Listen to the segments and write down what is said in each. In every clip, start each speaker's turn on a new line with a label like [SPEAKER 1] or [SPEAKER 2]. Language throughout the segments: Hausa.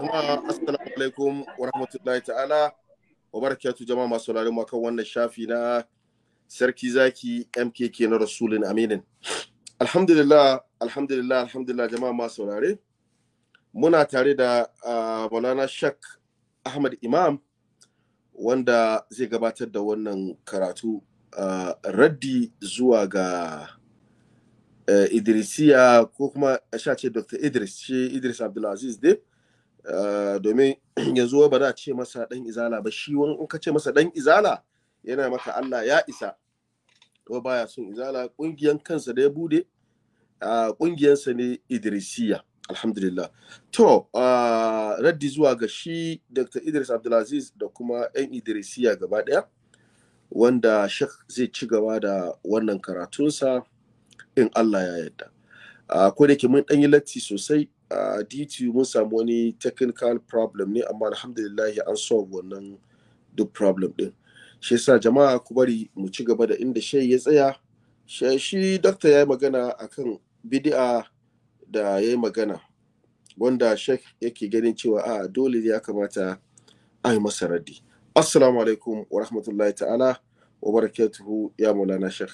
[SPEAKER 1] Jama'a assalamu alaikum wa rahmatullahi ta'ala wa barakatuh jama'a masu sauraron mu kan wannan shafi na Sarki Zaki MKK na Rasulun Aminin. Alhamdulillah, alhamdulillah, alhamdulillah jama'a masu saurare. Muna tare da Maulana Shak Ahmad Imam wanda zai gabatar da wannan karatu raddi zuwa ga eh, Idrisiya ko kuma a ce Dr. Idris, shi Idris Abdulaziz dai. Eh, domin yanzu ba za a ce masa dan izala ba shi wani in ka ce masa dan izala yana maka Allah ya isa to baya son izala kungiyan kansa da ya bude kungiyansa eh, ne Idrisiya alhamdulillah to eh, raddi zuwa ga shi Dr. Idris Abdulaziz da kuma yan Idrisiya gaba daya wanda Sheikh zai ci gaba da wannan karatunsa in Allah ya yarda ko da ke mun dan yi latti sosai DT mun samu wani technical problem ne amma alhamdulillah an solve wannan duk problem din shi yasa jama'a ku bari mu ci gaba da inda shai ya tsaya shi dokta ya yi magana akan bid'a da ya yi magana wanda shek yake ganin cewa a dole ya kamata a yi masa raddi assalamu alaikum wa rahmatullahi ta'ala wa barakatuhu ya maulana shek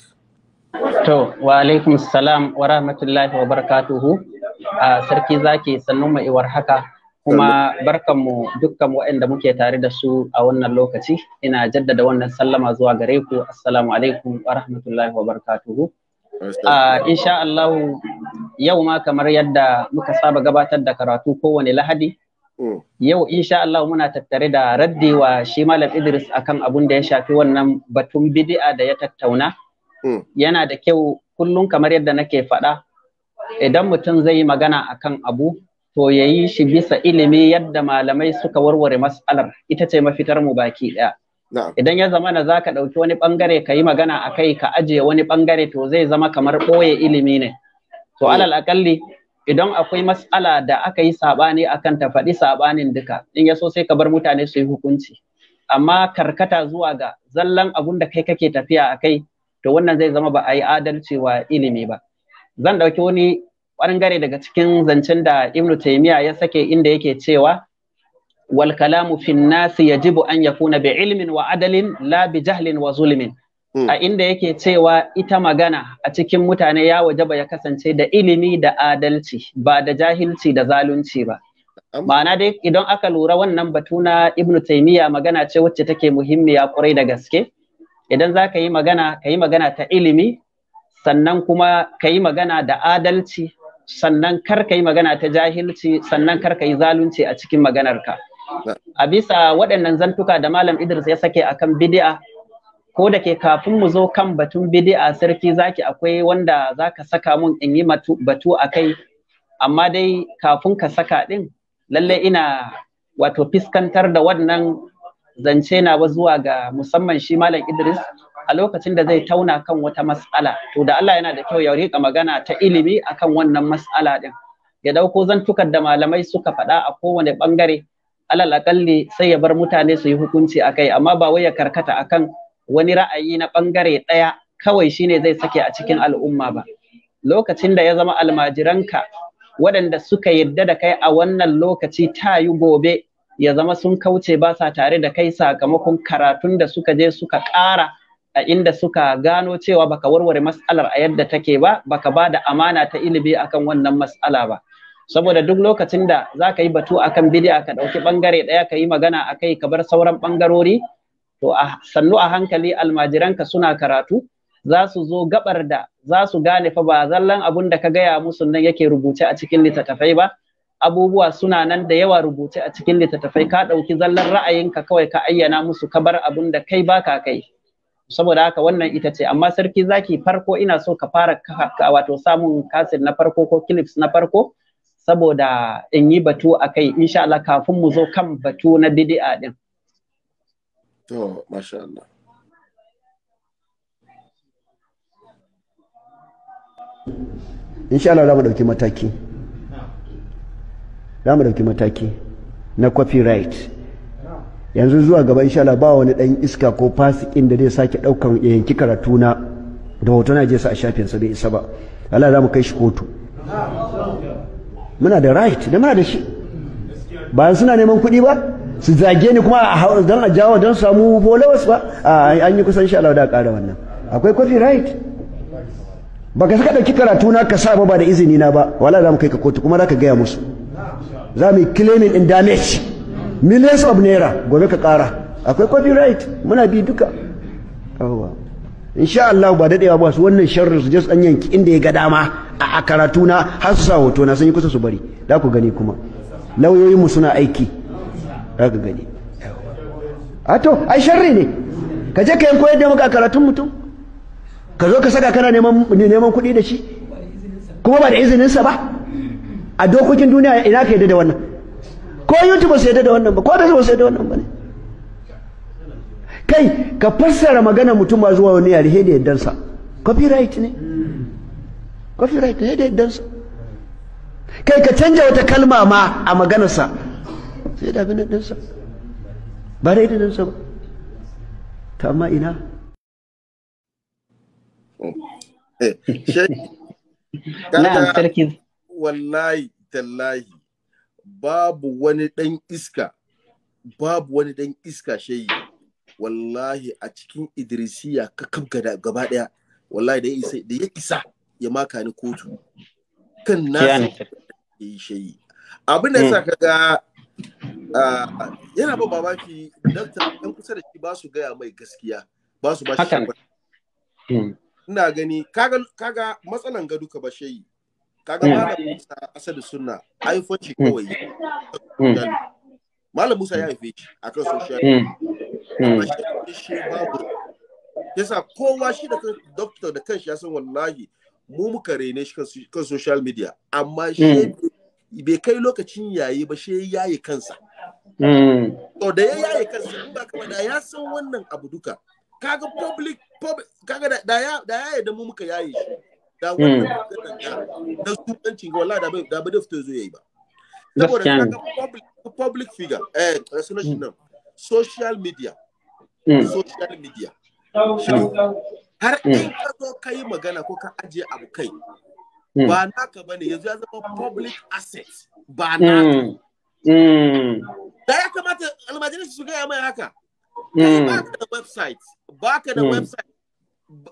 [SPEAKER 2] to wa alaikum salam wa rahmatullahi wa barakatuhu a sarki zaki sannu mai iwar haka kuma barkanmu dukkan waɗanda muke tare da su a wannan lokaci ina jaddada wannan sallama zuwa gare ku assalamu alaikum wa rahmatullahi wa barakatuhu insha Allah yau ma kamar yadda muka saba gabatar da karatu kowane lahadi yau insha Allah muna tattare da raddi wa shi malam Idris akan abun da ya shafi wannan batun bid'a da ya tattauna hmm. yana da kyau kullum kamar yadda nake faɗa idan mutum zai yi magana akan abu to ya yi shi bisa ilimi yadda malamai suka warware matsalar ita ce mafitar mu baki ɗaya. Idan ya zama na zaka ɗauki wani ɓangare ka yi magana a kai ka ajiye wani ɓangare to zai zama kamar ɓoye ilimi ne. To alal akalli idan akwai matsala da aka yi saɓani akan ta faɗi saɓanin duka in ya so sai ka bar mutane su yi hukunci. Amma karkata zuwa ga zallan abun da kai kake tafiya a kai to wannan zai zama ba a yi adalci wa ilimi ba. zan ɗauki wani ɓangare daga cikin zancen da Ibn taimiya ya sake inda yake cewa wal kalamu fin nasi yajibu an yakuna bi ilmin wa adalin la bi jahlin wa zulmin hmm. a inda yake cewa ita magana a cikin mutane ya wajaba ya kasance da ilimi da adalci ba da jahilci da zalunci ba ma'ana dai idan aka lura wannan batu na Ibn taimiya magana ce wacce take muhimmiya kwarai da gaske idan za ka yi magana ka yi magana ta ilimi sannan kuma ka yi magana da adalci sannan kar ka yi magana ta jahilci sannan kar ka yi zalunci a cikin maganarka a bisa waɗannan zantuka da malam idris ya sake a kan bidi'a ko da ke kafin mu zo kan batun bidi'a sarki zaki akwai wanda za ka saka mun in yi batu a kai amma dai kafin ka saka ɗin lalle ina wato fiskantar da wannan zance na ba zuwa ga musamman shi malam idris a lokacin da zai tauna kan wata mas'ala to da Allah yana da kyau ya rika magana ta ilimi akan wannan mas'ala din ya dauko zantukan da malamai suka faɗa a kowane bangare alal akalli sai ya bar mutane su yi hukunci akai amma ba wai ya karkata akan wani ra'ayi na bangare ɗaya kawai shine zai sake a cikin al'umma ba lokacin da ya zama almajiranka waɗanda suka yadda da kai a wannan lokaci ta yi gobe ya zama sun kauce ba sa tare da kai sakamakon karatun da suka je suka ƙara a inda suka gano cewa baka warware mas'alar a yadda take ba baka ba da amana ta ilimi akan wannan mas'ala ba saboda duk lokacin da za ka yi batu akan bidiya ka ɗauki ɓangare ɗaya ka yi magana a kai ka bar sauran ɓangarori to a sannu a hankali almajiranka suna karatu za su zo gabar da za su gane fa ba zallan abun da ka gaya musu nan yake rubuce a cikin littattafai ba abubuwa suna nan da yawa rubuce a cikin littattafai ka ɗauki zallan ra'ayinka kawai ka ayyana musu ka bar abun da kai baka kai saboda haka wannan ita ce amma sarki zaki farko ina so ka fara wato samun kasir na farko ko clips na farko saboda in yi batu a kai insha Allah kafin mu zo kan batu na bid'a din
[SPEAKER 1] to masha Allah
[SPEAKER 3] insha Allah za mu dauki mataki za mu dauki mataki na copyright yanzu zuwa gaba insha Allah ba wani dan iska ko fasikin da zai sake daukan yanki karatu na da wato na je sa a shafin sa bai isa ba Allah za mu kai shi kotu muna da right da muna da shi ba suna neman kuɗi ba su zage ni kuma a don a jawo don samu followers ba an yi kusan insha Allah da ƙara wannan akwai right ba ka saka dauki karatu na ka sa ba da izini na ba wala za mu kai ka kotu kuma za ka gaya musu za mu yi claiming in damage millions of naira gobe ka ƙara akwai copyright muna bi duka insha Allah ba daɗewa ba su wannan sharri su je su yanki inda ya ga dama a karatu na har su sa hoto na sun yi kusa su bari za ku gani kuma lauyoyinmu suna aiki za ku gani a to ai sharri ne ka je ka yanko yadda muka a karatun mutum ka zo ka saka kana neman kuɗi da shi kuma ba da izininsa ba a dokokin duniya ina ka yadda da wannan ko youtube ba su yadda da wannan ba ko da su yadda da wannan ba ne kai ka fassara magana mutum ba zuwa wani yare da yaddansa copyright ne copyright ne da yaddansa kai ka canja wata kalma ma a maganarsa sai da abin yaddansa ba da yaddansa ba ta amma ina eh,
[SPEAKER 1] na'am sarki wallahi tallahi babu wani ɗan iska babu wani ɗan iska shayi wallahi a cikin idrisiya ka kabgada gaba ɗaya wallahi da isa da ya isa ya maka ni kotu kan na yi shayi abin da sa mm. kaga yana ba mamaki dakta ɗan kusa da shi ba su gaya mai gaskiya ba su ba shi mm. ina gani kaga matsalan ga duka ba shayi kaga hmm. malam Musa asali sunna iPhone shi hmm. kawai hmm. malam Musa ya haife shi akan social media shi babu yasa kowa shi da kan doctor da kanshi ya san wallahi mu muka rene shi kan social media amma shi bai kai lokacin yayi ba shi yayi kansa to da ya yayi kansa in ba kama da ya san wannan abu duka kaga public kaga da ya da mu muka yayi shi da hmm. wannan da sukancin ga wallahi da bai da bai fito zo yayi ba saboda kaga public public figure eh sunan hmm. nan social media hmm. social media har in ka zo ka yi magana ko ka ajiye abu kai ba naka ne yanzu ya zama public asset ba naka da ya kamata almajirin su gaya mai haka ba ka da website ba ka da website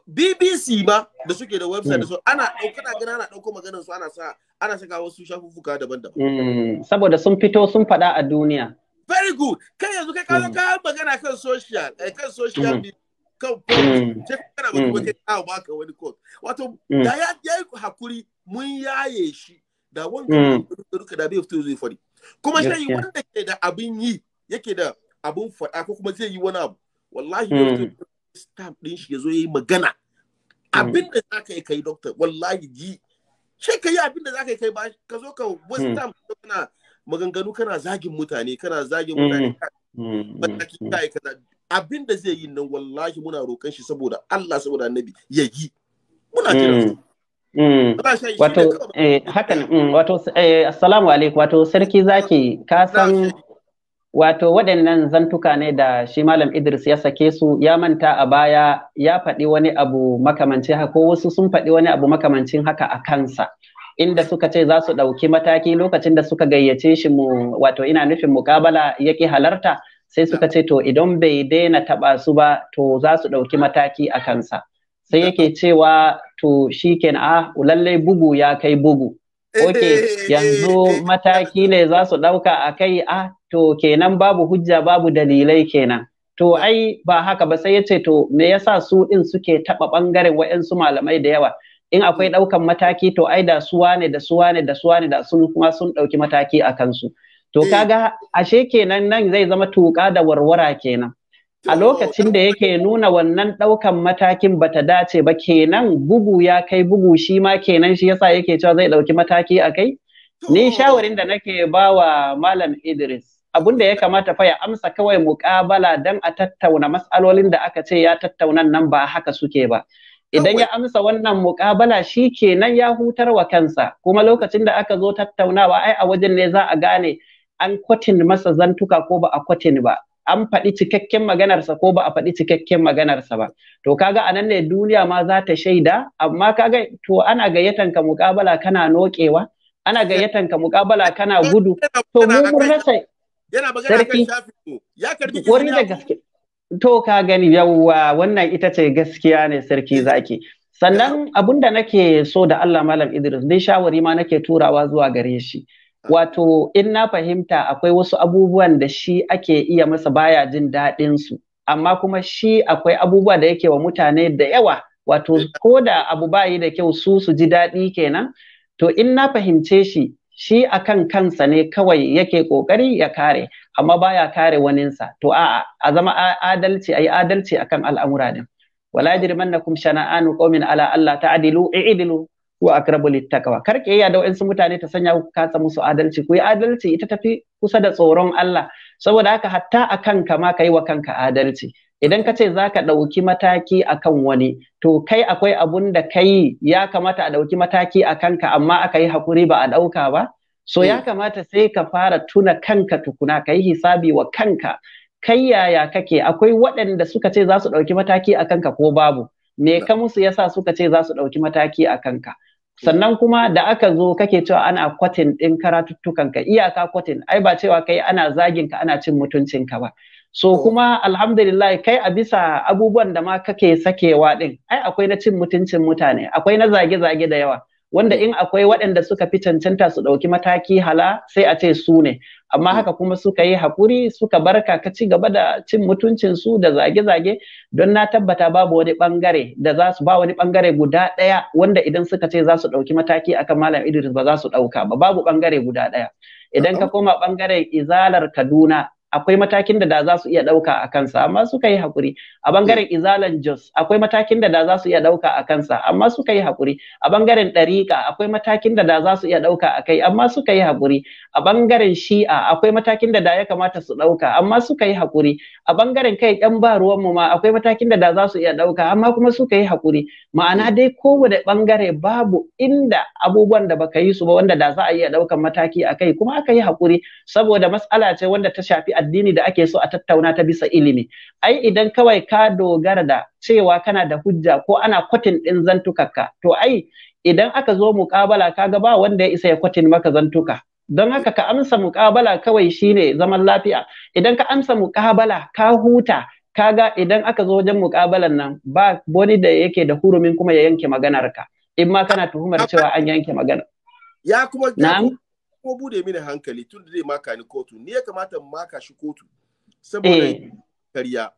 [SPEAKER 1] BBC ma da suke da website da su hmm. ana kana gina ana ɗauko maganar su ana sa ana saka wasu shafuffuka daban-daban. Hmm,
[SPEAKER 2] saboda sun fito sun faɗa a duniya.
[SPEAKER 1] Very good. Kai yanzu kai kawo ka hmm. magana kan social eh, kan social media kan post sai kana ba wani wata kawo baka wani code. Wato da ya ya yi hakuri mun yaye shi da wanda duka da bai fito zai faɗi. Kuma sai yi wanda ke da abin yi yake da abin faɗa ko kuma zai yi wani abu. Wallahi staff din shi ya zo ya yi magana hmm. abin da za ka yi kai doctor wallahi ji ce ka yi abin da za ka yi kai ba ka zo ka wasu tam hmm. kana maganganu kana zagin mutane kana zagin hmm. mutane
[SPEAKER 4] ba ta ki kai
[SPEAKER 1] kaza abin da zai yi nan wallahi muna roƙon shi saboda Allah saboda annabi ya yi muna kira
[SPEAKER 2] Wato, eh, hakan, wato, eh, assalamu alaikum, wato, sarki zaki, ka san Wato waɗannan zantuka ne da shi Malam Idris ya sake su ya manta a baya ya faɗi wani abu makamancin haka ko wasu sun faɗi wani abu makamancin haka a kansa. Inda suka ce za su ɗauki mataki lokacin da suka gayyace shi mu wato ina nufin mukabala yaki halarta sai suka ce to idan bai daina taɓa su ba to za su ɗauki mataki a kansa. Sai yake cewa to shi a ah, lallai bugu ya kai bugu. Eh, ok yanzu eh, eh. mataki ne za su ɗauka a kai a ah, to kenan babu hujja babu dalilai kenan to ai ba haka ba sai yace to me yasa su din suke taba bangaren wa'yansu malamai da yawa in akwai daukan mataki to ai da su wane da su wane da su wane da sun kuma sun dauki mataki a kansu to eh. kaga ashe kenan nan zai zama tuka da warwara kenan a lokacin da yake nuna wannan daukan matakin bata dace ba kenan bugu ya kai bugu shi ma kenan shi yasa yake cewa zai dauki mataki a kai ni shawarin da nake bawa malam Idris abin da ya kamata fa ya amsa kawai muƙabala dan a tattauna matsalolin da aka ce ya tattauna nan ba haka suke ba idan ya amsa wannan muƙabala shi kenan ya hutar wa kansa kuma lokacin da aka zo tattaunawa ai a wajen ne za a gane an kwatin masa zantuka ko ba a kwatin ba an faɗi cikakken maganarsa ko ba a faɗi cikakken maganarsa ba to kaga a nan ne duniya ma za ta shaida amma kaga to ana gayyatan ka muƙabala kana noƙewa ana gayyatan ka muƙabala kana gudu to mun rasa yana magana da gaske to ka gani yawwa wannan ita ce gaskiya ne sarki zaki sannan abun da nake so da Allah malam Idris dai shawari ma nake turawa zuwa gare shi ah. wato in na fahimta akwai wasu abubuwan da shi ake iya masa baya jin daɗin su amma kuma shi akwai abubuwa da yake wa mutane da yawa wato eh. ko da abu bayi da kyau su su ji daɗi kenan to in na fahimce shi shi akan kansa ne kawai yake kokari ya kare amma baya kare waninsa to a'a a zama adalci ayi adalci akan al'amura din wala yajrimannakum shana'anu qaumin ala alla ta'dilu i'dilu wa aqrabu littaqwa kar ke ya da wayansu mutane ta sanya ku kasa musu adalci ku yi adalci ita tafi kusa da tsoron Allah saboda haka hatta akan ka ma kai wa kanka adalci idan ka ce za ka ɗauki mataki a kan wani to kai akwai abun da ka yi ya kamata a ɗauki mataki a kanka amma aka yi haƙuri ba a ɗauka ba so ya mm. kamata sai ka fara tuna kanka tukuna ka yi hisabi wa kanka kai yaya kake akwai waɗanda suka ce za su ɗauki mataki a kanka ko babu me ka musu yasa suka ce za su ɗauki mataki a kanka sannan kuma da aka zo kake cewa ana kwatin ɗin karatuttukanka iyaka kwatin ai ba cewa kai ana zaginka ana cin mutuncinka ba So oh. kuma alhamdulillah kai a bisa abubuwan da ma kake sakewa din ai akwai na cin mutuncin mutane akwai na zage-zage da yawa wanda in akwai waɗanda suka fi cancanta su ɗauki mataki hala sai a ce su ne amma hmm. haka kuma suka yi hakuri suka barka ka ci gaba da cin mutuncin su da zage-zage don na tabbata babu wani bangare da za su ba wani bangare guda ɗaya wanda idan suka ce za su ɗauki mataki akan malam Idris ba za su ɗauka ba babu bangare guda ɗaya idan ka uh-huh. koma ɓangaren izalar Kaduna akwai matakin da da za su iya ɗauka a kansa amma suka yi haƙuri a bangaren izalan jos akwai matakin da da za su iya ɗauka a kansa amma suka yi haƙuri a bangaren ɗariƙa akwai matakin da da za su iya ɗauka a kai amma suka yi haƙuri a bangaren shi'a akwai matakin da da ya kamata su ɗauka amma suka yi haƙuri a bangaren kai ƴan ba ruwanmu ma akwai matakin da da za su iya ɗauka amma kuma suka yi haƙuri ma'ana dai kowane ɓangare babu inda abubuwan da baka yi su ba wanda da za a iya ɗaukan mataki a kai kuma aka yi haƙuri saboda matsala ce wanda ta shafi addini da ake so a tattauna ta bisa ilimi ai idan kawai ka dogara da cewa kana da hujja ko ana kwatin din zantukakka to ai idan aka zo muƙabala kaga ba wanda ya isa ya kwatin maka zantuka don haka ka amsa muƙabala kawai shine zaman lafiya idan ka amsa muƙabala ka huta kaga idan aka zo wajen muƙabalan nan ba wani da yake da hurumin kuma ya yanke maganarka, in ma kana tuhumar cewa an yanke magana ya kuma
[SPEAKER 1] kuma bude mini hankali tun da zai maka ni kotu ni ya kamata maka shi kotu saboda eh. karya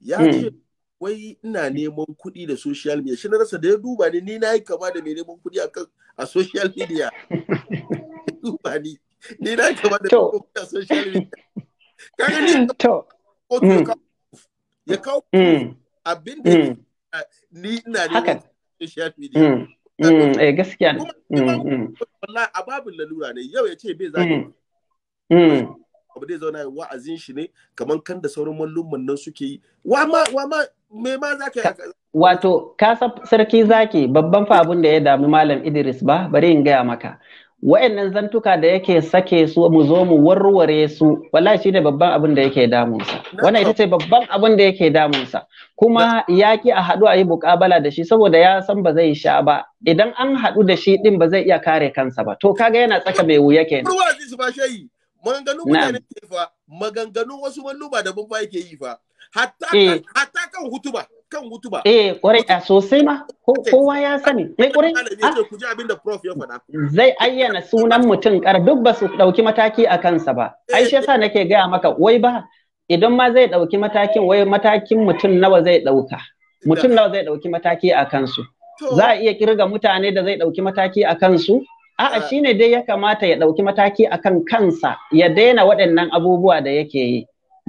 [SPEAKER 1] ya ce hmm. wai ina neman kuɗi da social media shi na rasa da ya duba ni ni na yi kama da mai neman kuɗi a social media duba ni ni nayi kama da mai a social media
[SPEAKER 5] kaga ni to hmm. ya kawo hmm. abin da
[SPEAKER 1] ni ina neman social media
[SPEAKER 5] Mm, eh gaskiya mm, mm.
[SPEAKER 1] lalura ne yau ya ce bai wa'azin shi ne kamar
[SPEAKER 2] wato ka sarki zaki babban fa abun da ya dami malam Idris ba bari in gaya maka wa'annan zantuka da yake sake su mu zo mu warware su wallahi shine babban abin da yake damunsa wannan ita ce babban abin da yake damunsa kuma yaki a haɗu a yi muƙabala da shi saboda ya san ba zai sha ba idan an haɗu da shi din ba zai iya kare kansa ba to kaga yana tsaka mai wuya kenan
[SPEAKER 1] maganganun mutane ne fa maganganun wasu da bubba yake yi fa hatta eh. hatta kan hutuba
[SPEAKER 2] kan ba. eh kwarai a sosai ma kowa ya sani eh kwarai ku ji abin da prof ya faɗa zai ayyana sunan mutum kar duk ba su dauki mataki a kansa ba ai eh, shi yasa nake gaya maka wai ba idan ma zai dauki matakin wai matakin mutum nawa zai dauka mutum nawa zai dauki mataki a kansu za a iya kirga mutane da zai ɗauki mataki a kansu A'a eh. shi ne dai ya kamata ya ɗauki mataki akan kansa ya daina waɗannan abubuwa da yake yi.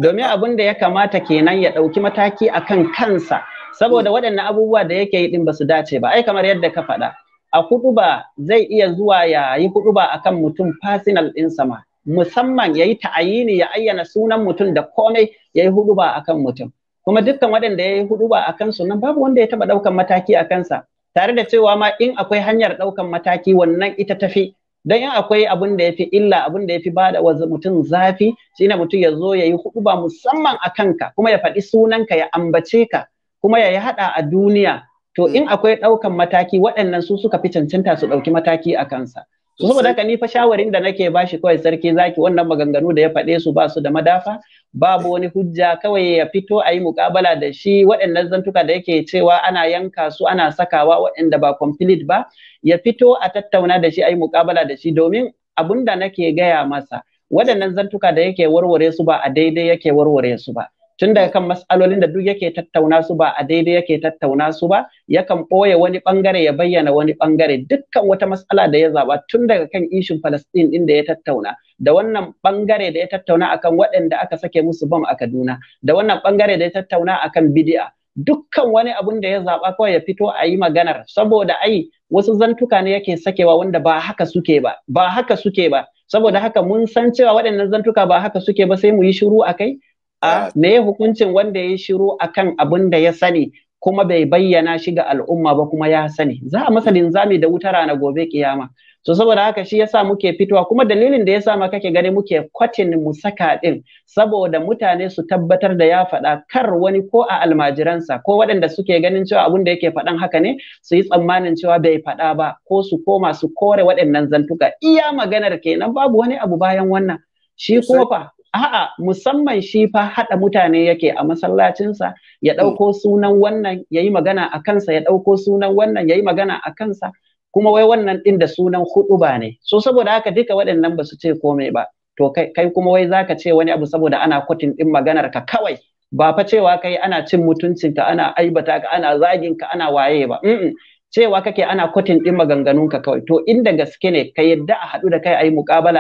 [SPEAKER 2] Domin eh. abin da ya kamata kenan ya ɗauki mataki akan kansa saboda waɗannan abubuwa da yake yi ɗin ba su dace ba ai kamar yadda ka faɗa a huɗuba zai iya zuwa ya yi a akan mutum personal ɗin sama musamman ya yi ta'ayini ya ayyana sunan mutum da komai ya yi huɗuba akan mutum kuma dukkan waɗanda ya yi huɗuba akan su nan babu wanda ya taɓa ɗaukan mataki a kansa tare da cewa ma in akwai hanyar ɗaukan mataki wannan ita tafi don in akwai abin da ya illa abin da ya fi bada wa mutum zafi shine mutum ya zo ya yi huɗuba musamman a kanka kuma ya faɗi sunanka ya ambace ka kuma ya yi haɗa a duniya to hmm. in akwai ɗaukan mataki waɗannan su suka fi cancanta su ɗauki mataki a kansa so saboda haka ni fa shawarin da nake shi kawai sarki zaki wannan maganganu da ya faɗe su ba su da madafa babu wani hujja kawai ya fito a yi mukabala da shi waɗannan zantuka da yake cewa ana yanka su ana sakawa waɗanda ba complete ba ya fito a tattauna da shi a yi mukabala da shi domin abunda da nake gaya masa waɗannan zantuka da yake warware su ba a daidai yake warware su ba tun daga kan matsalolin da duk yake tattauna su ba a daidai yake tattauna su ba yakan ɓoye wani ɓangare ya bayyana wani ɓangare dukkan wata matsala da ya zaba tun daga kan ishin Falasɗin ɗin da ya tattauna da wannan ɓangare da ya tattauna akan waɗanda aka sake musu bam a Kaduna da wannan ɓangare da ya tattauna akan bidi'a dukkan wani abun da ya zaɓa kawai ya fito a yi maganar saboda ai wasu zantuka ne yake sakewa wanda ba haka suke ba ba haka suke ba saboda haka mun san cewa waɗannan zantuka ba haka suke ba sai mu yi shiru akai a me hukuncin wanda ya shiru akan abin da ya sani kuma bai bayyana shi ga al'umma ba kuma ya sani za a masa linzami da wuta rana gobe kiyama so saboda haka shi yasa muke fitowa kuma dalilin da yasa ma kake gani muke kwatin mu saka din saboda mutane su tabbatar da ya faɗa kar wani ko a almajiransa ko waɗanda suke ganin cewa abin da yake faɗan haka ne su yi tsammanin cewa bai faɗa ba ko su koma su kore waɗannan zantuka iya maganar kenan babu wani abu bayan wannan shi kuma fa A'a musamman shi fa haɗa mutane yake a masallacinsa ya mm. ɗauko sunan wannan ya yi magana a kansa ya ɗauko sunan wannan ya yi magana a kansa kuma wai wannan ɗin da sunan ba ne. So saboda haka duka waɗannan ba su ce komai ba. To kai kuma wai zaka ce wani abu saboda ana kwatin ɗin maganar ka kawai ba fa cewa kai ana cin mutuncinka ana aibata ka ana zagin ka ana waye ba. -mm. cewa kake ana kwatin ɗin maganganun ka kawai to inda gaske ne ka yadda a haɗu da kai a yi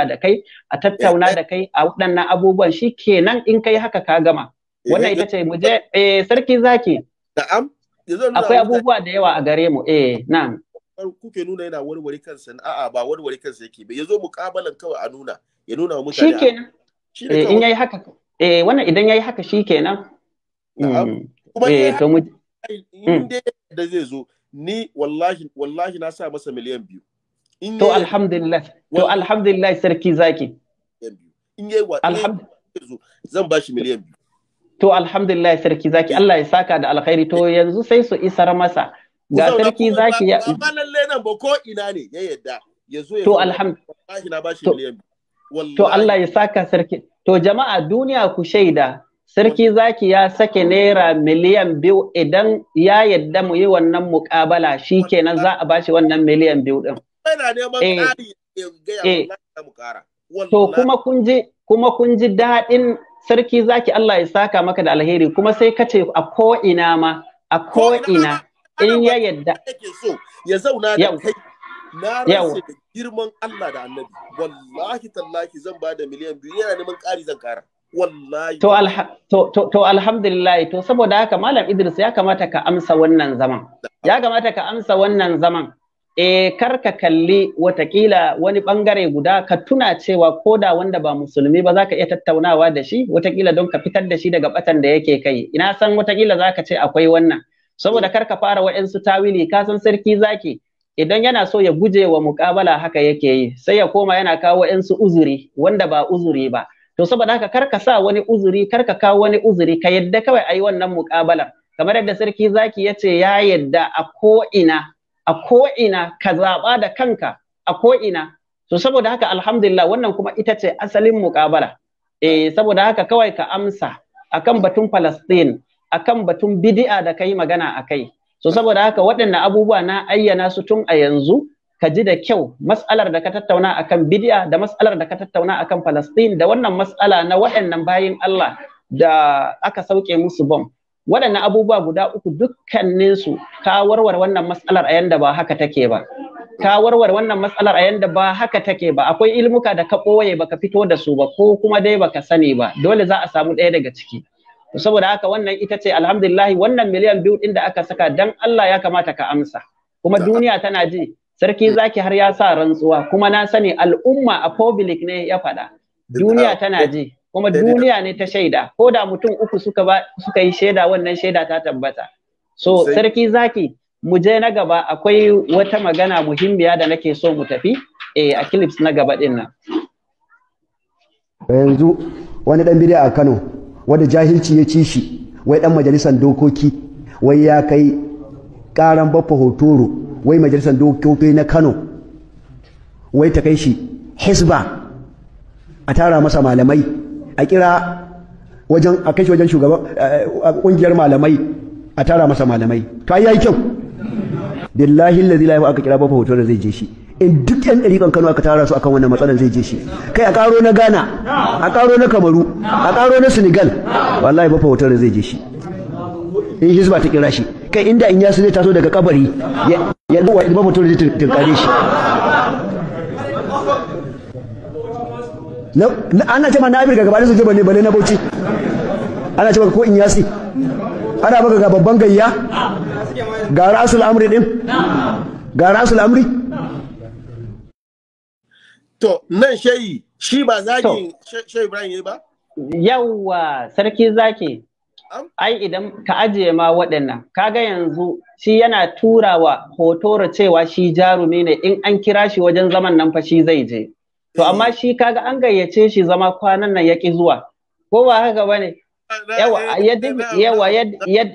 [SPEAKER 2] da kai a tattauna da kai a waɗannan abubuwan shi kenan in kai haka ka gama eh, wannan eh, ita ce mu je eh, eh sarki zaki na'am akwai abubuwa da yawa a gare mu eh na'am
[SPEAKER 1] kuke nuna yana warware kansa a'a ba warware kansa yake ba yazo mukabalan kawai a nuna ya nuna wa mutane shikenan eh in yayi
[SPEAKER 2] haka eh wannan idan yayi haka shikenan mm. kuma eh to mu
[SPEAKER 1] in dai da zai zo ni wallahi wallahi na sa masa
[SPEAKER 2] miliyan biyu to alhamdulillah to alhamdulillah sarki zaki in yayi wa zan bashi miliyan biyu to alhamdulillah sarki zaki Allah ya saka da alkhairi to yanzu sai su isar masa ga sarki zaki ya Ba
[SPEAKER 1] lalle nan ba ko ina ne ya yadda yazo to alhamdulillah na bashi miliyan biyu
[SPEAKER 2] to Allah ya saka sarki to jama'a duniya ku shaida sarki zaki ya sake naira miliyan biyu idan ya yadda mu yi wannan mukabala shi kenan za a bashi wannan miliyan biyu din. Eh, eh. To kuma kun ji kuma kun ji daɗin sarki zaki Allah ya saka maka da alheri kuma sai ka ce a ko ina ma a ko ina in ya yadda. Ya zauna da kai na rasu da girman Allah da annabi
[SPEAKER 1] wallahi tallahi zan ba da miliyan biyu yana neman ƙari zan ƙara.
[SPEAKER 2] wallahi to, to, to, alhamdulillah to saboda haka malam Idris ya kamata ka amsa wannan zaman ya kamata ka amsa wannan zaman eh kar ka kalli watakila wani bangare guda ka tuna cewa koda wanda ba musulmi ba zaka iya tattaunawa da shi watakila don ka fitar da shi daga batan da yake kai ina san watakila zaka ce akwai wannan saboda kar ka fara wayansu tawili ka san sarki zaki idan yana so ya guje wa mukabala haka yake yi sai ya koma yana kawo wayansu uzuri wanda ba uzuri ba to saboda haka kar ka sa wani uzuri kar ka kawo wani uzuri ka yadda kawai ayi wannan muƙabalar kamar yadda sarki zaki ya ce ya yadda a ko'ina a ko'ina ka zaɓa da kanka a ko'ina to saboda haka alhamdulillah wannan kuma ita ce asalin mukabala eh saboda haka kawai ka amsa akan batun Palestine akan batun bid'a da kai magana akai so saboda haka waɗannan abubuwa na ayyana su tun a yanzu ka ji da kyau matsalar da ka tattauna akan Bidiya da matsalar da ka tattauna akan Falastin, da wannan matsala na waɗannan bayan Allah da aka sauke musu bom waɗannan abubuwa guda uku dukkaninsu su ka warware wannan matsalar a yanda ba haka take ba ka warware wannan matsalar a yanda ba haka take ba akwai ilmuka da ka ɓoye ba ka fito da su ba ko kuma dai ba ka sani ba dole za a samu ɗaya daga ciki saboda haka wannan ita ce alhamdulillahi wannan miliyan biyu ɗin da aka saka dan Allah ya kamata ka amsa kuma duniya tana ji sarki zaki har ya sa rantsuwa kuma na sani al'umma a public ne ya faɗa duniya tana ji kuma duniya ne ta shaida ko da mutum uku suka yi shaida wannan shaida ta tabbata so sarki zaki mu je na gaba akwai wata magana muhimmiya da nake so mu tafi eh a clips na gaba din nan
[SPEAKER 3] yanzu wani dan bid'a a Kano wanda jahilci ya ci shi wai dan majalisar dokoki wai ya kai karan baffa hotoro wai majalisar dokoki na kano wai ta kai shi hisba a tara masa malamai a kira wajen a kai shi wajen shugaban kungiyar eh, malamai a tara masa malamai to ai yayi kyau billahi allazi la ilaha aka kira babu hoto da zai je shi in duk yan kan Kano aka tara su akan wannan matsalan zai je shi kai a karo na Ghana a karo na Kamaru a karo na Senegal wallahi babu hoto da zai je shi in hisba ta kira shi kai inda in yasu zai taso daga kabari ya zuwa mutum da zai tunkare shi ana ce ma na abirka gabanin su je bane bane na bauchi ana ce ko in yasi ana baka ga babban gayya ga rasul amri din ga rasul amri
[SPEAKER 2] to nan shayi shi ba zagin shayi ibrahim yayi ba yawwa sarki zaki ai idan ka ajiye ma waɗannan kaga yanzu shi yana tura turawa hotoro cewa shi jarumi ne in an kira shi wajen zaman nan fa shi zai je to hmm. amma shi kaga an gayyace shi zama kwanan nan ki zuwa ko ba haka bane ah, yawa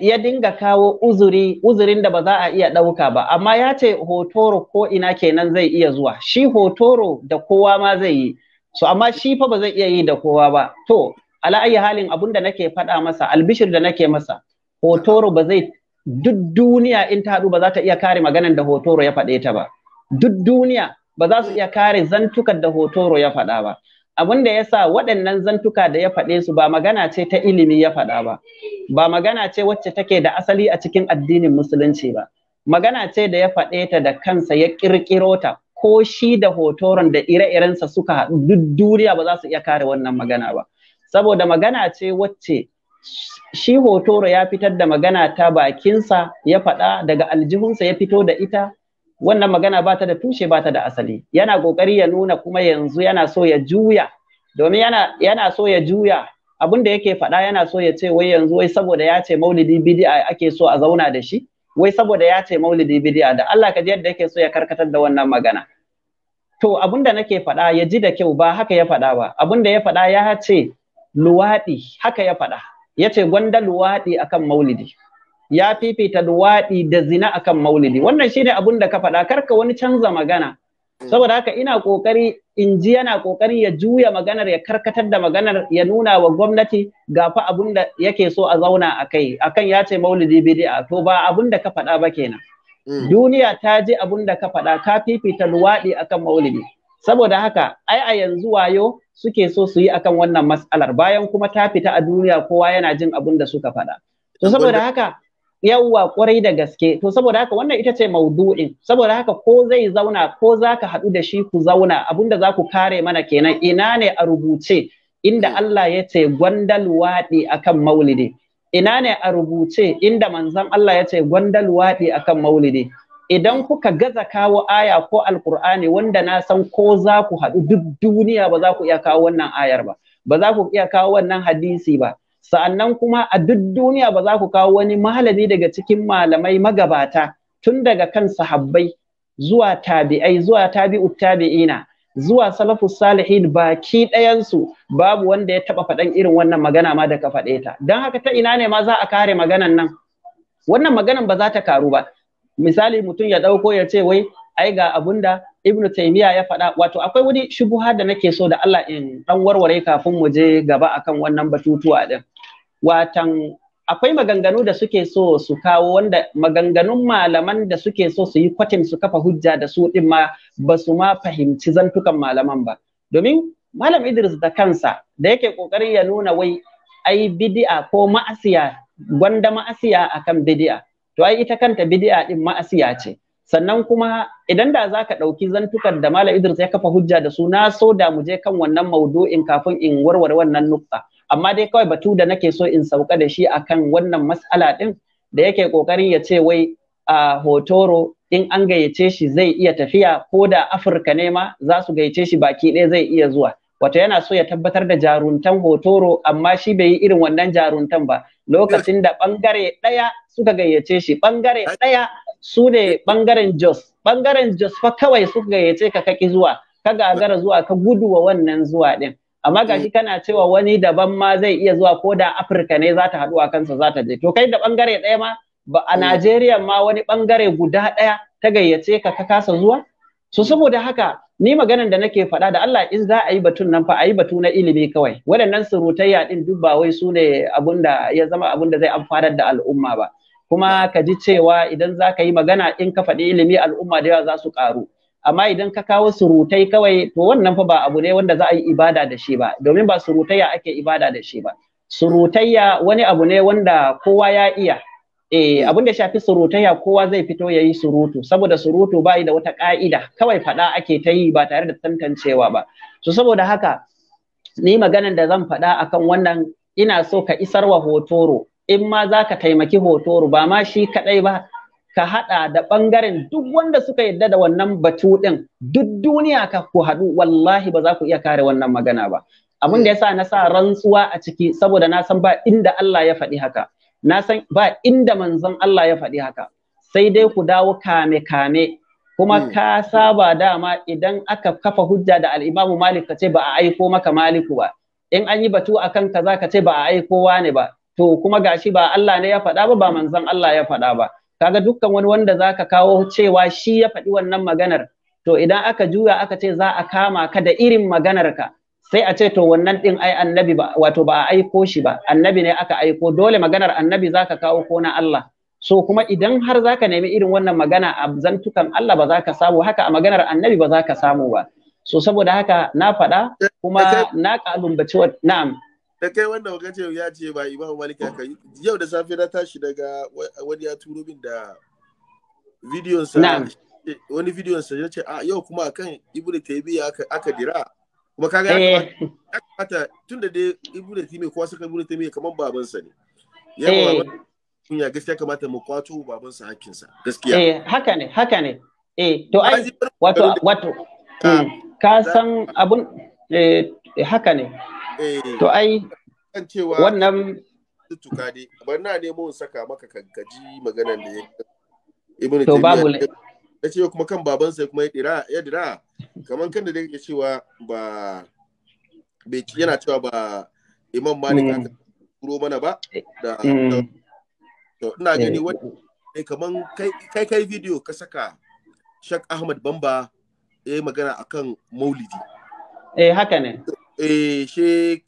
[SPEAKER 2] ya dinga kawo uzuri uzurin da ba za a iya ɗauka ba amma ya ce hotoro ko ina kenan zai iya zuwa shi hotoro da kowa ma zai yi so amma shi fa ba zai iya yi da kowa ba to ala ayi halin abun da nake faɗa masa albishir da nake masa hotoro ba zai duk duniya in ta haɗu ba za ta iya kare maganan da hotoro ya faɗe ta ba duk duniya ba za su iya kare zantukan da hotoro ya faɗa ba Abun da ya sa waɗannan zantuka da ya faɗe su ba magana ce ta ilimi ya faɗa ba ba magana ce wacce take da asali a cikin addinin musulunci ba magana ce da ya faɗe ta da kansa ya ƙirƙiro ta ko shi da hotoron da ire-irensa suka haɗu duk duniya ba za su iya kare wannan magana ba saboda magana ce wacce shi hotoro ya fitar da magana ta bakinsa ya faɗa daga aljihunsa ya fito da ita wannan magana ba ta da tushe ba ta da asali yana ƙoƙari ya nuna kuma yanzu yana so ya juya domin yana, yana so ya juya abin da yake faɗa yana so ya ce wai yanzu wai saboda ya ce maulidi bid'a ake so a zauna da shi wai saboda ya ce maulidi bid'a da Allah ka ji yadda yake so ya karkatar da wannan magana to abin da nake faɗa ya ji da kyau ba haka ya faɗa ba abin ya faɗa ya ce luwaɗi haka ya faɗa ya ce gwanda luwaɗi akan maulidi ya fifita luwaɗi da zina akan maulidi wannan shine abun da ka faɗa karka wani canza magana saboda haka ina kokari in ji yana kokari ya juya maganar ya karkatar da maganar ya nuna wa gwamnati ga fa abun da yake so a zauna akai. akan ya ce maulidi bid'a to ba abun da ka faɗa ba kenan mm. duniya ta ji abun da ka faɗa ka fifita luwaɗi akan maulidi saboda haka ai a yanzu wayo suke so su yi akan wannan mas'alar bayan kuma ta fita a duniya kowa yana jin abin da suka faɗa to saboda haka yawwa kwarai da gaske to saboda haka wannan ita ce maudu'in saboda haka ko zai zauna ko za ka haɗu da shi ku zauna abin da za ku kare mana kenan ina ne a rubuce inda Allah ya ce gwandal waɗi akan maulidi ina ne a rubuce inda manzon Allah ya ce gwandal waɗi akan maulidi idan kuka gaza kawo aya ko alkur'ani wanda na san ko za ku haɗu duk duniya ba za ku iya kawo wannan ayar ba ba za ku iya kawo wannan hadisi ba sa'annan kuma a duk duniya ba za ku kawo wani malami daga cikin malamai magabata tun daga kan sahabbai zuwa tabi'ai zuwa tabi'u tabi'ina zuwa salafu salihin baki ɗayansu babu wanda ya taɓa faɗan irin wannan magana ma da ka faɗe ta don haka ta ina ne ma za a kare maganan nan wannan maganan ba za ta karu ba misali mutum ya ɗauko ya ce wai ai ga abunda? da ibnu taymiya ya faɗa wato akwai wani shubuha da nake so da Allah in dan warware kafin mu je gaba akan wannan batutuwa din watan akwai maganganu da suke so su kawo wanda maganganun malaman da suke so su yi kwatin su kafa hujja da su din ma ba su ma fahimci zantukan malaman ba domin malam Idris da kansa da yake kokarin ya nuna wai ai bid'a ko ma'asiya gwanda ma'asiya akan bid'a to ai ita kanta bid'a din ma'asiya ce sannan kuma idan da zaka ɗauki zantukar da Malam Idris ya kafa hujja da su na so da mu kan wannan maudu'in kafin in warware wannan nukta amma dai kawai batu da nake so in sauka da shi akan wannan mas'ala din da yake kokarin ya ce wai a hotoro in an gayyace shi zai iya tafiya ko da Afirka ne ma za su gayyace shi baki ɗaya zai iya zuwa wato yana so ya tabbatar da jaruntan hotoro amma shi bai yi irin wannan jaruntan ba lokacin da ɓangare ɗaya suka gayyace shi bangare ɗaya su ne bangaren Jos bangaren Jos fa kawai suka gayyace ka kaki zuwa ka gagara zuwa ka gudu wa wannan zuwa din amma gashi mm. kana cewa wani daban ma zai iya zuwa ko da Afirka ne za ta haɗu a kansa za ta je to kai da bangare ɗaya ma ba a mm. Najeriya ma wani bangare guda ɗaya ta gayyace ka ka kasa zuwa so saboda haka ni maganan da nake faɗa da Allah in za a yi batun nan fa a yi batu na ilimi kawai waɗannan surutayya din duk ba wai su ne da ya zama abunda da zai amfanar da al'umma ba kuma ka ji cewa idan za ka yi magana in ka faɗi ilimi al'umma da yawa za su ƙaru amma idan ka kawo surutai kawai to wannan fa ba abu ne wanda za a yi ibada da shi ba domin ba surutayya ake ibada da shi ba surutayya wani abu ne wanda kowa ya iya eh hmm. abin da shafi surutayya kowa zai fito ya yi surutu saboda surutu bai da wata ƙa'ida kawai faɗa ake ta yi ba tare da tantancewa ba so saboda haka ni maganan da zan faɗa akan wannan ina so ka isar wa hotoro in ma za ka taimaki hotoro ba ma shi kaɗai ba ka haɗa da ɓangaren duk wanda suka yarda da wannan batu ɗin duk duniya ka ku haɗu wallahi ba za ku iya kare wannan magana ba abin da yasa na sa rantsuwa a ciki saboda na san ba inda Allah ya faɗi haka na san ba inda manzon Allah ya faɗi haka sai dai ku dawo kame kame kuma hmm. ka saba dama idan aka kafa hujja da al-Imam Malik ka ce ba a aiko maka Maliku ba in an yi batu akan kaza ka ce ba a aiko wane ba to kuma gashi ba Allah ne ya faɗa ba ba manzon Allah ya faɗa ba kaga dukkan wani wanda zaka kawo cewa shi ya faɗi wannan maganar to idan aka juya aka ce za a kama ka da irin maganar ka sai a ce to wannan din ai annabi ba wato ba a aiko shi ba annabi ne aka aiko dole maganar annabi zaka kawo ko na Allah so kuma idan har zaka nemi irin wannan magana a zantukan Allah ba zaka samu haka a maganar annabi ba zaka samu ba so saboda haka na faɗa kuma na kalumbaci na'am
[SPEAKER 1] da kai wanda waka ce ya ce ba imamu malik kai? yau da safe na tashi daga wani ya turo min da bidiyon sa wani bidiyon sa ya ce a ah, yau kuma akan ibnu taymiya aka dira kuma kaga eh. ya kamata tunda dai ibu da timi kowa suka ibu da timi kamar babansa ne ya eh. gaskiya
[SPEAKER 2] kamata mu kwato babansa hakkinsa gaskiya eh haka ne haka ne eh to ai wato wato ka mm, san abun eh haka ne
[SPEAKER 1] eh. to ai
[SPEAKER 2] kan cewa wannan
[SPEAKER 1] tuka dai bar na nemo saka maka kankaji maganan da ya ibnu to babu ya ce kuma kan babansa kuma ya dira kamar kan da dai cewa ba bai yana cewa ba imam malik mm. aka turo mana ba da mm. to ina gani eh. wani kamar kai kai video ka saka Shak Ahmad Bamba ya yi magana akan Maulidi
[SPEAKER 2] eh haka ne
[SPEAKER 1] eh she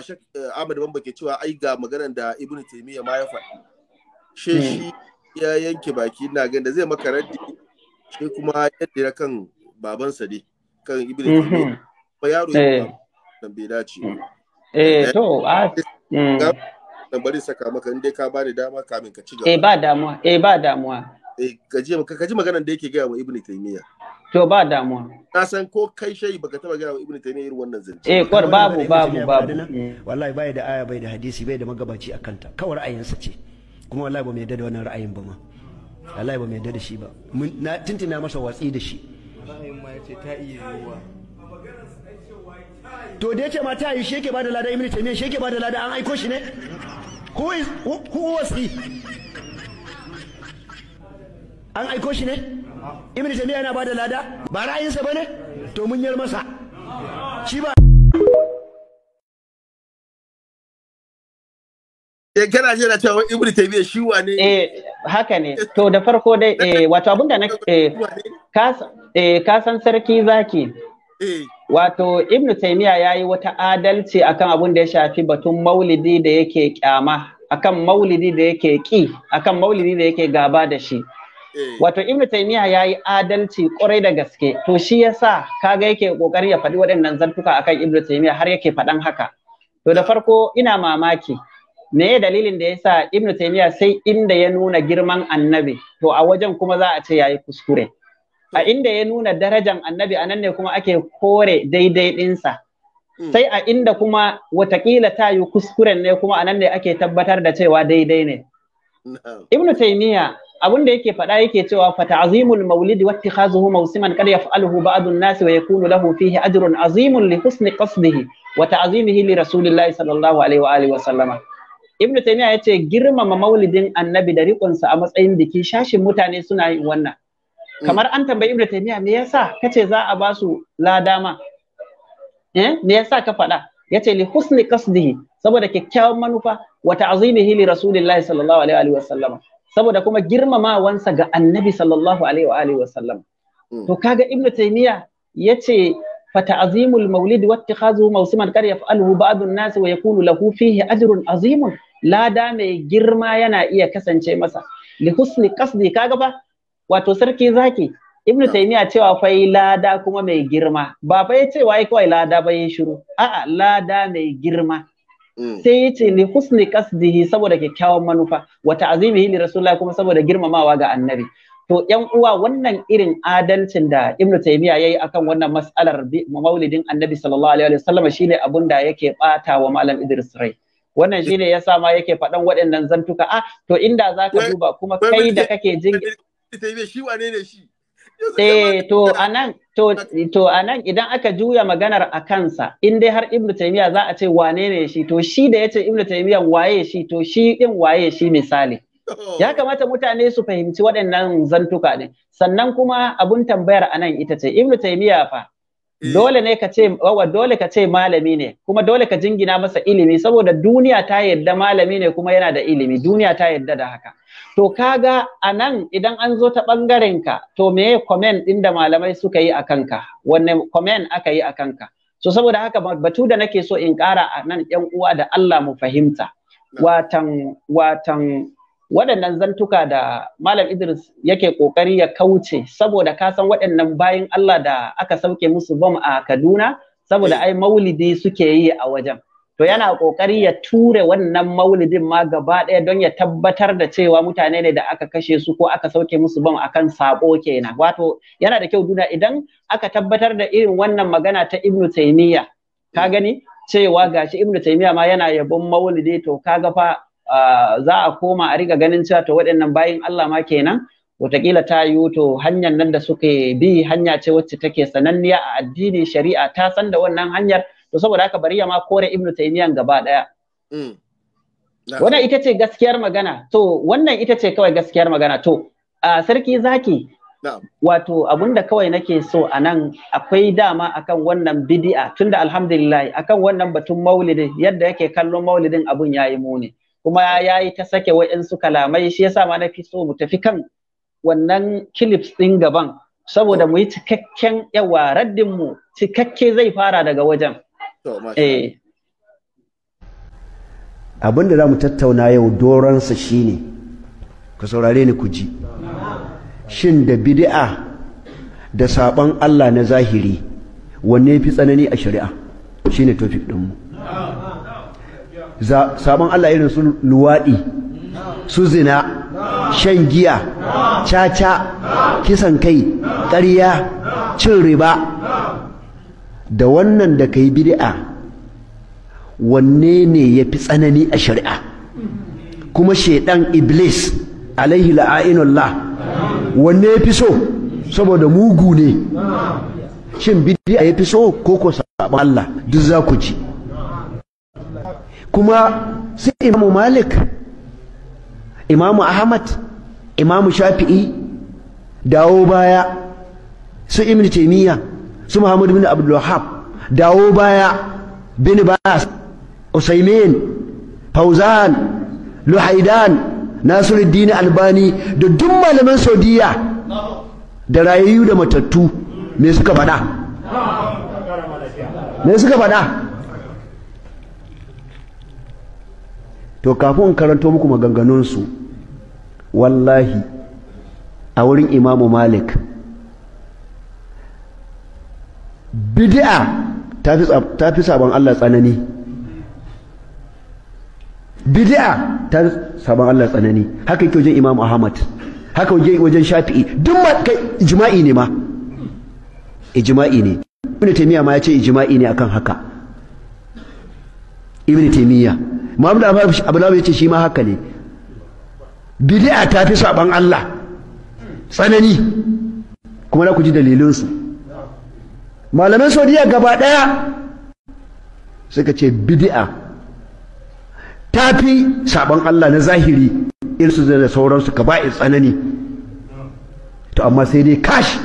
[SPEAKER 1] Shak eh, Ahmad Bamba ke cewa ai ga magana da Ibn Taymiyyah ma ya faɗi she mm. shi ya yanke baki ina gani da zai maka raddi shi kuma yadda ya kan babansa ne kan ibn mhm. eh. ba yaro ya dan bai dace
[SPEAKER 2] eh, eh to a mm.
[SPEAKER 1] dan bari saka maka inda dai ka bani dama kamin ka ci gaba eh
[SPEAKER 2] ba damuwa eh ba damuwa eh
[SPEAKER 1] kaji kaji maganar da yake gaya wa ibnu taymiya
[SPEAKER 2] To ba damuwa.
[SPEAKER 1] Na san ko kai shayi baka taba gaya wa ibnu taymiya irin wannan zance. Eh kwar babu babu babu.
[SPEAKER 3] Wallahi bai da aya bai da hadisi bai da magabaci akan ta. Kawai ra'ayinsa ce. Kuma wallahi ba mai yarda da wannan ra'ayin ba ma. Allah ba mai da shi ba na tintina masa watsi da shi to da yake ma ta yi sheke ba da lada ibnu taymiya sheke ba da lada an aiko shi ne who is who was he an aiko shi ne ibnu taymiya yana ba da lada ba ra'ayinsa bane to mun yar masa shi ba
[SPEAKER 2] eh kana jira cewa ibnu taymiya shi wane eh, haka ne to da farko dai eh wato abinda na eh, eh, ka san sarki zaki wato wato ibnu taymiya yayi wata adalci akan abin da ya shafi batun maulidi da yake kyama akan maulidi da yake ki akan maulidi da yake gaba da shi wato ibnu taymiya yayi adalci kwarai da gaske to shi yasa kaga yake kokarin ya faɗi waɗannan zartuka akan ibnu taymiya har yake faɗan haka to da farko ina mamaki me dalilin da ya yasa Ibn taymiya sai inda ya nuna girman annabi to a wajen kuma za a ce yayi kuskure a inda ya nuna darajan annabi a nan ne kuma ake kore daidai ɗinsa hmm. sai a inda kuma watakila ta yi kuskuren ne kuma a nan ne ake tabbatar da cewa daidai ne Ibn taymiya abin da yake faɗa yake cewa fa ta'zimul maulidi wa ittikhazuhu mawsiman qad yaf'aluhu ba'dun nas wa yakunu lahu fihi ajrun azimun li husni qasdihi wa ta'zimihi li rasulillahi sallallahu alaihi wa alihi wa sallama ibnu taymiya yace girmama maulidin annabi da rikonsa a matsayin biki shashin mutane suna yin wannan kamar an tambayi ibnu taymiya me yasa kace za a basu ladama eh me yasa ka faɗa yace li husni qasdihi saboda kyakkyawan manufa wa ta'zimihi li rasulillahi sallallahu alaihi wa sallam. saboda kuma girmamawansa ga annabi sallallahu alaihi wa wa sallam hmm. to kaga ibnu taymiya yace فتعظيم المولد واتخاذه موسما قد يفعله بعض الناس ويكون له فيه أجر عظيم lada mai girma yana iya kasance masa li husni qasdi kaga ba wato sarki zaki ibnu taymiya cewa fa lada kuma mai girma ba fa yace wai kawai lada ba yi shiru a'a lada mai girma mm. sai yace li husni qasdihi saboda kyakkyawan manufa wa ta'zimihi li rasulullahi kuma saboda girmamawa ga annabi to yan uwa wannan irin adalcin da ibnu taymiya yayi akan wannan mas'alar maulidin annabi sallallahu alaihi wasallam shine abun da yake bata wa malam idris rai wannan shine sa ma yake faɗan waɗannan zantuka a ah, to inda za ka duba kuma kai da kake jin
[SPEAKER 1] shi
[SPEAKER 2] Eh to anan to to anan idan aka juya maganar a kansa in dai har Ibn Taymiya za a ce wane ne shi to shi da yace Ibn Taymiya waye shi to shi din waye shi misali oh. ya kamata mutane su fahimci waɗannan zantuka ne sannan kuma abun tambayar anan ita ce Ibn Taymiya fa Eh. dole ne ka ce wawa dole ka ce malami ne kuma dole ka jingina masa ilimi saboda duniya ta yadda malami ne kuma yana da ilimi duniya ta yadda da haka to kaga a nan idan an zo ta bangaren ka to meye comment din da malamai suka yi a kanka wanne comment aka yi a kanka so saboda haka batu da nake so in kara a nan yan uwa da Allah mu fahimta watan watan waɗannan zantuka da Malam Idris yake ƙoƙari ya kauce saboda ka san waɗannan bayan Allah da aka sauke musu bom a Kaduna saboda ai maulidi suke yi a wajen. To yana ƙoƙari ya ture wannan maulidin ma gaba ɗaya don ya tabbatar da cewa mutane ne da aka kashe su ko aka sauke musu bom akan saɓo kenan. Wato yana da kyau duna idan aka tabbatar da irin wannan magana ta Ibn Taymiyyah ka gani cewa gashi Ibn Taymiyyah ma yana yabon maulidi to ka ga fa za a koma a riga ganin cewa to waɗannan bayin Allah ma kenan watakila ta yiwu to hanyar nan da suke bi hanya ce wacce take sananniya a addini shari'a ta san da wannan hanyar to saboda haka bari ya ma kore ibnu taymiyan gaba ɗaya mm. wannan ita ce gaskiyar magana to wannan ita ce kawai gaskiyar magana to a sarki zaki Wato abun kawai nake so a nan akwai dama akan wannan bidi'a tunda alhamdulillah akan wannan batun maulidin yadda yake kallon maulidin abun yayi muni. kuma ya yi ta sake wa'insu kalamai shi yasa ma na fi so mu tafi kan wannan clips ɗin gaban saboda mu yi cikakken yawa raddin mu cikakke zai fara daga wajen eh.
[SPEAKER 3] abin da za mu tattauna yau doronsa shine ku saurare ni ku ji shin da bid'a da saɓon Allah na zahiri wanne fi tsanani a shari'a shine topic ɗinmu sabon Allah irin su luwaɗi su zina shan giya caca kisan kai ƙarya cin riba da wannan da ka yi bid'a wanne ne ya fi tsanani a shari'a kuma shaidan iblis alaihi la'ainullah wanne ya fi so saboda mugu ne shin bid'a ya fi so ko ko sabon Allah duk za ku ji kuma su imamu malik imamu ahmad imamu shafi'i dawo baya su ibn taymiya su muhammad bin abdul wahhab dawo baya bin bas usaimin fauzan luhaidan nasiruddin albani da duk malaman saudiya da rayayyu da matattu me suka faɗa me suka faɗa to kafin in karanto muku maganganunsu wallahi a wurin imamu malik bidi'a ta fi sabon allah tsanani bidi'a ta fi sabon allah tsanani haka yake wajen imamu ahmad haka wajen shafi'i duk ma kai ijma'i ne ma ijma'i ne ibn taymiya ma ya ce ijma'i ne akan haka ibn taymiya Muhammad abu ya ce shi ma haka ne bid'a ta fi saban Allah tsanani kuma na ku ji dalilinsu malaman saudiya gaba ɗaya suka ce bid'a ta fi saban Allah na zahiri irsu da sauransu ka in tsanani to amma sai dai kashi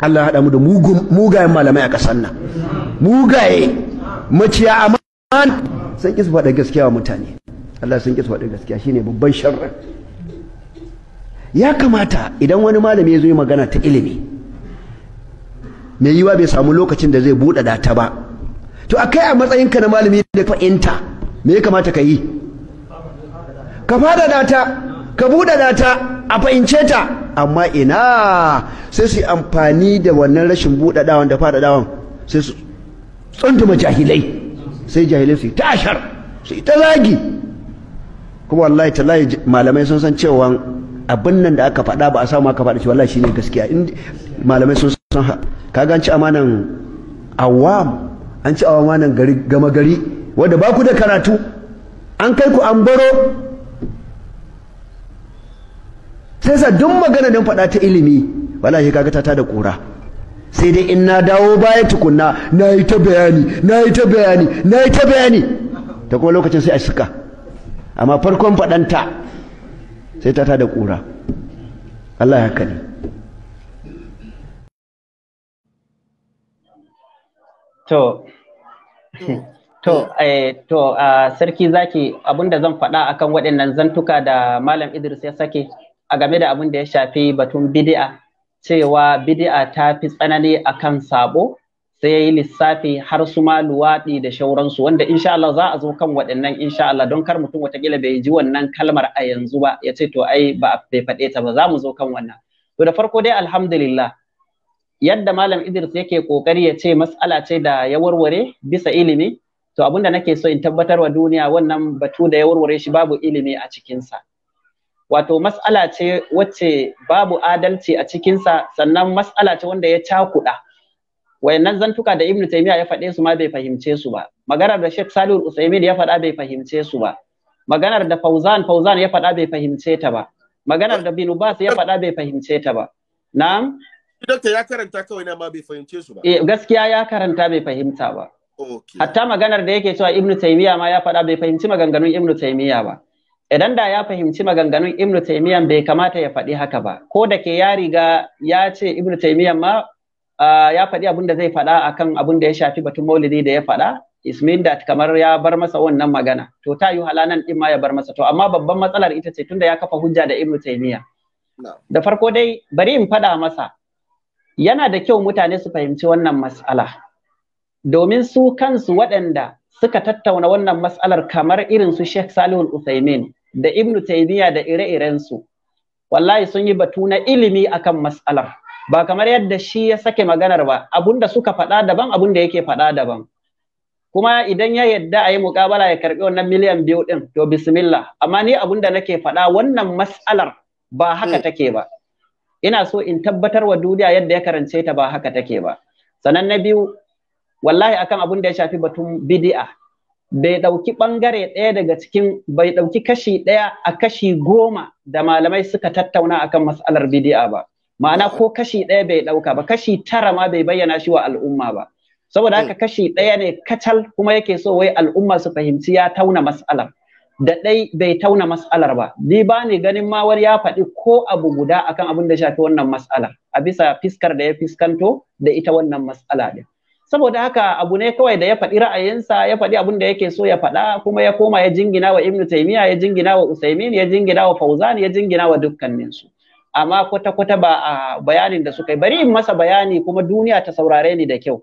[SPEAKER 3] Allah ya haɗa mu da mugayen malamai a ƙasar nan mugaye maciya aman sun ƙi su faɗa gaskiya wa mutane Allah sun ƙi su faɗa gaskiya shine babban sharri ya kamata idan wani malami ya zo yi magana ta ilimi mai yiwa bai samu lokacin da zai buɗe ta ba to akai a matsayinka na malami da fa'inta me ya kamata ka yi ka faɗaɗa ta ka buɗe data a fahimce ta amma ina sai su yi amfani da wannan rashin buɗaɗawan da faɗaɗawan sai su tsuntuma jahilai sai jahilai su ta tashar su yi ta zagi kuma wallahi layi malamai sun san cewa abin nan da aka faɗa ba a samu aka faɗa cewa wallahi shine gaskiya in malamai sun san kaga an ci amanan awam an ci amanan gari gama gari wanda ba ku da karatu an kai ku an baro sai sa duk magana don faɗa ta ilimi wallahi kaga ta tada kura sai dai in na dawo baya tukunna na yi ta bayani na yi ta bayani na yi ta bayani ta kuma lokacin sai a shika amma farkon faɗanta sai ta tada ƙura Allah ya kani
[SPEAKER 2] to to eh, to uh, sarki zaki abinda zan faɗa akan waɗannan zantuka da malam Idris ya sake a game da abin da ya shafi batun bid'a cewa bidi'a ta fi tsanani a kan sabo sai ya yi lissafi har su ma luwaɗi da shauransu wanda insha Allah za a zo kan waɗannan insha Allah don kar mutum watakila bai ji wannan kalmar a yanzu ba ya ce to ai ba bai faɗe ta ba za mu zo kan wannan to da farko dai alhamdulillah yadda malam Idris yake kokari ya ce mas'ala ce da ya warware bisa ilimi to abinda nake so in tabbatar wa duniya wannan batu da ya warware shi babu ilimi a cikinsa. wato mas'ala ce wacce babu adalci a cikinsa sannan mas'ala ce wanda ya cakuɗa wayannan zantuka da ibnu taymiya ya faɗe su ma bai fahimce su ba maganar da sheikh Salihu usaimin ya faɗa bai fahimce su ba maganar da fauzan fauzan ya faɗa bai fahimce ta ba maganar da bin bas ya faɗa bai fahimce ta ba na'am
[SPEAKER 1] doctor ya karanta kawai na ma bai fahimce su ba. Eh
[SPEAKER 2] gaskiya ya karanta bai fahimta ba. Hatta maganar da yake cewa ibnu taymiya ma ya faɗa bai fahimci maganganun ibnu taymiya ba. idan da ya fahimci maganganun ibnu taymiyan bai kamata ya faɗi haka ba ko da ke ya riga ya ce ibnu taymiyan ma ya faɗi abin da zai faɗa akan abin da ya shafi batun maulidi da ya faɗa ismin da kamar ya bar masa wannan magana to ta yi halanan din ma ya bar masa to amma babban matsalar ita ce tunda ya kafa hujja da ibnu taymiyan da farko dai bari in faɗa masa yana da kyau mutane su fahimci wannan mas'ala domin su kansu waɗanda suka tattauna wannan mas'alar kamar irin su Sheikh al uthaymeen da Ibn Taymiyyah da ire iren su. wallahi sun yi batu na ilimi akan mas'alar ba kamar yadda shi ya sake maganar ba abunda suka faɗa daban abunda yake faɗa daban kuma idan ya yadda a yi muƙabala ya karɓi wannan miliyan biyu ɗin to bismillah amma ni abunda nake faɗa wannan mas'alar ba haka mm. take ba ina so in tabbatar wa duniya yadda ya karance ta ba haka take ba sannan na biyu wallahi akan abun da ya shafi batun bid'a bai ɗauki bangare ɗaya daga cikin bai ɗauki kashi ɗaya a kashi goma da malamai suka tattauna akan mas'alar bid'a ba ma'ana ko kashi ɗaya bai ɗauka ba kashi tara ma bai bayyana shi wa al'umma ba saboda haka mm. kashi ɗaya ne kacal kuma yake so wai al'umma su fahimci ya tauna mas'alar da ɗai bai tauna mas'alar ba ni ba ni ganin ma wani ya faɗi ko abu guda akan abin da shafi wannan mas'alar a bisa fiskar da ya fiskanto da ita wannan mas'ala din saboda haka abu ne kawai da ya faɗi ra'ayinsa ya faɗi abin da yake so ya faɗa kuma ya koma ya jingina wa ibnu taymiya ya jingina wa usaimin ya jingina wa fawzan ya jingina wa dukkanin su amma kwata kwata ba a bayanin da suka yi bari in masa bayani kuma duniya ta saurare ni da kyau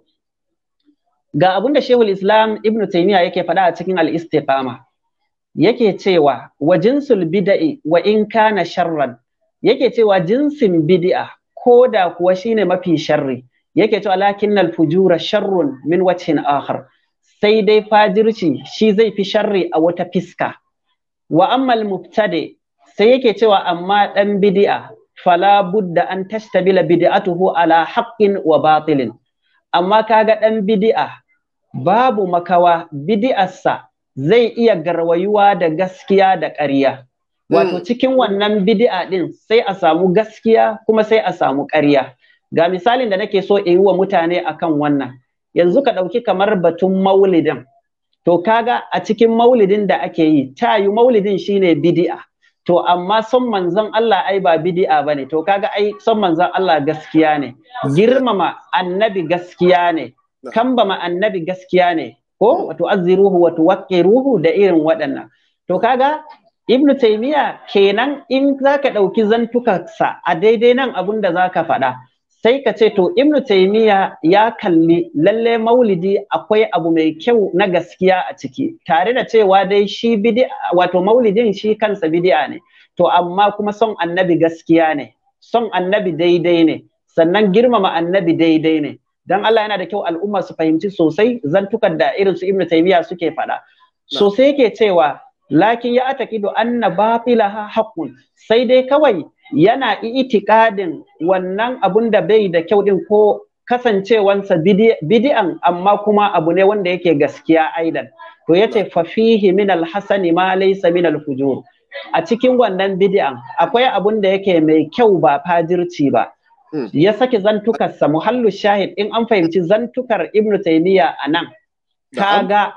[SPEAKER 2] ga abin da shehul islam ibnu taymiya yake faɗa a cikin al-istiqama yake cewa wa jinsul bida'i wa in kana sharran yake cewa jinsin bid'a ko da kuwa shine mafi sharri yake cewa lakinnal fujura sharrun min wajhin akhar sai dai fajirci shi zai fi sharri a wata fiska wa ammal mubtadi sai yake cewa amma dan bid'a fala budda an tastabila bid'atuhu ala haqqin wa batilin amma kaga dan bid'a babu makawa bid'arsa zai iya garwayuwa da gaskiya da ƙarya wato hmm. cikin wannan bid'a din sai a samu gaskiya kuma sai a samu ƙarya ga misalin da nake so in yi wa mutane akan wannan yanzu ka ɗauki kamar batun maulidin to kaga a cikin maulidin da ake yi ta yi maulidin shine bidi'a to amma son manzon Allah ai ba bidi'a bane to kaga ai son manzon Allah gaskiya ne girmama annabi gaskiya ne kambama annabi gaskiya ne ko wato azziruhu wa ruhu da irin waɗannan to kaga Ibn Taymiyyah kenan in zaka ɗauki zantukarsa a daidai nan abun da zaka faɗa sai ka ce to ibnu taymiya ya kalli lalle maulidi akwai abu mai kyau na gaskiya a ciki tare da cewa dai shi bid'a wato maulidin shi kansa bid'a ne to amma kuma son annabi gaskiya ne son annabi daidai ne sannan girmama annabi daidai ne dan Allah yana da kyau al'umma su fahimci sosai zantukan da irin su ibnu taymiya suke faɗa sosai yake cewa lakin ya ataqidu anna batilaha haqqun sai dai kawai yana itikadin wannan abun da bai da kyau din ko kasancewansa bidi'an amma kuma abu ne wanda yake gaskiya aidan to yace fa fihi min alhasani ma laysa min alfujur a cikin wannan bidi'an akwai abun da yake mai kyau ba fajirci ba hmm. ya saki zantukarsa muhallu shahid in an fahimci zantukar ibnu taymiya anan kaga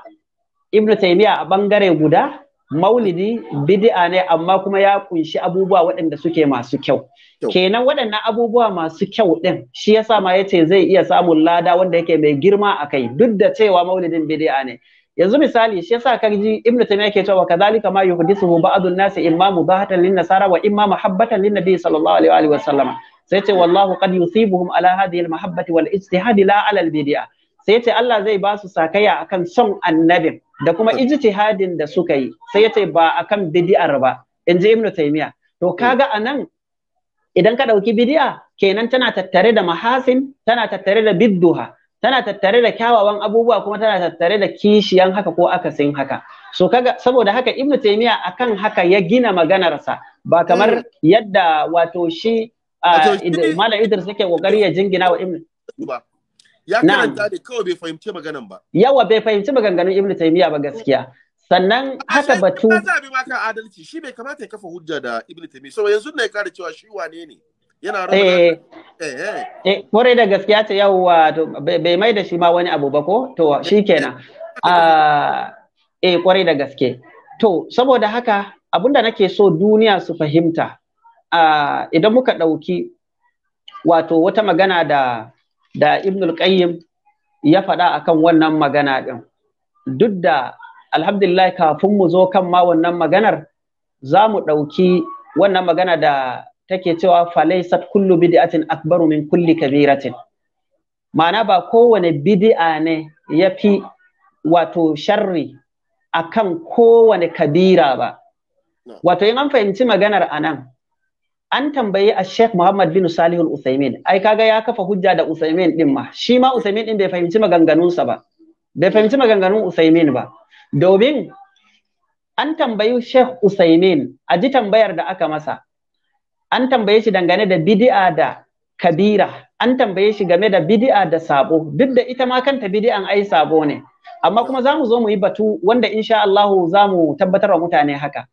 [SPEAKER 2] ibnu taymiya a bangare guda maulidi bid'a ne amma kuma ya kunshi abubuwa waɗanda suke masu kyau kenan waɗannan abubuwa masu kyau ɗin shi yasa ma yace zai iya samun lada wanda yake mai girma a kai duk da cewa maulidin bid'a ne yanzu misali shi yasa karji ibnu taymiya yake cewa kadhalika ma yuhdithu ba'dun nas imma mubahatan lin nasara wa imma mahabbatan lin nabi sallallahu alaihi wa sallama sai ce wallahu qad yusibuhum ala hadhihi al mahabbati wal ijtihadi la ala al sai ce Allah zai ba su sakaya akan son annabin da kuma hmm. ijtihadin da suka yi sai ce ba a kan bidiyar ba in ji Ibnu Taymiyyah to kaga anan idan ka dauki bidi'a kenan tana tattare da mahasin tana tattare da bidduha tana tattare da kyawawan abubuwa kuma tana tattare da kishiyan haka ko akasin haka so kaga saboda haka Ibnu Taymiyyah akan haka ya gina maganarsa ba kamar hmm. yadda ah, wato shi malam Idris yake kokari ya jingina wa Ibnu. ya karanta
[SPEAKER 1] da kawai bai fahimci maganan ba
[SPEAKER 2] yawa bai fahimci maganganun ibnu taymiya ba gaskiya sannan haka batu ba
[SPEAKER 1] za bi maka adalci shi bai kamata ya kafa hujja da ibnu taymiya so yanzu ne ya kare cewa shi wane ne yana rama eh,
[SPEAKER 2] eh eh, eh kore da gaskiya ce yawa to bai mai da shi ma wani abu ba ko to shikenan a eh, eh. Ah, kore da gaske to saboda haka abinda nake so duniya su fahimta ah, idan muka ɗauki wato wata magana da da ibnul qayyim ya faɗa akan wannan magana ɗin duk da alhamdulillah kafin mu zo kan ma wannan maganar za mu ɗauki wannan magana da take cewa falaisat kullu bid'atin akbaru min kulli kabiratin ma'ana ba kowane bid'a ne ya fi wato sharri akan kowane kabira ba wato yin an fahimci maganar a nan. an tambayi a Sheikh Muhammad bin Salih al uthaymeen ai kaga ya kafa hujja da Uthaymeen din ma shi ma Uthaymeen din bai fahimci maganganunsa ba bai fahimci maganganun Uthaymeen ba domin an tambayi Sheikh Uthaymeen a ji tambayar da aka masa an tambaye shi dangane da bid'a da kabira an tambaye shi game da bid'a da sabo duk da ita ma kanta bid'an ai sabo ne amma kuma zamu zo mu yi batu wanda insha Allah zamu tabbatar wa mutane haka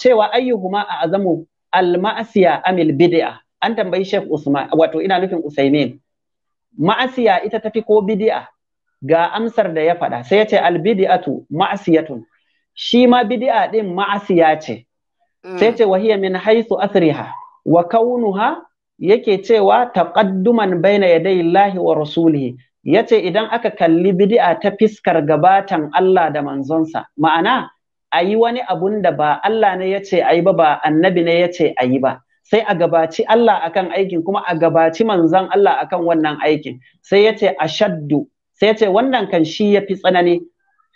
[SPEAKER 2] cewa ayyuhuma a azamu al-ma'asiya amil bid'a an tambayi Sheikh Usman wato ina nufin Usaimin ma'asiya ita tafi ko bid'a ga amsar da ya faɗa sai ya ce al bid'atu ma'asiyatun shi ma bid'a din ma'asiya ce mm. sai ce wahiya min haythu asriha wa kaunuha yake cewa taqadduman baina yaday Allah wa rasulihi yace idan aka kalli bid'a ta fiskar gabatan Allah da manzonsa ma'ana a yi wani abun da ba Allah ne ya ce a yi ba ba annabi ne ya ce a yi ba sai a gabaci Allah akan aikin kuma a gabaci manzan Allah akan wannan aikin sai ya ce shaddu. sai ya ce wannan kan shi ya fi tsanani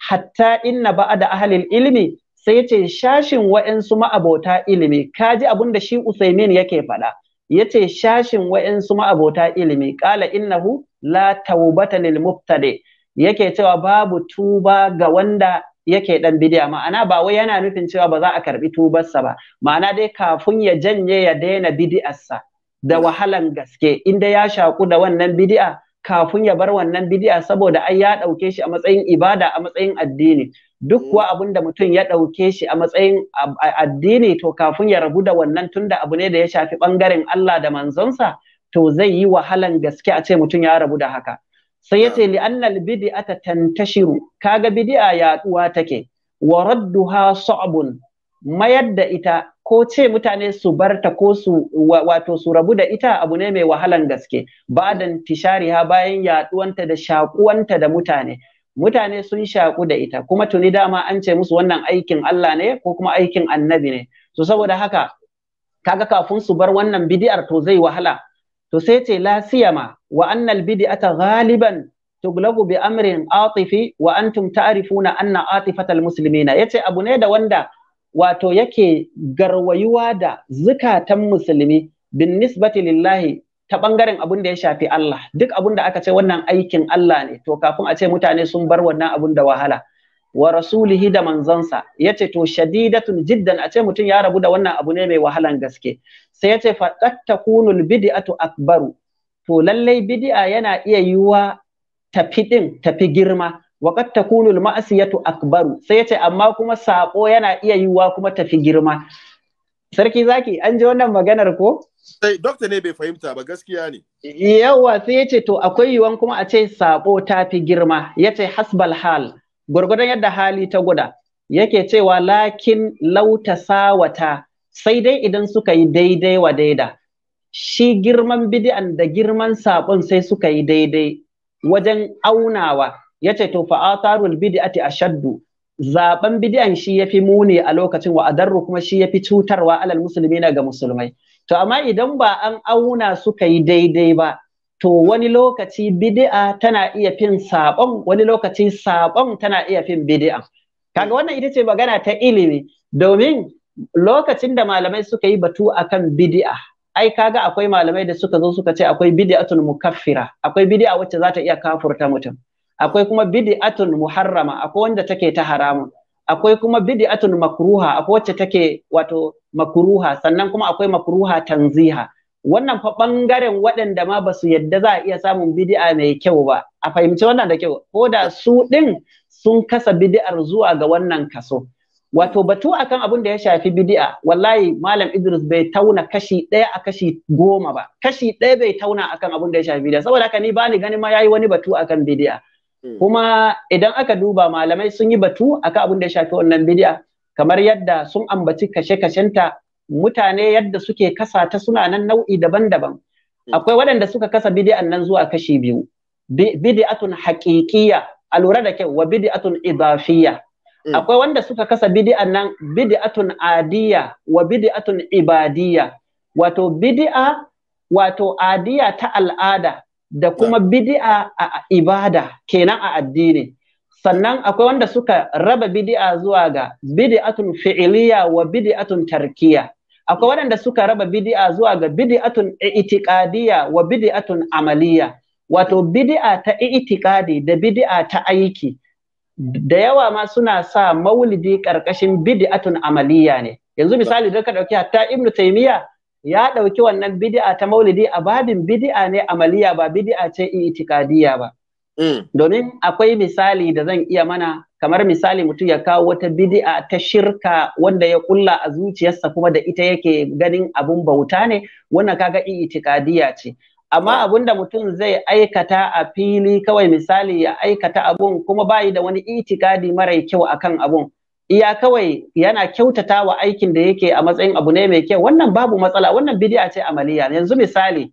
[SPEAKER 2] hatta inna da ahlil ilimi. sai ya ce shashin wa'ansu ma'abota ilimi kaji abun da shi Usaimin yake faɗa yace shashin wa'ansu ma'abota ilimi qala innahu la taubata lil mubtadi yake cewa babu tuba ga wanda yake dan bidiya ma'ana ba wai yana nufin cewa ba za a karbi tubarsa ba ma'ana dai kafin ya janye ya daina bidi'arsa da wahalan gaske inda ya shaku da wannan bidi'a kafin ya bar wannan bidi'a saboda ai ya dauke shi a matsayin ibada a matsayin addini duk kuwa abin da mutum ya dauke shi a matsayin addini to kafin ya rabu da wannan tunda abu ne da ya shafi bangaren Allah da manzonsa to zai yi wahalan gaske a ce mutum ya rabu da haka sai yace li annal bid'ata tantashiru kaga bid'a yaduwa take wa radduha sa'bun mayar da ita ko ce mutane su barta ko su wato su rabu da ita abu ne mai wahalan gaske badan tishariha bayan yaduwanta da shakuwanta da mutane mutane sun shaku da ita kuma tuni dama an ce musu wannan aikin Allah ne ko kuma aikin annabi ne so saboda haka kaga kafin su bar wannan bid'ar to zai wahala to sai ce la siyama wa annal bid'ata ghaliban tuglabu bi amrin atifi wa antum ta'rifuna anna atifatal muslimina yace abu ne da wanda wato yake garwayuwa da zukatan musulmi bin nisbati lillahi ta bangaren abin da ya shafi Allah duk abun da aka ce wannan aikin Allah ne to kafin a ce mutane sun bar wannan abun da wahala wa rasulihi da manzansa yace to shadidatun jiddan a ce mutum ya rabu da wannan abu ne mai wahalan gaske sai yace fa takunul bid'atu akbaru to lallai bid'a yana iya yiwa tafi din tafi girma wa qad takunul ma'siyatu akbaru sai yace amma kuma sako yana iya yiwa kuma tafi girma sarki zaki an ji wannan maganar ko
[SPEAKER 1] sai eh, doctor ne bai fahimta ba gaskiya ne
[SPEAKER 2] yawa sai yace to akwai yiwan kuma a ce sako tafi girma yace hasbal hal gwargwadon yadda hali ta guda yake cewa lakin lauta sawata sai dai idan suka yi daidai wa daida shi girman bidi'an da girman sabon sai suka yi daidai wajen aunawa yace to fa bidi'ati bid'ati ashaddu zaben bidi'an shi yafi muni a lokacin wa adarru kuma shi yafi cutarwa alal muslimina ga musulmai to amma idan ba an auna suka yi daidai ba to wani lokaci bid'a tana iya fin saɓon, wani lokaci saɓon tana iya fin bid'a kaga wannan ita ce magana ta ilimi domin lokacin da malamai suka yi batu akan bid'a ai kaga akwai malamai da suka zo suka ce akwai bid'atun mukaffira akwai bid'a wacce za ta iya kafurta mutum akwai kuma bid'atun muharrama akwai wanda take ta haramun akwai kuma bid'atun makruha akwai wacce take wato makruha sannan kuma akwai makruha tanziha wannan fa bangaren waɗanda ma ba su yadda za a iya samun bidi'a mai kyau ba a fahimci wannan da kyau ko da su ɗin sun kasa bidi'ar zuwa ga wannan kaso wato batu akan abin da ya shafi bidi'a. wallahi malam Idris bai tauna kashi ɗaya a kashi goma ba kashi ɗaya bai tauna akan abin da ya shafi bidi'a. saboda haka ni bani ganin ma yayi wani batu akan bidi'a. Hmm. kuma idan aka duba malamai sun yi batu akan abin da ya shafi wannan bidi'a, kamar yadda sun ambaci kashe-kashenta mutane yadda suke kasa ta suna nan nau'i daban-daban hmm. akwai waɗanda suka kasa bidi'an nan zuwa kashi biyu bid'atun haƙiƙiya a lura da kyau wa bidi'atun idafiyya hmm. akwai wanda suka kasa bidi'an nan bid'atun adiyya wa bidi'atun ibadiyya wato bidi'a wato adiya ta al'ada da kuma hmm. bidi'a a ibada kenan a addini sannan akwai wanda suka raba bidi'a zuwa ga bid'atun fi'iliya wa bid'atun tarkiya akwai waɗanda suka raba bidi'a zuwa ga bid'atun i'tiqadiyya wa bid'atun amaliya wato bidi'a ta i'tiqadi da bidi'a ta aiki da yawa ma suna sa maulidi karkashin bid'atun amaliya ne yanzu misali da ka dauki hatta ibnu taymiya ya dauki wannan bid'a ta maulidi a babin bid'a ne amaliya ba bidi'a ce i'tiqadiyya ba Mm. Domin akwai misali da zan iya mana kamar misali mutum ya kawo wata bidi'a ta shirka wanda ya kulla a zuciyarsa kuma da ita yake ganin abun bauta ne wannan kaga itikadiya ce amma abun da mutum zai aikata a fili kawai misali ya aikata abun kuma bayi da wani itikadi mara kyau akan abun iya kawai yana kyautata wa aikin da yake a matsayin abu ne mai kyau wannan babu matsala wannan bid'a ce amaliya yanzu misali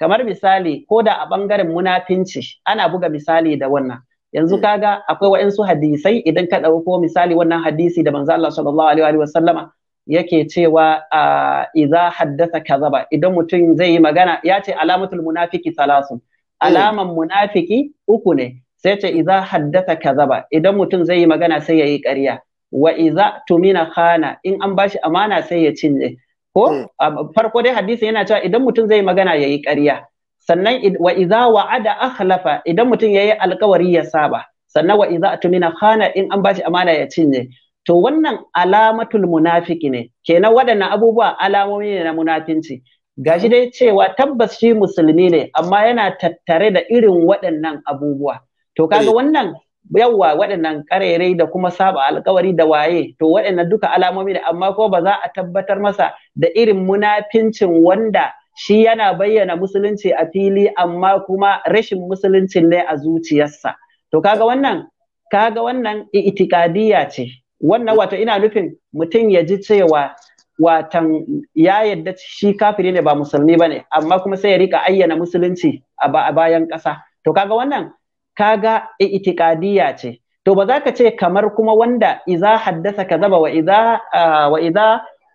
[SPEAKER 2] Kamar misali, ko da a ɓangaren munafinci ana buga misali da wannan. Yanzu mm. kaga akwai waɗansu hadisai idan ka ɗauko misali wannan hadisi da manzo Allah sallallahu alaihi wa sallama yake cewa a idza haddatha kazaba idan mutum zai yi magana ya ce alamatul munafiki Salasu. Mm. alaman munafiki uku ne sai ce idza haddatha kazaba idan mutum zai yi magana sai ya yi ƙarya wa idza tumina khana in an bashi amana sai ya cinye ko mm. farko dai hadisi yana cewa idan mutum zai magana yayi ƙarya sannan wa idza wa'ada akhlafa idan mutum yayi alƙawari ya saba sannan wa idza atumina khana in an bashi amana ya cinye to wannan alamatul munafiki ne kenan waɗannan abubuwa alamomi ne na munafinci gashi dai cewa tabbas shi musulmi ne amma yana tattare da irin waɗannan abubuwa to kaga eh. wannan yawwa waɗannan ƙarerai da kuma saba alkawari da waye to waɗannan duka alamomi ne amma ko ba za a tabbatar masa da irin munafincin wanda shi yana bayyana musulunci a fili amma kuma rashin musulunci ne a zuciyarsa to kaga wannan kaga wannan itikadiyya ce wannan wato ina nufin mutum ya ji cewa watan ya yadda shi kafiri ne ba musulmi ne, amma kuma sai ya rika ayyana musulunci a bayan ƙasa to kaga wannan kaga itiqadiyya ce to ba za ka ce kamar kuma wanda iza haddasa ka wa iza wa iza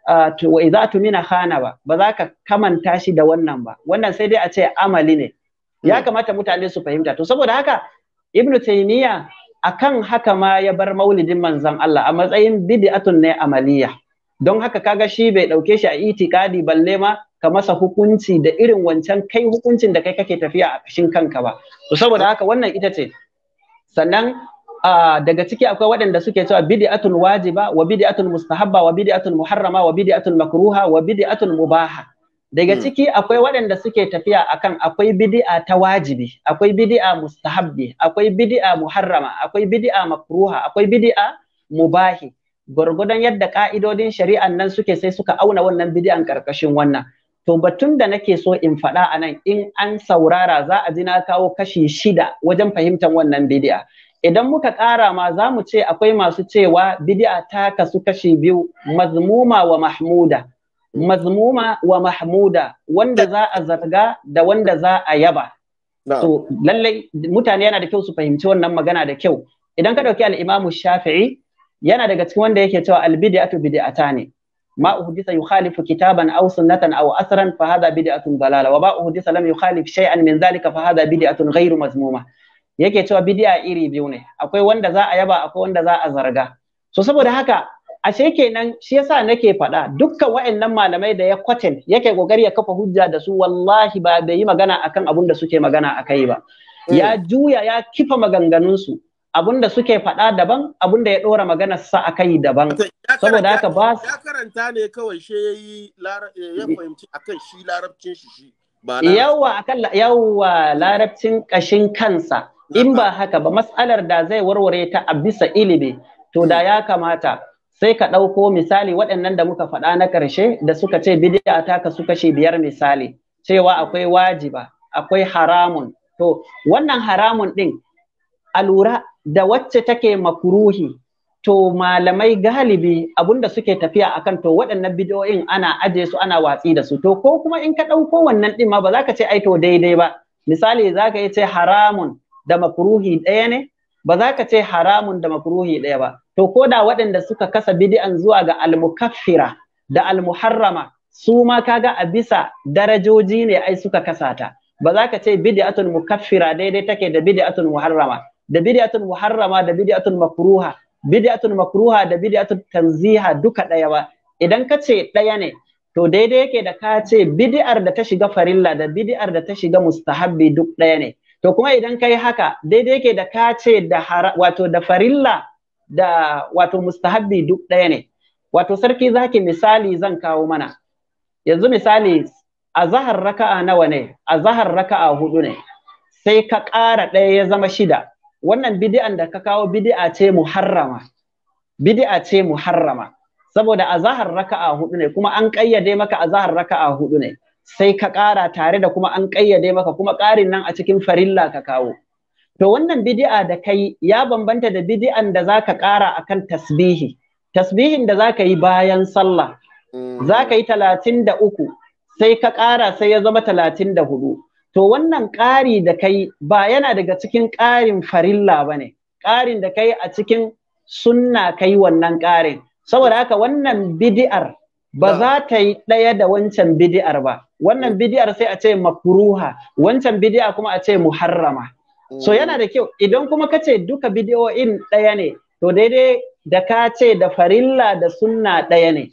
[SPEAKER 2] wa khana ba ba za ka kamanta shi da wannan ba wannan sai dai a ce amali ne ya hmm. kamata mutane su fahimta to saboda haka ibnu taymiya akan haka ma ya bar maulidin manzon Allah a matsayin bid'atun ne amaliya don haka kaga shi bai dauke shi a itikadi balle ma ka masa hukunci da irin wancan kai hukuncin da kai kake tafiya a kashin kanka ba to saboda haka wannan ita ce sannan daga ciki akwai waɗanda suke cewa bid'atul wajiba wa bid'atul mustahabba wa bid'atul muharrama wa bid'atul makruha wa bid'atul mubaha daga hmm. ciki akwai waɗanda suke tafiya akan akwai bid'a ta wajibi akwai bid'a mustahabbi akwai bid'a muharrama akwai bid'a makruha akwai bid'a mubahi gwargwadon yadda ka'idodin shari'an nan suke sai suka auna wannan bid'an karkashin wannan To batun da nake so in faɗa a nan in an saurara za a ji na kawo kashi shida wajen fahimtar wannan bidiya Idan muka ƙara ma za mu ce akwai masu cewa bidiya ta kasu kashi biyu mazmuma wa mahmuda. Mazmuma wa mahmuda wanda za a zarga da wanda za a yaba. To lallai mutane yana da kyau su fahimci wannan magana da kyau. Idan ka ɗauki al'imamu shafi'i yana daga cikin wanda yake cewa albidiyatu bidiyata ne. ما أحدث يخالف كتابا أو سنة أو أثرا فهذا بدعة ضلالة وما أحدث لم يخالف شيئا من ذلك فهذا بدعة غير مذمومة yake cewa bidiya iri biyu ne akwai wanda za a yaba akwai wanda za a zarga so saboda haka ashe kenan shi yasa nake faɗa dukkan wa'annan malamai da ya kwatin yake kokari ya kafa hujja da su wallahi ba bai yi magana akan abun da suke magana akai ba ya juya ya kifa maganganunsu abinda suke faɗa daban abinda ya ɗora maganar sa a kai daban saboda haka ba ya
[SPEAKER 1] karanta ne kawai she yayi ya
[SPEAKER 5] fahimci akan shi larabcin shi
[SPEAKER 2] yawa akan yawa larabcin kashin kansa in ba haka ba mas'alar da zai warware ta a bisa ilimi to da ya kamata sai ka ɗauko misali waɗannan da muka faɗa na karshe da suka ce bidi'a ta kasu kashi biyar misali cewa akwai wajiba akwai haramun to wannan haramun ɗin a lura da wacce take makuruhi, to malamai galibi abunda suke tafiya akan to waɗannan bidiyoyin ana aje su ana watsi da su to ko kuma in ka ɗauko wannan ɗin ma ba za ka ce ai to daidai ba misali za ka ce haramun da makuruhi ɗaya ne ba za ka ce haramun da makuruhi ɗaya ba to ko da waɗanda suka kasa bidi'an zuwa ga almukaffira da almuharrama su ma kaga a bisa darajoji ne ai suka kasa ta ba za ka ce bid'atul mukaffira daidai take da bid'atul muharrama da bid'atun muharrama da bid'atun makruha bid'atun makruha da bid'atun tanziha duka ɗaya ba idan ka ce ɗaya ne to daidai yake da ka ce bid'ar da ta shiga farilla da bid'ar da ta shiga mustahabbi duk ɗaya ne to kuma idan ka haka daidai yake da ka ce da wato da farilla da wato mustahabbi duk ɗaya ne wato sarki zaki misali zan kawo mana yanzu misali a raka'a nawa ne a raka'a hudu ne sai ka ƙara ɗaya ya zama shida wannan bidi'an da ka kawo bid'a ce muharrama bid'a ce muharrama saboda azahar raka'a hudu ne kuma an kayyade maka azahar raka'a hudu ne sai ka ƙara tare da kuma an kayyade maka kuma ƙarin nan a cikin farilla ka kawo to wannan bidi'a da kai ya bambanta da bidi'an da zaka ƙara akan tasbihi tasbihin da zaka yi bayan sallah zaka yi talatin da uku sai ka ƙara sai ya zama talatin da hudu to wannan ƙari da kai ba yana daga cikin ƙarin farilla ba ne ƙarin da kai a cikin sunna kai wannan ƙarin saboda haka wannan bidi'ar ba za ta yi ɗaya da wancan bidi'ar ba wannan mm. bidi'ar sai a ce makuruha, wancan bidi'a kuma a ce muharrama so mm. yana da kyau idan kuma ka ce duka bidiyo'in ɗaya ne to daidai da ka ce da farilla da sunna ɗaya ne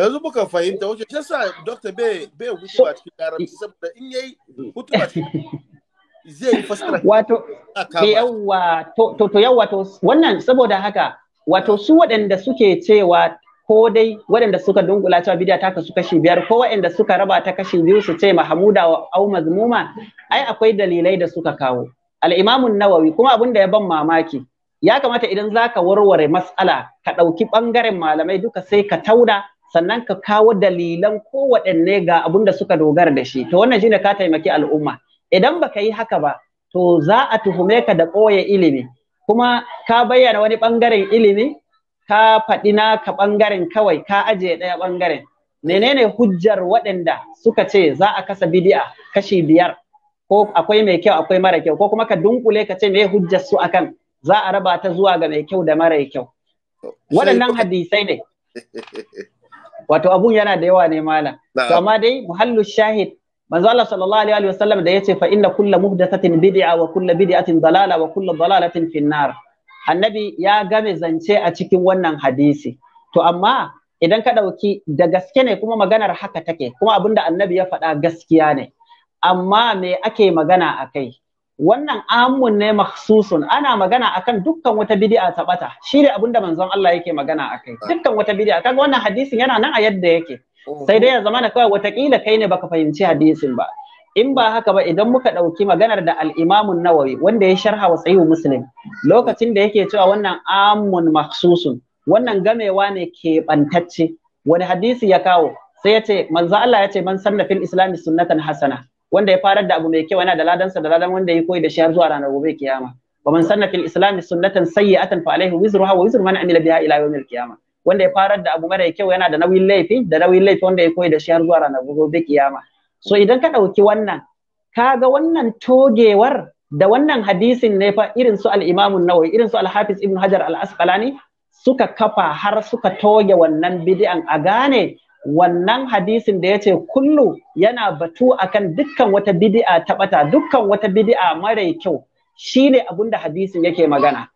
[SPEAKER 1] yanzu muka fahimta wuce shi sa dokta bai bai hutuba cikin larabci saboda in yayi hutuba cikin
[SPEAKER 2] zai yi fasara wato yawa to to yawa to wannan saboda haka wato su waɗanda suke cewa ko dai waɗanda suka dungula cewa bidiya ta kasu kashi biyar ko waɗanda suka raba ta kashi biyu su ce mahamuda wa au mazmuma ai akwai dalilai da suka kawo al-imamun nawawi kuma abin da ya ban mamaki ya kamata idan zaka warware mas'ala ka ɗauki ɓangaren malamai duka sai ka tauna sannan ka kawo dalilan kowaɗanne ga abin da suka dogara da shi to wannan shine ka taimaki al'umma idan baka yi haka ba to za a tuhume ka da ɓoye ilimi kuma ka bayyana wani ɓangaren ilimi ka faɗi naka ɓangaren kawai ka ajiye ɗaya ɓangaren menene hujjar waɗanda suka ce za a kasa bidi'a kashi biyar ko akwai mai kyau akwai mara kyau ko kuma ka dunkule ka ce me hujjar su akan za a raba ta zuwa ga mai kyau da mara kyau waɗannan hadisai ne wato abun yana da yawa ne malam to amma dai muhallu shahid manzo Allah sallallahu alaihi wa sallam da yace fa inna kulla muhdathatin bid'a wa kulla bid'atin dalala wa kulla dalalatin finnar annabi ya game zance a cikin wannan hadisi to amma idan ka dauki da gaske ne kuma maganar haka take kuma abinda annabi ya faɗa gaskiya ne amma me ake magana a kai wannan amun ne makhsusun ana magana akan dukkan wata bid'a ta bata shi ne abinda manzon Allah yake magana akai dukkan wata bid'a kaga wannan hadisin yana nan a yadda yake sai dai ya zama na kawai watakila kai ne baka fahimci hadisin ba in ba haka ba idan muka ɗauki maganar da al al'imamun nawawi wanda ya sharha wa tsayu muslim lokacin da yake cewa wannan amun maksusun wannan gamewa ne keɓantacce wani hadisi ya kawo sai ya ce manzo Allah ya ce man sanna fil islami sunnatan hasana wanda ya farar da abu mai kyau yana da ladansa da ladan wanda ya koyi da shi har zuwa ranar gobe kiyama wa man sanna fil islam sunnatan sayyi'atan fa alaihi wizruha wa wizru man amila biha ila yawmil kiyama. wanda ya farar da abu mara kyau yana da nauyin laifi da nauyin laifi wanda ya koyi da shi har zuwa ranar gobe kiyama so idan ka dauki wannan ka ga wannan togewar da wannan hadisin ne fa irin su al-Imam an-Nawawi irin su al-Hafiz Ibn Hajar al-Asqalani suka kafa har suka toge wannan bid'an a gane wannan hadisin da ya ce kullu yana batu akan dukkan wata bid'a ta bata dukkan wata bid'a mara kyau shine abun da hadisin yake magana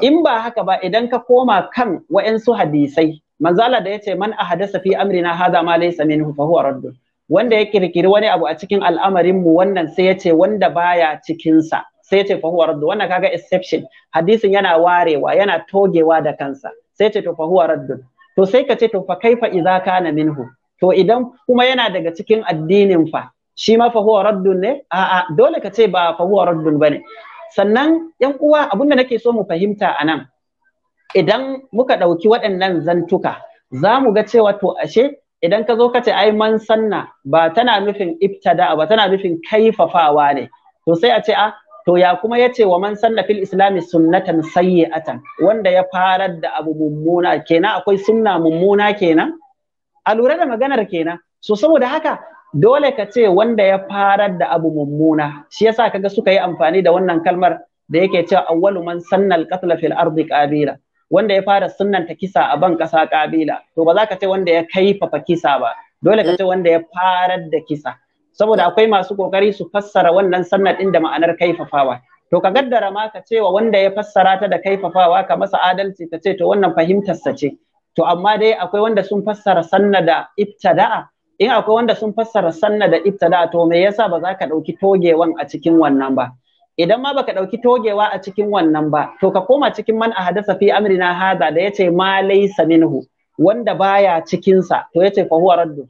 [SPEAKER 2] in ba haka ba idan ka koma kan wa'ensu hadisai manzala da ya ce man ahadasa fi amrina hadha ma laysa minhu fa huwa wanda ya kirkiri wani abu a cikin al'amarin mu wannan sai ya ce wanda baya cikin sa sai ya fa huwa wannan kaga exception hadisin yana warewa yana togewa da kansa sai ya to fa huwa to sai ka ce to fa kaifa idza kana minhu to idan kuma yana daga cikin addinin fa shi ma fa huwa raddun ne a'a dole ka ce ba fa huwa raddun bane sannan yan uwa abin da nake so mu fahimta anan idan muka ɗauki waɗannan zantuka za mu ga cewa to ashe idan ka zo ka ce ai man sanna ba tana nufin ibtada ba tana nufin kaifafawa ne to sai a ce a ah, to ya kuma ya ce wa man sanna fil islami sunnatan sayyi'atan wanda ya farar da abu mummuna kenan akwai sunna mummuna kenan a lura da maganar kenan so saboda haka dole ka ce wanda ya farar da abu mummuna shi yasa kaga suka yi amfani da wannan kalmar da yake cewa awwalu man sanna al-qatl fil ardi qabila wanda ya fara sunnanta kisa a ban kasa kabila to ba za ka ce wanda ya kaifafa kisa ba dole ka ce wanda ya farar da kisa saboda akwai masu kokari su fassara wannan sannan ɗin da ma'anar kaifafawa to ka gaddara ma ka cewa wanda ya fassara ta da kaifafawa ka masa adalci ka ce to wannan fahimtarsa ce to amma dai akwai wanda sun fassara sanna da ibtada'a in akwai wanda sun fassara sanna da ibtada'a to me yasa ba za ka dauki togewan a cikin wannan ba idan ma baka ɗauki togewa a cikin wannan ba to ka koma cikin man ahadasa fi amrina hada da yace ma laysa minhu wanda baya cikinsa, sa to yace fa huwa raddu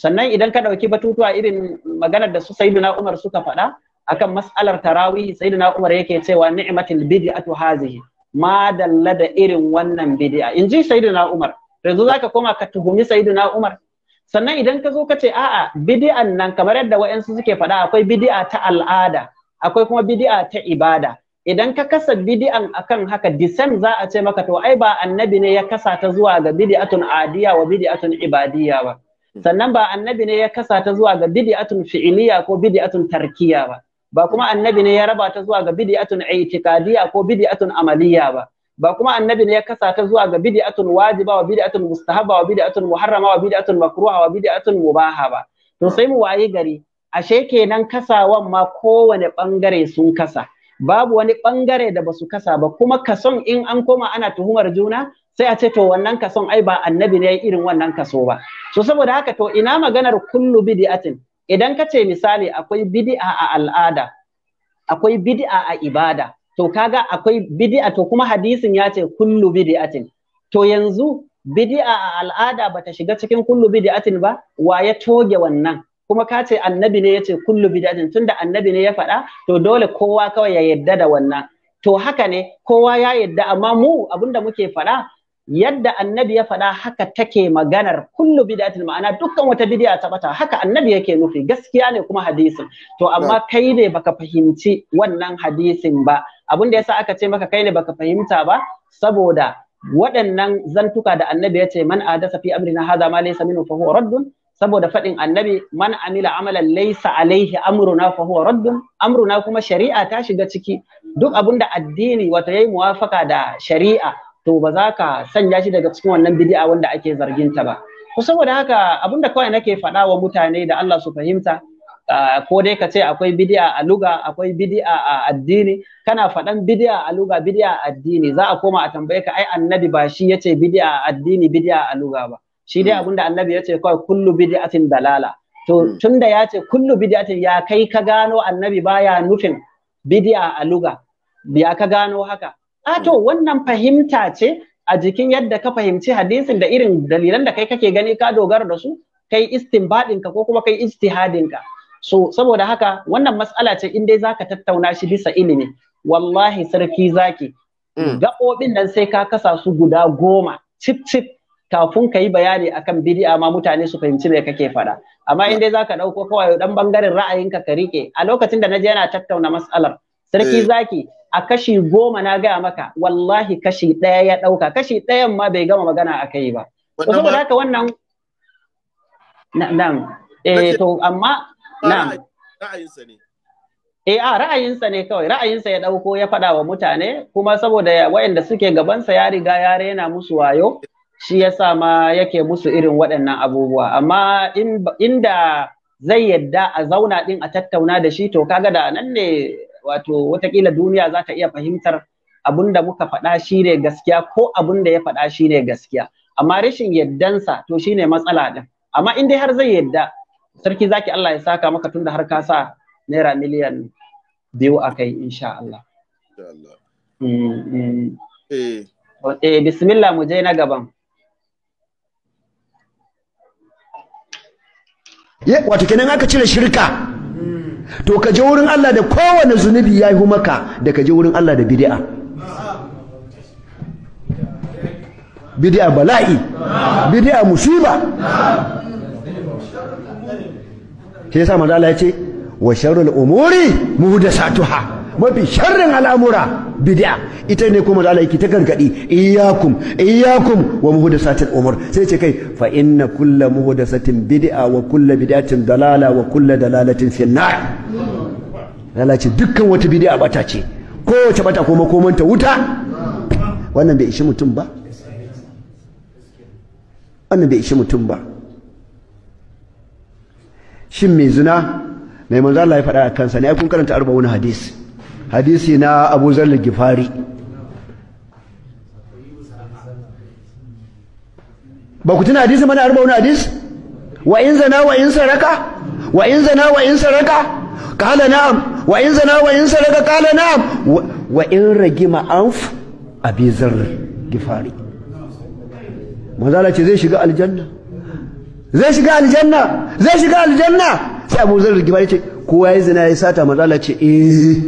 [SPEAKER 2] sannan idan ka ɗauki batutuwa irin maganar da su sayyiduna Umar suka faɗa akan mas'alar tarawih sayyiduna Umar yake cewa ni'matul bid'atu hazihi ma dalla da irin wannan bid'a inji sayyiduna Umar yanzu zaka koma ka tuhumi sayyiduna Umar sannan idan ka zo ka ce a'a bid'an nan kamar yadda wayansu suke faɗa akwai bid'a ta al'ada akwai kuma bid'a ta ibada idan ka kasa bid'an akan haka disan za a ce maka to ai ba annabi ne ya kasa ta zuwa ga bid'atun adiya wa bid'atun ibadiya ba Hmm. sannan ba annabi ne ya kasa ta zuwa ga bid'atun fi'iliya ko bid'atun tarkiya ba ba kuma annabi ne ya raba ta zuwa ga bid'atun i'tiqadiyya ko bid'atun Amaliya ba ba kuma annabi ne ya kasa ta zuwa ga bid'atun wajiba wa bid'atun mustahabba wa bid'atun muharrama wa bid'atun makruha wa bid'atun mubaha ba to sai mu waye gari ashe kenan kasawan ma kowane bangare sun kasa babu wani bangare da basu kasa ba kuma kason in an koma ana tuhumar juna sai a ce to wannan kason ai ba annabi ne irin wannan kaso ba so saboda haka to ina maganar kullu bid'atin idan ka ce misali akwai bid'a a al'ada akwai bid'a a ibada to kaga akwai bid'a to kuma hadisin ya ce kullu bid'atin to yanzu bid'a a al'ada bata shiga cikin kullu bid'atin ba wa ya toge wannan kuma ka ce annabi ne ya ce kullu bid'atin tunda annabi ne ya faɗa to dole kowa kawai ya yadda da wannan to haka ne kowa ya yadda amma mu abinda muke faɗa yadda annabi ya faɗa haka take maganar kullu bid'atul ma'ana dukkan wata bid'a ta bata haka annabi yake nufi gaskiya ne kuma hadisin to amma kai ne baka fahimci wannan hadisin ba abin da yasa aka ce maka kai ne baka fahimta ba saboda waɗannan zantuka da annabi ya ce man adasa fi amrina hadha ma laysa minhu fa huwa raddun saboda faɗin annabi man amila amalan laysa alaihi amruna fa huwa raddun amruna kuma shari'a ta shiga ciki duk abin da addini wato yayi muwafaka da shari'a to ba za ka sanya shi daga cikin wannan bid'a wanda ake zargin ta ba ko saboda haka abinda kawai nake faɗa wa mutane da Allah su fahimta ko dai ka ce akwai bid'a a luga akwai bid'a a addini kana faɗan bid'a a luga bid'a a addini za a koma a tambaye ka ai annabi ba shi yace bid'a a addini bid'a a luga ba shi dai abinda annabi yace kawai kullu bid'atin dalala to hmm. tunda ya ce kullu bid'atin ya kai ka gano annabi baya nufin bid'a a luga ya ka gano haka a ah, to wannan fahimta ce a jikin yadda ka fahimci hadisin da irin dalilan da kai kake gani ka dogara da su kai istinbadin ka ko kuma kai ijtihadin ka so saboda haka wannan mas'ala ce in dai zaka tattauna shi bisa ilimi wallahi sarki zaki mm. gabobin nan sai ka kasa su guda goma cip cip kafin ka yi bayani akan bid'a ma mutane su fahimci me kake faɗa amma in dai zaka dauko kawai dan bangaren ra'ayinka ka rike a lokacin da naje yana tattauna mas'alar sarki mm. zaki a kashi goma na gaya maka wallahi kashi ɗaya ya ɗauka kashi ɗayan ma bai gama magana a kai ba to saboda haka wannan na'am eh to amma na'am ra'ayinsa ne eh a ra'ayinsa ne kawai ra'ayinsa ya ɗauko ya faɗa wa mutane kuma saboda wayanda suke gabansa ya riga ya rena musu wayo shi yasa ma yake musu irin waɗannan abubuwa amma inda zai yadda a zauna ɗin a tattauna da shi to kaga da nan ne wato watakila duniya za ta iya fahimtar abun da muka faɗa shi ne gaskiya ko abun da ya faɗa shi ne gaskiya amma rashin yaddansa to shi ne matsala din amma in dai har zai yadda sarki zaki Allah ya saka maka tunda har ka sa naira miliyan biyu a kai insha Allah. Eh. Eh, bismillah mu je na gaban.
[SPEAKER 3] Wato kenan aka cire
[SPEAKER 2] shirka
[SPEAKER 3] to ka je wurin Allah da kowane zunubi ya yi maka da ka je wurin Allah da bid'a bid'a bala'i bid'a musiba ke yasa manzo Allah ya ce wa sharrul umuri satuha." mafi sharrin al'amura bid'a ita ne kuma da alaiki ta gargadi iyakum iyakum wa satin umur sai ce kai fa inna kulla satin bid'a wa kulla bid'atin dalala wa kulla dalalatin fiye na. Allah ce dukkan wata bid'a bata ce kowace bata kuma komanta wuta wannan bai ishi mutum ba wannan bai ishi mutum ba shin mai zina mai manzo Allah ya faɗa a kansa ne ai kun karanta arba'un hadisi hadisi na abu zalli gifari ba ku tuna hadisi mana arba'un hadis wa in zana wa in saraka wa in zana wa in saraka qala na'am wa in zana wa in saraka qala na'am wa in ragima anf abi zarr gifari manzala ce zai shiga aljanna zai shiga aljanna zai shiga aljanna sai abu zarr gifari ce kowa ya zina ya sata manzala ce ee. Eh.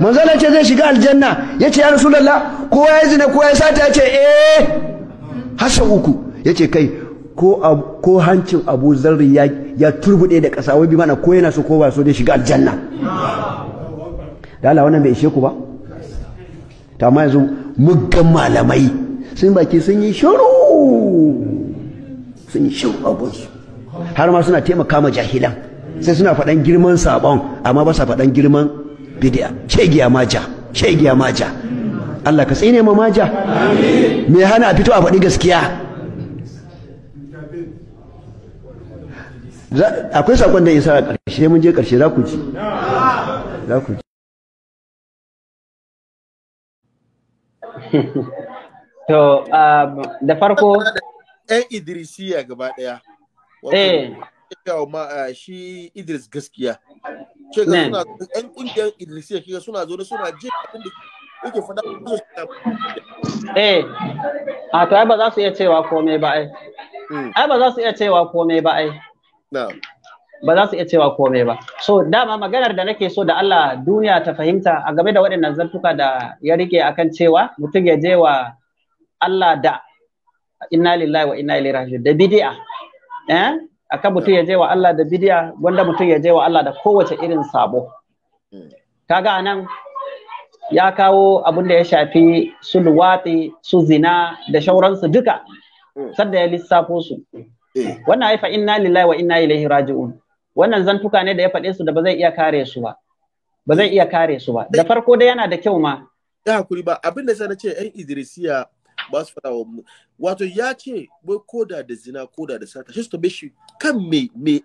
[SPEAKER 3] manzala ce zai shiga aljanna ya ce ya rasulallah kowa ya zina kowa ya sata ya ce ee. Eh. hasha uku ya ce kai ko hancin abu zarri ya turbuɗe da ƙasa wai bi mana ko yana so ko ba so dai shiga aljanna da ala wannan bai ishe ku ba ta amma yanzu muggan malamai sun baki sun yi shiru sun yi shiru su har ma suna taimaka ma jahilan sai suna faɗan girman sabon amma ba sa faɗan girman ce giya maja giya maja Allah ka tsine ma maja me hana a fito a faɗi gaskiya akwai sakon da isa a ƙarshe mun je ƙarshe za ku ji za ku ji
[SPEAKER 2] to um, da farko
[SPEAKER 1] ɗan idrisiya gaba ɗaya eh Eh,
[SPEAKER 2] a to ai ba za su iya cewa komai ba ai. Hmm. Ai ba za su iya cewa komai ba ai. Ba za su iya cewa komai ba. So dama maganar da nake so da Allah duniya ta fahimta a game da waɗannan zartuka da ya rike akan cewa mutum ya je wa Allah da inna lillahi wa inna ilaihi raji'un da bid'a eh? akan mutum ya je wa Allah da bidiya wanda mutum ya je wa Allah da kowace irin sabo hmm. kaga anan
[SPEAKER 4] ya kawo
[SPEAKER 2] abin da ya shafi su luwatsi su zina da shauransu duka hmm. sanda ya lissafo su eh. wannan haifa inna lillahi wa inna ilaihi raji'un wannan zantuka ne da ya faɗe su da ba zai iya kare su ba ba zai iya kare su ba da farko dai yana da kyau ma
[SPEAKER 1] da hakuri ba abin da sai na ce yan idrisiya ba su faɗa wa wato ya ce wai koda da zina koda da sata shi su tambaye shi kan me me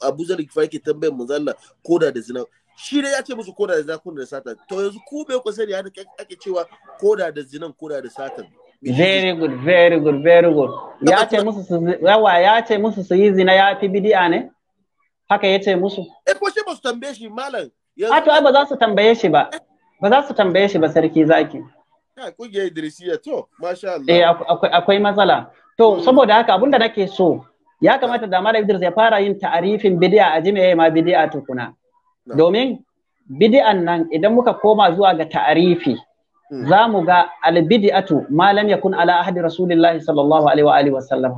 [SPEAKER 1] abu zan kifa yake tambayar manzo koda da zina shi dai ya ce musu koda da zina koda da sata to yanzu ko bai ku sani haka ake cewa koda da zinan koda da sata
[SPEAKER 2] very good very good very good ya ce musu su yawa ya ce musu su yi zina ya fi bidi'a ne haka ya ce musu eh
[SPEAKER 1] ko shi ba su tambaye shi malam
[SPEAKER 2] a to ai ba za su tambaye shi ba ba za su tambaye shi ba sarki zaki
[SPEAKER 1] kungiyar eh,
[SPEAKER 2] akwai matsala. To hmm. saboda haka abin da nake so ya kamata da Malam Idris ya fara yin ta'arifin bidiya a ya yi ma a tukuna. Domin bidiyan nan idan muka koma zuwa ga ta'arifi hmm. za mu ga albidi'atu Malam ya kun ala ahadi rasulillah sallallahu alaihi wa alihi wa sallam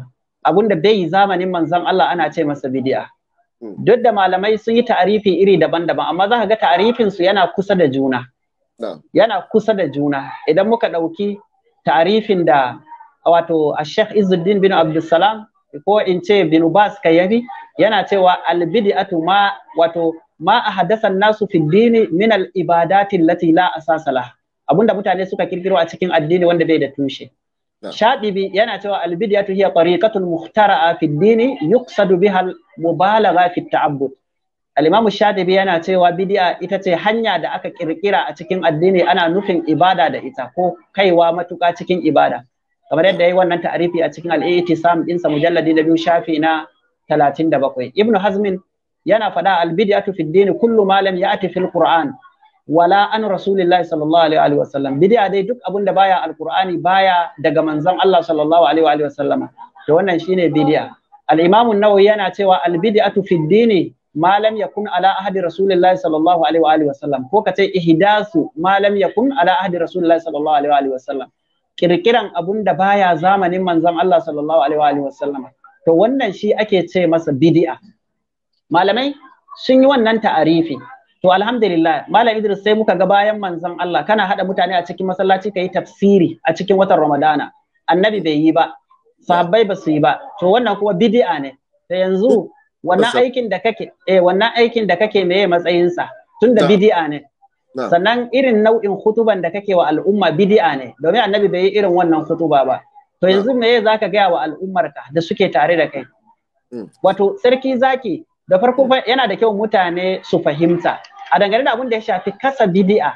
[SPEAKER 2] abunda bai zamanin manzon Allah ana ce masa bidiya. Hmm. duk da malamai sun yi ta'arifi iri daban-daban amma za ka ga ta'arifinsu yana kusa da juna yana kusa da juna idan muka ɗauki tarifin da wato a Sheikh izuddin bin Abdulsalam ko in ce bin ka yabi. yana cewa albid'atu ma wato ma ahadatha nasu fi dini min al lati la asasa abunda mutane suka kirkiro a cikin addini wanda bai da tushe Shaɗibi yana cewa albidiyatu hiya tariqatun muhtara'a fi dini yuqsadu biha al mubalagha fi ta'abbud al-Imam Shatibi yana cewa bid'a ita ce hanya da aka kirkira a cikin addini ana nufin ibada da ita ko kaiwa matuƙa cikin ibada kamar yadda yayi wannan ta'arifi a cikin al-I'tisam dinsa mujalladi na biyu shafi na 37 Ibn Hazmin yana faɗa al-bid'atu fi ad-din kullu ma lam ya'ti fil Qur'an wala an rasulillahi sallallahu alaihi wa sallam bid'a dai duk abun da baya qurani baya daga manzon Allah sallallahu alaihi wa sallama to wannan shine bid'a al-Imam nawawi yana cewa al-bid'atu fi din malam yakun ala ahadi rasulullahi sallallahu alaihi wa alihi ko ka ce ihdasu malam yakun ala ahadi rasulullahi sallallahu alaihi wa alihi wasallam kirkiran abun da baya zamanin manzon Allah sallallahu alaihi wa alihi to wannan shi ake ce masa bid'a malamai sun yi wannan ta'arifi to alhamdulillah malam Idris sai muka ga bayan manzon Allah kana hada mutane a cikin masallaci kai tafsiri a cikin watan Ramadana annabi bai yi ba sahabbai ba su yi ba to wannan kuma bid'a ne ta yanzu wannan aikin da kake eh wannan aikin da kake meye matsayinsa tunda bid'a ne sannan irin nau'in khutuban da kake wa al'umma bid'a ne domin annabi bai yi irin wannan khutuba ba to yanzu meye zaka gaya wa al'ummarka da suke tare da kai hmm. wato sarki zaki da farko yana da kyau mutane su fahimta a dangane da abin da ya shafi kasa bid'a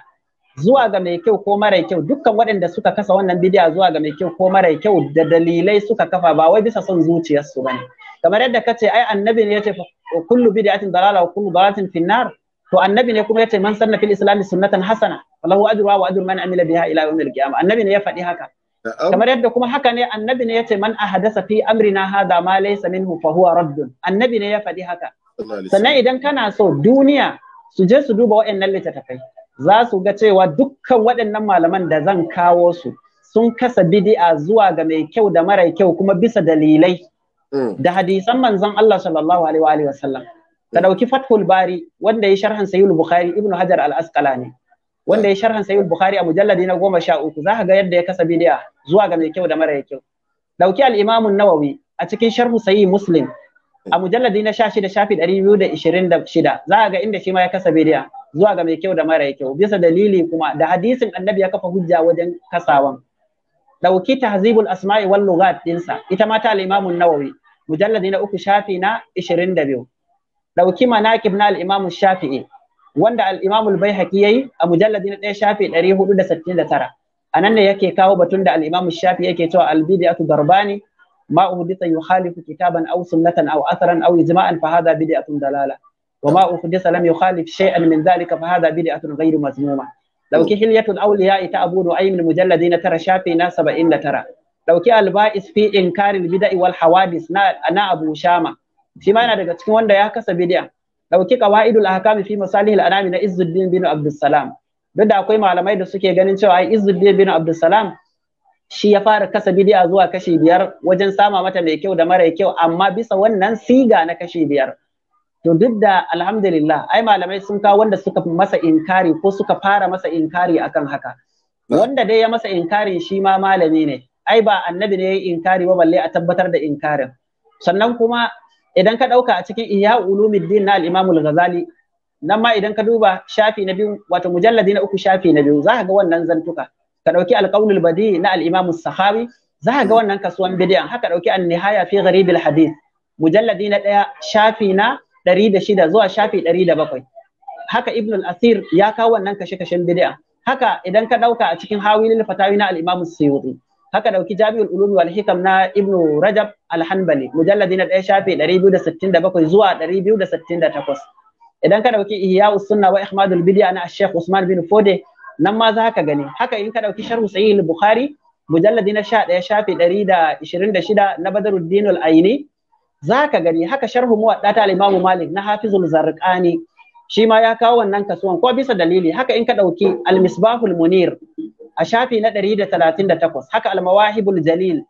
[SPEAKER 2] zuwa ga mai kyau ko mara kyau dukkan waɗanda suka kasa wannan bidiya zuwa ga mai kyau ko mara kyau da dalilai suka kafa ba wai bisa son zuciyarsu bane kamar yadda kace ai annabi ne yace kullu bid'atin dalala wa kullu dalalatin finnar to annabi ne kuma yace man sanna fil islam sunnatan hasana wallahu ajruha wa ajru man amila biha ila yawmil qiyamah annabi ne ya faɗi haka kamar yadda kuma haka ne annabi ne yace man ahadasa fi amrina hadha ma laysa minhu fa huwa raddun annabi ne ya faɗi haka sannan idan kana so duniya su je su duba waɗannan littattafai za su ga cewa dukkan waɗannan malaman da zan kawo su sun kasa bidi'a zuwa ga mai kyau da mara kyau kuma bisa dalilai Mm. da hadisan manzon Allah sallallahu alaihi wa alihi wasallam ka dauki Fathul Bari wanda ya sharhan Sayyid Bukhari Ibn Hajar al-Asqalani wanda ya sharhan Sayyid Bukhari a mujalladi na goma zaka ga yadda ya kasa bidiya zuwa ga mai kyau da mara kyau dauki al-Imam nawawi a cikin sharhu Sayyid Muslim a mujalladi na sha shafi ɗari biyu ga inda shi ma ya kasa bidiya zuwa ga mai kyau da mara kyau bisa dalili kuma da hadisin annabi ya kafa hujja wajen kasawan dauki tahzibul asma'i wal lughat dinsa ita ma ta al-Imam nawawi mujalladi na uku shafi na 22 dauki manaqib na al-imam shafi'i wanda al-imam al-baihaqi yayi a mujalladi na 1 shafi A nan ne yake kawo batun da al-imam shafi'i yake cewa al-bid'atu darbani ma uhditha yukhalifu kitaban aw sunnatan aw atharan aw ijma'an fa hadha bid'atun dalala وما أحدث لم يخالف شيئا من ذلك فهذا بدعة غير مذمومة لو كحلية الأولياء تأبو نعيم المجلدين ترى شافينا سبعين ترى dauki alba'is fi inkaril bida'i wal hawadis na na Abu Shama shi ma yana daga cikin wanda ya kasa bidiya. dauki qawaidul ahkam fi masalihil anami na Izzuddin bin Abdussalam duk da akwai malamai da suke ganin cewa ai Izzuddin bin Abdussalam shi ya fara kasa bidiya zuwa kashi biyar wajen sama mata mai kyau da mara kyau amma bisa wannan siga na kashi biyar to duk da alhamdulillah ai malamai sun kawo wanda suka masa inkari ko suka fara masa inkari akan haka eh? wanda dai ya masa inkari shi ma malami ne ai ba annabi ne ya yi inkari ba balle a tabbatar da inkarin sannan kuma idan ka ɗauka a cikin iya ulumuddin na al-imam al-ghazali nan ma idan ka duba shafi na biyu wato mujalladi na uku shafi na biyu za ka ga wannan zantuka ka ɗauki alƙaunul badi na al-imam sahawi za ka ga wannan kasuwan bidiyan haka ɗauki an-nihaya fi gharibil hadith mujalladi na ɗaya shafi na ɗari da shida zuwa shafi ɗari da bakwai haka ibn al-asir ya kawo wannan kashe-kashen bidiyan haka idan ka ɗauka a cikin hawilil fatawi na al-imam suyuti haka ɗauki jami'ul ulum wal hikam na ibnu rajab al hanbali mujalladi na 1 shafi 267 zuwa 268 idan ka ɗauki ihya'us sunna wa ihmadul bidia na sheikh usman bin fode nan ma za ka gani haka in ka dauki sharhu sahih al-bukhari mujalladi na 11 shafi 126 na badruddin al-aini za ka gani haka sharhu muwaddat ta imam malik na hafizul zarqani shi ma ya kawo wannan kasuwan ko bisa dalili haka in ka ɗauki al-misbahul munir a shafi na 138 haka Almawahibul jalil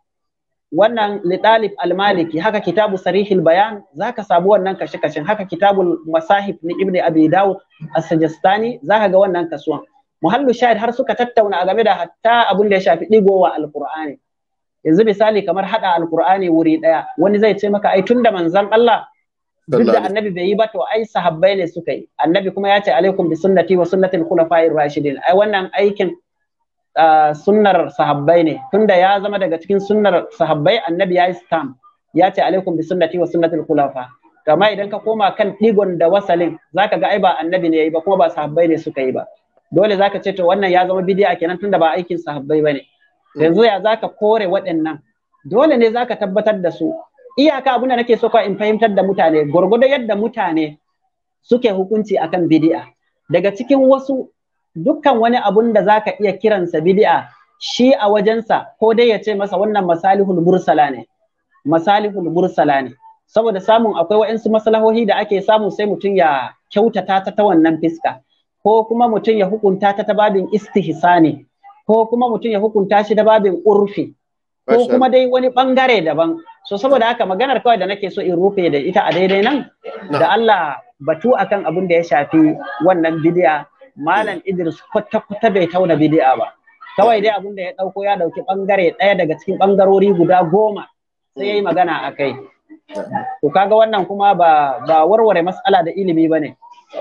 [SPEAKER 2] wannan litalib al-maliki haka kitabu sarihil bayan zaka samu wannan kashe kashi haka kitabul masahib ni ibni abi daud as-sajistani zaka ga wannan kasuwan muhallu shahid har suka tattauna game da hatta abun da ya shafi digowa al-qur'ani yanzu misali kamar hada al-qur'ani wuri daya wani zai ce maka ai tunda manzon Allah duk da annabi bai yi ba to ai sahabbai ne suka yi annabi kuma ya ce alaikum bi sunnati wa sunnatil khulafa'ir rashidin ai wannan aikin sunnar sahabbai ne tunda ya zama daga cikin sunnar sahabbai annabi ya yi ya ce alaikum bi sunnati wa sunnatul khulafa kama idan ka koma kan digon da wasalin zaka ga ai ba annabi ne yayi ba kuma ba sahabbai ne suka yi ba dole zaka ce to wannan ya zama bid'a kenan tunda ba aikin sahabbai bane yanzu ya zaka kore waɗannan dole ne zaka tabbatar da su iyaka abin da nake so ka in fahimtar da mutane gurgurda yadda mutane suke hukunci akan bid'a daga cikin wasu dukkan wani abun da zaka iya kiransa bid'a shi a wajensa ko dai ya ce masa wannan masalihul mursala ne masalihul mursala ne saboda samun akwai wa'insu maslahohi da ake samu sai mutum ya kyautata ta ta wannan fiska ko kuma mutum ya hukunta ta ta babin istihsani ko kuma mutum ya hukunta shi da babin urfi ko kuma dai wani bangare daban so saboda haka maganar kawai da nake so in rufe da ita a daidai nan da Allah batu akan abin da ya shafi wannan bidiya malam Idris kwata-kwata bai tauna bidi'a ba kawai dai abin da ya dauko ya ɗauki bangare ɗaya daga cikin bangarori guda goma sai yayi magana akai to kaga wannan kuma ba ba warware mas'ala da ilimi ba ne?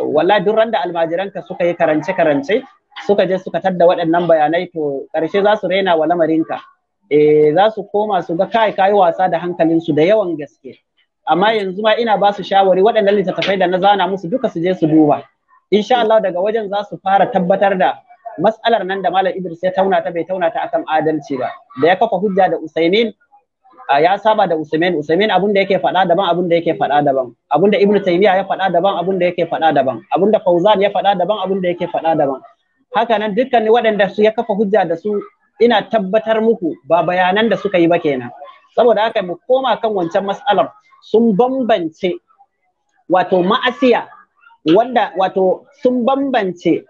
[SPEAKER 2] wallahi duk randa almajiranka suka yi karance karance suka je suka tadda waɗannan bayanai to ƙarshe za su raina wa lamarinka eh za su koma su ga kai kai wasa da hankalinsu da yawan gaske amma yanzu ma ina ba su shawari waɗannan littattafai da na zana musu duka su je su duba insha Allah daga wajen za su fara tabbatar da mas'alar nan da Malam Idris ya tauna ta bai tauna ta akan adalci ba da ya kafa hujja da Usaimin ya saba da Usaimin Usaimin abin da yake faɗa daban abin da yake faɗa daban abin da Ibn Taymiyyah ya faɗa daban abin da yake faɗa daban abin da Fauzan ya faɗa daban abin da yake faɗa daban haka nan dukkan waɗanda su ya kafa hujja da su ina tabbatar muku ba bayanan da suka yi ba kenan saboda haka mu koma kan wancan mas'alar sun bambance wato ma'asiya wanda wato sun bambance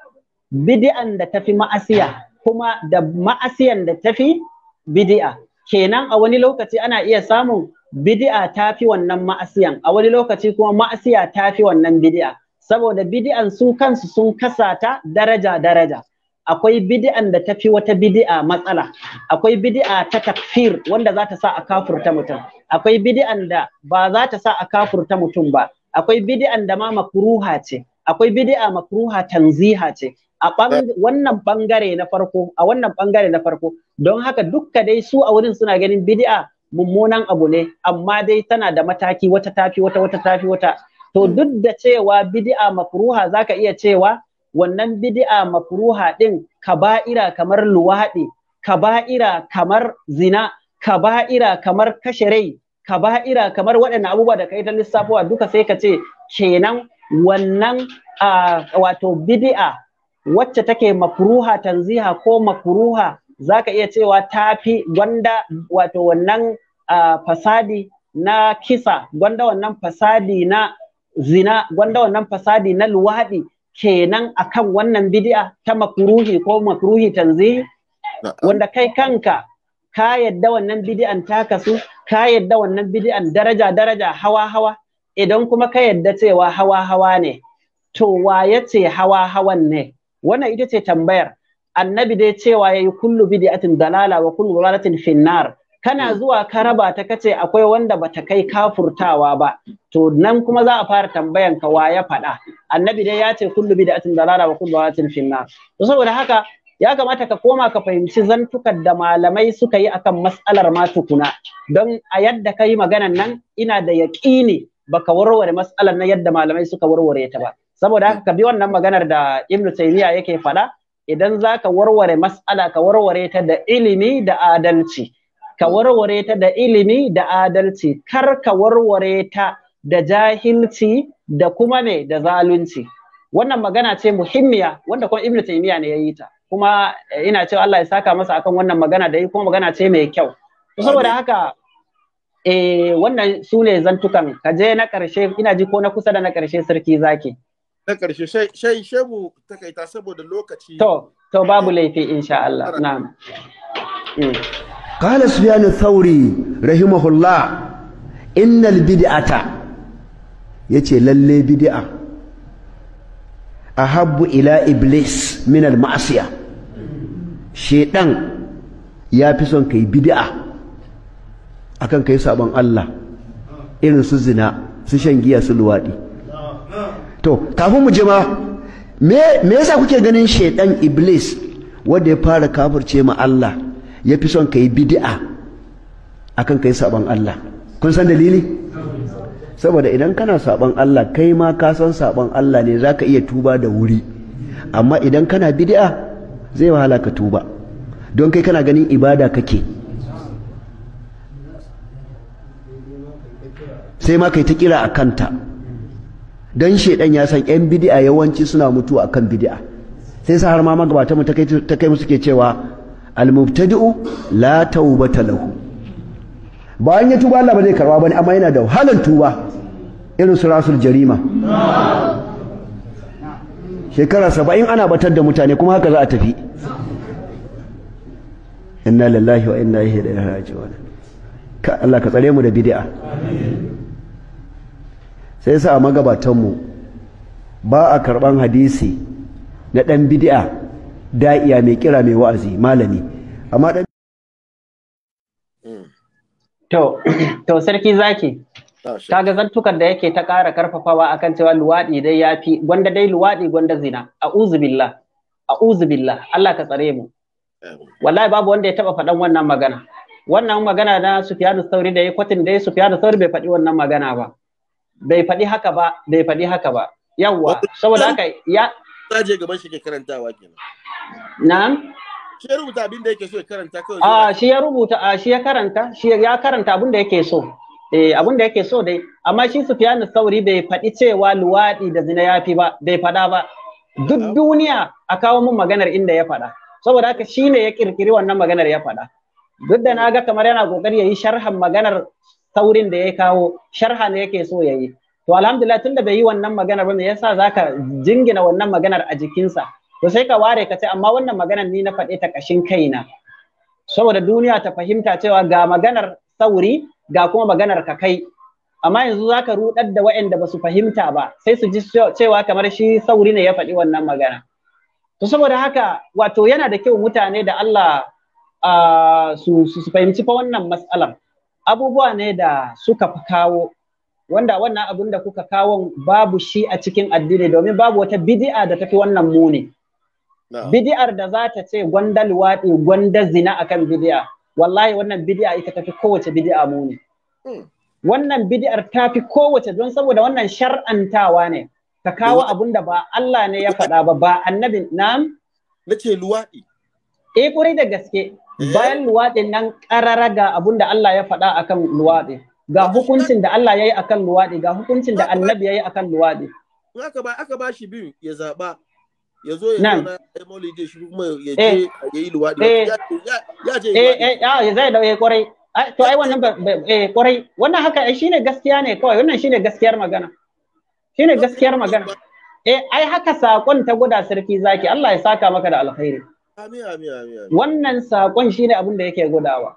[SPEAKER 2] bidi'an da tafi ma'asiya kuma da ma'asiyan da tafi bidi'a kenan a wani lokaci ana iya samun bidi'a tafi wannan ma'asiyan a wani lokaci kuma ma'asiya tafi wannan bidi'a saboda bidi'an su kansu sun kasata daraja daraja akwai bidi'an da tafi wata bidi'a matsala akwai bidi'a ta takfir wanda za ta sa a kafurta mutum akwai bidi'an da ba za ta sa a kafurta mutum ba akwai bid'an da ma makruha ce akwai bid'a makruha tanziha ce a eh. wannan bangare na farko a wannan bangare na farko don haka dukka dai su a wurin suna ganin bid'a mummunan abu ne amma dai tana da mataki wata tafi wata wata tafi wata to hmm. duk da cewa bid'a makruha zaka iya cewa wannan bid'a makruha din kaba'ira kamar luwaɗi kaba'ira kamar zina kaba'ira kamar kashe rai kaba'ira kamar waɗannan abubuwa da ka yi ta lissafowa duka sai ka ce kenan wannan wato bidi'a wacce take makuruha tanziha ko makuruha za ka iya cewa tafi gwanda wato wannan fasadi na kisa gwanda wannan fasadi na zina gwanda wannan fasadi na luwaɗi kenan akan wannan bidi'a ta makuruhi ko makuruhi tanzihi wanda kai kanka ka yadda wannan bidi'an ta kasu ka yadda wannan bidi'an daraja daraja hawa hawa idan kuma ka yadda cewa hawa hawa ne to wa ya ce hawa hawan ne wannan ita ce tambayar annabi dai cewa yayi kullu bidi'atin dalala wa kullu dalalatin finnar kana hmm. zuwa ka raba ta kace akwai wanda bata kai kafurtawa ba to nan kuma za a fara tambayan ka wa ya faɗa annabi dai ya ce kullu bidi'atin dalala wa kullu dalalatin finnar saboda haka ya kamata ka koma ka fahimci zantukan da malamai suka yi akan mas'alar ma tukuna don a yadda ka yi maganan nan ina da yaƙini ba ka warware mas'alar na yadda malamai suka warware ta ba saboda haka ka bi wannan maganar da ibnu Taymiyyah yake faɗa idan za ka warware mas'ala ka warware ta da ilimi da adalci ka warware ta da ilimi da adalci kar ka warware ta da jahilci da kuma ne da zalunci wannan magana ce muhimmiya wanda kuma ibnu Taymiyyah ne ya yi ta kuma ina cewa Allah ya saka masa akan wannan magana da yi kuma magana ce mai kyau saboda haka eh wannan su ne zantukan ka je na karshe ina ji ko na kusa da na karshe sarki zaki
[SPEAKER 1] na karshe shai shebu ta saboda lokaci to
[SPEAKER 2] to babu laifi insha Allah na'am
[SPEAKER 3] قال سفيان الثوري رحمه الله إن yace lalle bid'a ahabbu ila iblis min al المعصية shedan ya fi son kai bid'a akan kai sabon Allah irin su zina su shan giya su luwaɗi to kafin mu jima me me yasa kuke ganin shedan iblis wanda ya fara kafirce ma Allah ya fi son kai bid'a akan kai sabon Allah kun san dalili saboda idan kana sabon Allah kai ma ka san sabon Allah ne zaka iya tuba da wuri amma idan kana bid'a zai wahala ka tuba don kai kana ganin ibada kake sai ma kai ta kira a kanta don shaidan ya san yan bidi'a yawanci suna mutuwa akan bidi'a sai sa har ma magabata mu ta kai musu ke cewa al-mubtadi'u la taubata lahu bayan ya tuba Allah ba zai karba bane amma yana da wahalan tuba irin su rasul jarima shekara saba'in ana batar da mutane kuma haka za a tafi inna lillahi wa inna ilaihi raji'un ka Allah ka tsare mu da bid'a sai sa magabatan mu ba a karban hadisi na dan bid'a da'iya mai kira mai wa'azi malami amma dan
[SPEAKER 2] to to sarki zaki ga zantukan da yake ta ƙara karfafawa akan cewa luwaɗi dai ya fi gwanda dai luwaɗi gwanda zina a uzubillah a uzubillah Allah ka tsare mu. Wallahi babu wanda ya taɓa faɗan wannan magana. Wannan magana na Sufyanu Sauri da ya kwatin dai Sufyanu Sauri bai faɗi wannan magana ba. Bai faɗi haka ba, bai faɗi haka ba. Yawwa, saboda haka ya.
[SPEAKER 1] je gaban shi ke karantawa kenan. Na'am. shi ya rubuta abin da yake so ya karanta kawai. Ah,
[SPEAKER 2] shi ya rubuta, ah, shi ya karanta, shi ya karanta abin da yake so. eh abin da yake so dai amma shi Sufyan Sauri bai faɗi cewa luwaɗi da zina yafi ba bai faɗa ba duk duniya a kawo mun maganar inda ya fada. saboda haka shi ne ya kirkiri wannan maganar ya fada. duk da na ga kamar yana ya yi sharhan maganar saurin da ya kawo sharha ne yake so yayi to alhamdulillah tunda bai yi wannan maganar ba me yasa zaka jingina wannan maganar a jikinsa to sai ka ware ka ce amma wannan maganar ni na faɗe ta kashin kaina saboda duniya ta fahimta cewa ga maganar sauri ga kuma maganar ka kai amma yanzu za ka rudar da waɗanda ba su fahimta ba sai su ji cewa kamar shi sauri ne ya faɗi wannan magana to saboda haka wato yana da kyau mutane da Allah su su fahimci fa wannan matsalar abubuwa ne da suka fi kawo wanda wannan abin da kuka kawo babu shi a cikin addini domin babu wata bidi'a da tafi wannan muni Bidi'ar da za ta ce gwanda luwaɗi gwanda zina akan bidi'a. wallahi wannan bid'a ita tafi kowace bid'a muni hmm. wannan bid'ar tafi kowace don saboda wannan shar'antawa ne ka kawo abun da ba Allah ne ya faɗa ba ba annabi nam nace luwaɗi eh kuri da gaske eh? bayan luwaɗi nan ƙarara ga abun da Allah ya faɗa akan luwaɗi ga hukuncin da Allah ya yi akan luwaɗi ga hukuncin da annabi ya yi akan luwaɗi
[SPEAKER 1] aka ba aka shi biyu ya zaba ya zo ya zauna ya maulidi shi kuma ya eh. je ya yi luwaɗi eh.
[SPEAKER 2] ya je eh, ya zai da ya kwarai to ai wannan eh kwarai wannan haka ai shine gaskiya ne kawai wannan shine gaskiyar magana shine gaskiyar magana eh ai haka sakon ta guda sarki zaki Allah ya saka maka da alkhairi amin
[SPEAKER 1] amin amin
[SPEAKER 2] wannan sakon shine abin da yake gudawa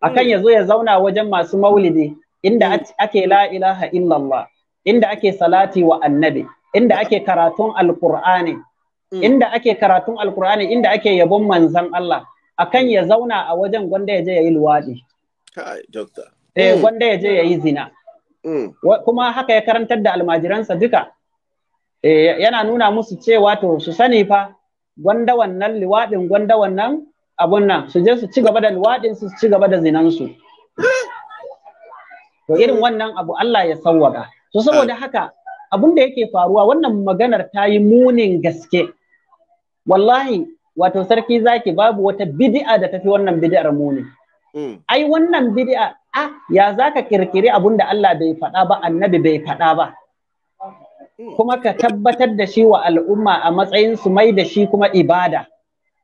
[SPEAKER 2] akan hmm. ya zo ya zauna wajen masu maulidi inda hmm. ake la ilaha illallah inda ake salati wa annabi inda ake karatun alqur'ani Mm. inda ake karatun alkur'ani inda ake yabon manzan Allah akan ya zauna a wajen gwanda ya je ya yi luwaɗi. Eh, mm. gwanda ya je ya yi zina. Mm. Kuma haka ya karantar da almajiransa duka. Eh, yana nuna musu cewa to su sani fa gwanda wannan luwaɗin gwanda wannan abun nan su je su ci gaba da luwaɗin su ci gaba da zinansu. To irin wannan abu Allah ya sawwaka. So saboda haka abun da yake faruwa wannan maganar ta yi munin gaske. wallahi wato sarki zaki babu wata bid'a da tafi wannan bid'ar muni mm. ai wannan bid'a a ya zaka kirkiri abun da Allah bai faɗa ba annabi bai faɗa ba mm. kuma ka tabbatar da shi wa al'umma a matsayin su mai da shi kuma ibada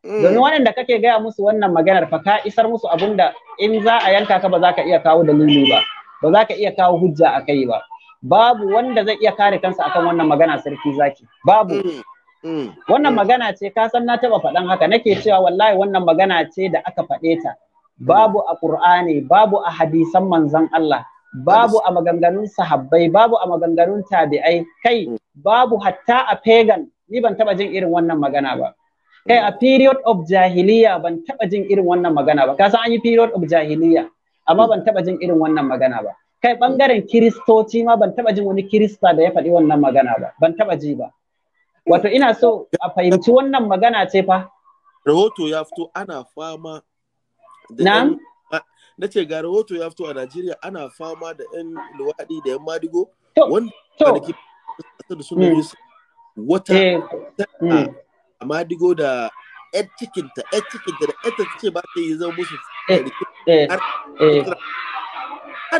[SPEAKER 2] mm. domin waɗanda kake gaya musu wannan maganar fa ka isar musu abunda in za a yanka ka ba za ka iya kawo dalili ba ba za ka iya kawo hujja a kai ba babu wanda zai iya kare kansa akan wannan magana sarki zaki babu Mm. Wannan mm. magana ce ka san na taba faɗan haka nake cewa wallahi wannan magana ce da aka faɗe ta. Mm. Babu a Qur'ani, babu a hadisan manzon Allah, babu a maganganun sahabbai, babu a maganganun tabi'ai, kai babu hatta a pagan, ni ban taba jin irin wannan magana ba. kai a period of jahiliya ban taba jin irin wannan magana ba ka san an yi period of jahiliya amma ban taba jin irin wannan magana ba kai bangaren kiristoci ma ban taba jin wani kirista da ya faɗi wannan magana ba ban taba ji ba Wato ina so a fahimci wannan magana ce fa. Rahoto ya fito ana
[SPEAKER 1] fama. Na? Na ce ga rahoto ya fito a Najeriya ana fama da 'yan luwaɗi da 'yan madigo. Wanda kwanaki da hmm. wata eh, hmm. a madigo da 'yan cikinta, 'yan cikinta da
[SPEAKER 2] 'yan ta ce ba ta yi zama musu. Eh,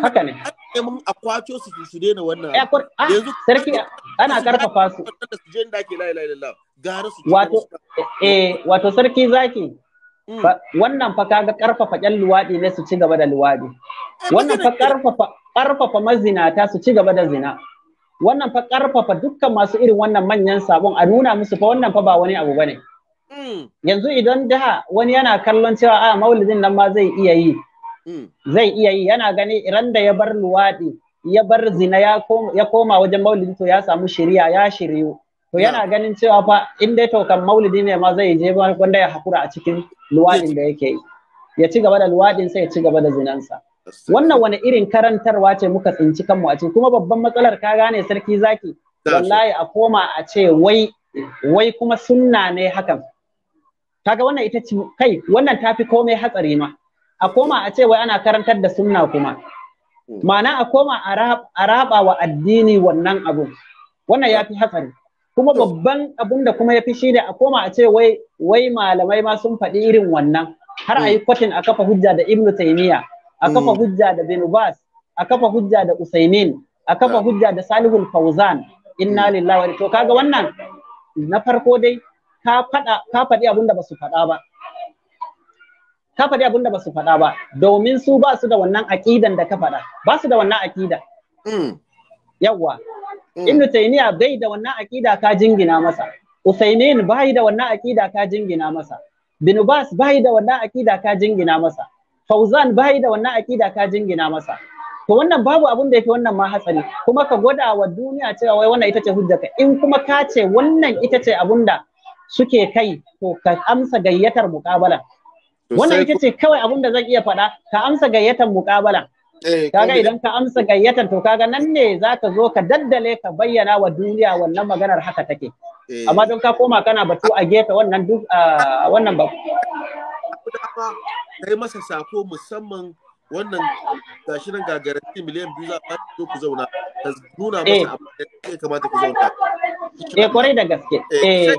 [SPEAKER 2] haka ne mun a kwato su su daina wannan ah, yanzu sarki ana karfafa su
[SPEAKER 1] su je inda ke la ilaha illallah gara su wato
[SPEAKER 2] eh wato sarki zaki mm. wannan fa kaga karfafa ƴan luwaɗi ne su ci gaba da luwaɗi eh, wannan fa karfafa karfafa mazinata su ci gaba da zina wannan fa karfafa dukkan masu irin wannan manyan sabon a nuna musu fa wannan fa ba wani abu bane mm. yanzu idan da wani yana kallon cewa a ah, maulidin nan ma zai iya yi zai iya yi yana gani ran da ya bar luwaɗi ya bar zina ya koma wajen maulidi to ya samu shiriya ya shiryu to yana ganin cewa fa in dai to kan maulidi ne ma zai je wanda ya hakura a cikin luwaɗin da yake yi ya ci gaba da luwaɗin sai ya ci gaba da zinansa wannan wani irin karantarwa ce muka tsinci kanmu a ciki kuma babban matsalar ka gane sarki zaki wallahi a koma a ce wai wai kuma sunna ne hakan kaga wannan ita ce kai wannan tafi komai hatsari ma a koma a ce wai ana karantar da sunna kuma hmm. ma'ana a koma a raba wa addini wannan abun wannan ya hmm. fi hatsari kuma babban abun da kuma ya fi shi ne a koma a ce wai wai malamai ma sun faɗi irin wannan har a yi hmm. kwatin a kafa hujja da ibnu taymiya a kafa hujja da bin bas a kafa hujja da usaimin a kafa hujja da salihul fauzan inna lillahi wa to kaga wannan na farko dai ka faɗa ka faɗi abun da ba su faɗa ba ka faɗi abin da ba su faɗa ba domin su ba su da wannan aƙidan da ka faɗa ba su da wannan aƙida mm. yawwa mm. Inu taymiya bai da wannan aƙida ka jingina masa usaimin bai da wannan aƙida ka jingina masa Binubas bas bai da wannan aƙida ka jingina masa fauzan bai da wannan aƙida ka jingina masa to wannan babu abin da yake wannan ma hatsari kuma ka gwada wa duniya cewa wai wannan ita ce hujjaka in kuma ka ce wannan ita ce abin da suke kai to ka amsa gayyatar muƙabalan Wannan ita ce kawai abin da zan iya faɗa, ka amsa gayyatar mukabala eh, Kaga idan ka amsa gayyatar to kaga nan ne za ka zo ka daddale ka bayyana wa duniya wannan maganar haka take. Eh. Amma don ka koma kana batu a gefe wannan duk wannan ba.
[SPEAKER 1] Kai masa sako musamman wannan gashi nan ga garanti miliyan biyu za a zo ku zauna ka nuna masa eh. abin da ya kamata ku zauna. Eh kwarai da gaske. Eh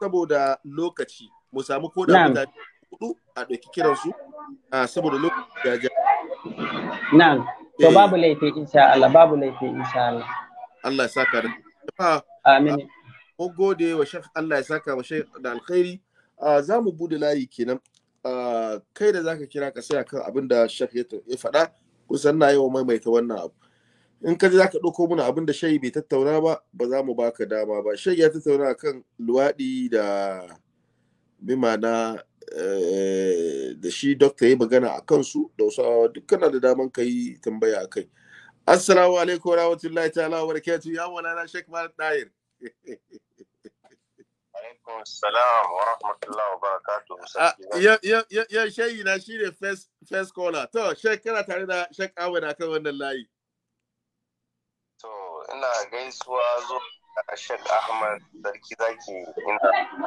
[SPEAKER 1] saboda lokaci. mu samu ko da mutane hudu a ɗauki kiran su a saboda lokacin gaja
[SPEAKER 2] na'am to eh. babu laifi insha Allah babu laifi insha Allah
[SPEAKER 1] Allah ya saka da amin ah, mun gode wa shaf Allah ya saka wa shaf da alkhairi ah, za mu bude layi kenan ah, kai da zaka kira ka sai kan abin da shaf ya faɗa kusan na yawan maimaita wannan abu in ka ji za ka ɗauko mana abin da shayi bai tattauna ba ba za mu baka dama ba shayi ya tattauna kan luwaɗi da bi ma'ana eh, da shi dokta ya magana a kansu da wasu dukkan da daman ka yi tambaya a kai assalamu alaikum wa rahmatullahi ta'ala wa barakatu ya wala na shek malik dair
[SPEAKER 5] alaikum salam wa rahmatullahi wa barakatu ah,
[SPEAKER 1] ya shayi na shi ne first caller to shek kana tare da shek awon kan wannan layi
[SPEAKER 5] to ina gaisuwa zo shek ahmad sarki zaki ina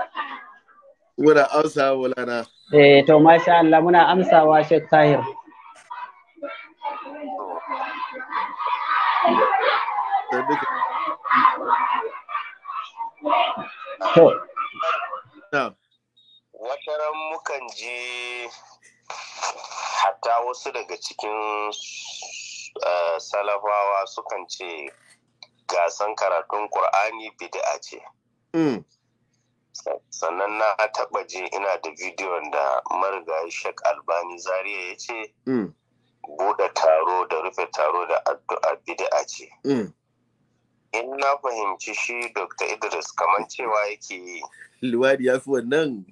[SPEAKER 1] Muna amsa Maulana.
[SPEAKER 2] Eh to masha Allah muna amsawa Sheikh Tahir.
[SPEAKER 4] To.
[SPEAKER 3] Wataran mukan je
[SPEAKER 5] hatta wasu daga cikin eh, salafawa sukan ce gasan karatun Ƙur'ani bid'a ce. Hmm. sannan na taɓa ji ina da bidiyon da marigayi shek albani zaria ya ce mm. buɗe taro da rufe taro da addu'a bid'a ce mm. in na fahimci shi dr idris kamar cewa yake yi
[SPEAKER 1] luwadi ya fi wannan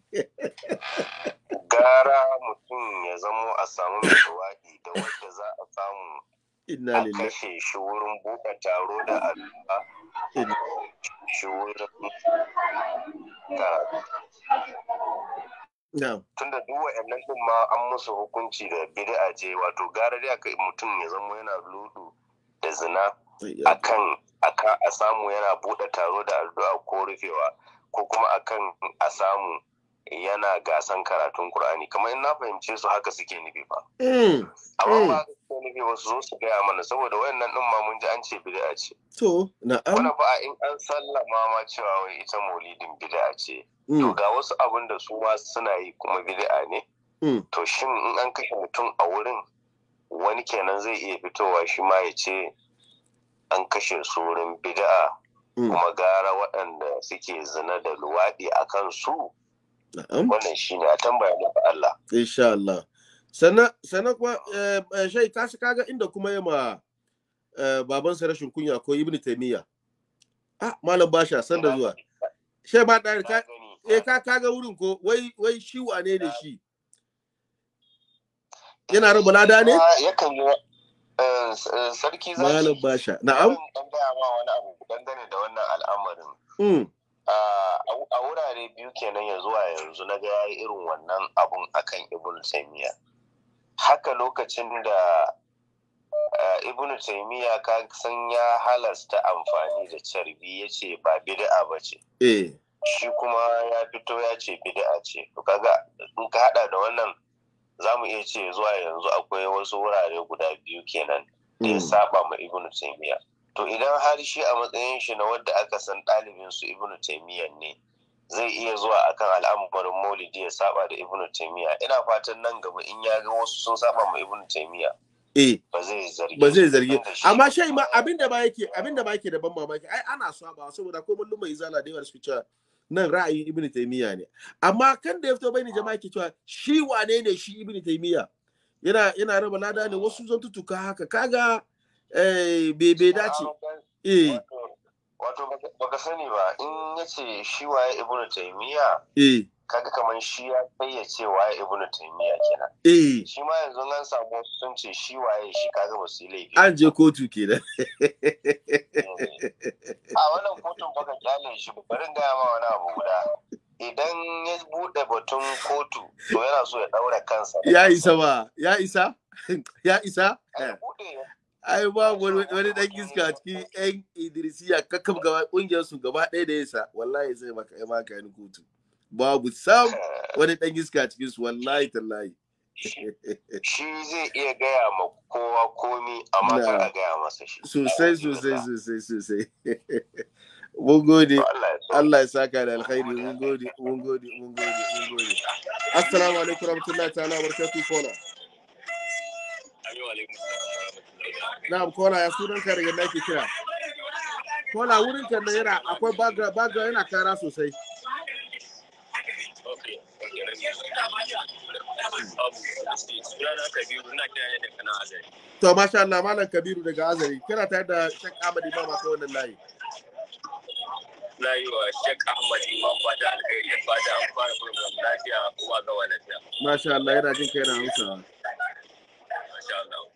[SPEAKER 5] gara mutum ya zamo a samu mai luwadi da wanda za a samu a kashe shi wurin buɗe taro da addu'a shi wurin
[SPEAKER 1] Tunda
[SPEAKER 5] duk wa'annan din ma an musu hukunci da bid'a ce wato gara dai aka mutum ya zama yana ludu da zina akan aka a samu yana buɗe taro da addu'a ko rufewa ko kuma akan a samu yana gasan karatun Kur'ani kamar in na fahimce su haka suke nufi ba. Mm, Amma mm. ba suke nufi ba su zo su gaya mana saboda wayannan din ma mun ji an ce bid'a ce.
[SPEAKER 1] To na'am. Wani
[SPEAKER 5] ba in an sallama ma cewa wai ita maulidin bid'a ce. To mm. ga wasu abin da su ma suna yi kuma bida'a ne. To shin in an kashe mutum a wurin wani kenan zai iya fitowa shi ma ya ce an kashe su wurin bid'a kuma gara waɗanda suke zina da luwaɗi a kan su wannan shi ne a tambaya na Allah
[SPEAKER 1] insha Allah sannan kuwa eh, eh, shai ta shi kaga inda kuma ya ma eh, babansa rashin kunya ko ibnu taimiyya. ah malam basha san da zuwa shai ba ɗari ka e ka kaga wurin ko wai shi wane ne shi yana raba lada ne ah, yi
[SPEAKER 5] sarki zaki malam
[SPEAKER 1] basha na'am dan wani abu
[SPEAKER 5] da wannan al'amarin hmm. a wurare biyu kenan ya zuwa yanzu na ga ya yi irin wannan abun akan ibn taimiya haka lokacin da ibn taimiya ka san ya halasta amfani da carbi ya ce ba bid'a ba ce eh. shi kuma ya fito ya ce bid'a ce to kaga in ka hada da wannan za mu iya ce zuwa yanzu akwai wasu wurare guda biyu kenan da ya hmm. saba ma ibn taimiya to idan har shi a matsayin shi na wadda aka san ɗalibin su ibnu taimiyya ne zai iya zuwa akan al'amuran maulidi ya saba da ibnu taimiyya ina fatan nan gaba in ya ga wasu sun saba ma ibnu taimiyya eh ba zai zargi
[SPEAKER 1] ba zai zargi amma shai ma abinda ba yake abinda ba yake da ban mamaki ai ana saba saboda ko mallum mai zala da yawar su cewa nan ra'ayin ibnu taimiyya ne amma kan da ya fito bai ni jama'a ke cewa shi wane ne shi ibnu taimiyya yana yana raba lada ne wasu zan tutuka haka kaga eh bai dace eh
[SPEAKER 5] wato baka sani ba in yace shi waye ibnu taymiya eh kaga kaman shi ya bayyace waye ibnu taymiya kenan eh shi ma yanzu an samu sun ce shi waye shi kaga ba su laifi
[SPEAKER 1] an je kotu kenan eh.
[SPEAKER 5] a wannan kotun baka kyale shi bari gaya ma wani abu guda idan ya bude batun kotu to yana so ya daura kansa ya isa
[SPEAKER 1] ba ya isa ya isa ai ba wani dan giska a cikin yan idrisiya kakkam gaba kungiyar su gaba ɗaya da yasa wallahi zai maka ya maka ni kotu babu sam wani dan giska a cikin su wallahi tallahi shi
[SPEAKER 5] zai iya gaya ma kowa komi amma kar a
[SPEAKER 1] gaya masa shi sosai sosai sosai sosai mun gode Allah ya saka da alkhairi mun gode mun gode mun gode mun gode assalamu alaikum warahmatullahi ta'ala barkatu kola na'am kola ya sunan ka daga nake kira kola wurin ka yana akwai baga baga yana kara sosai to masha Allah malam kabiru daga azari kira ta da shak amadi ba ma wannan layi na yi wa Sheikh
[SPEAKER 4] Ahmad Imam fata alkhairi da fata an fara program lafiya kuma ga
[SPEAKER 1] wani Masha Allah yana jin kai na Hausa.
[SPEAKER 5] Masha Allah.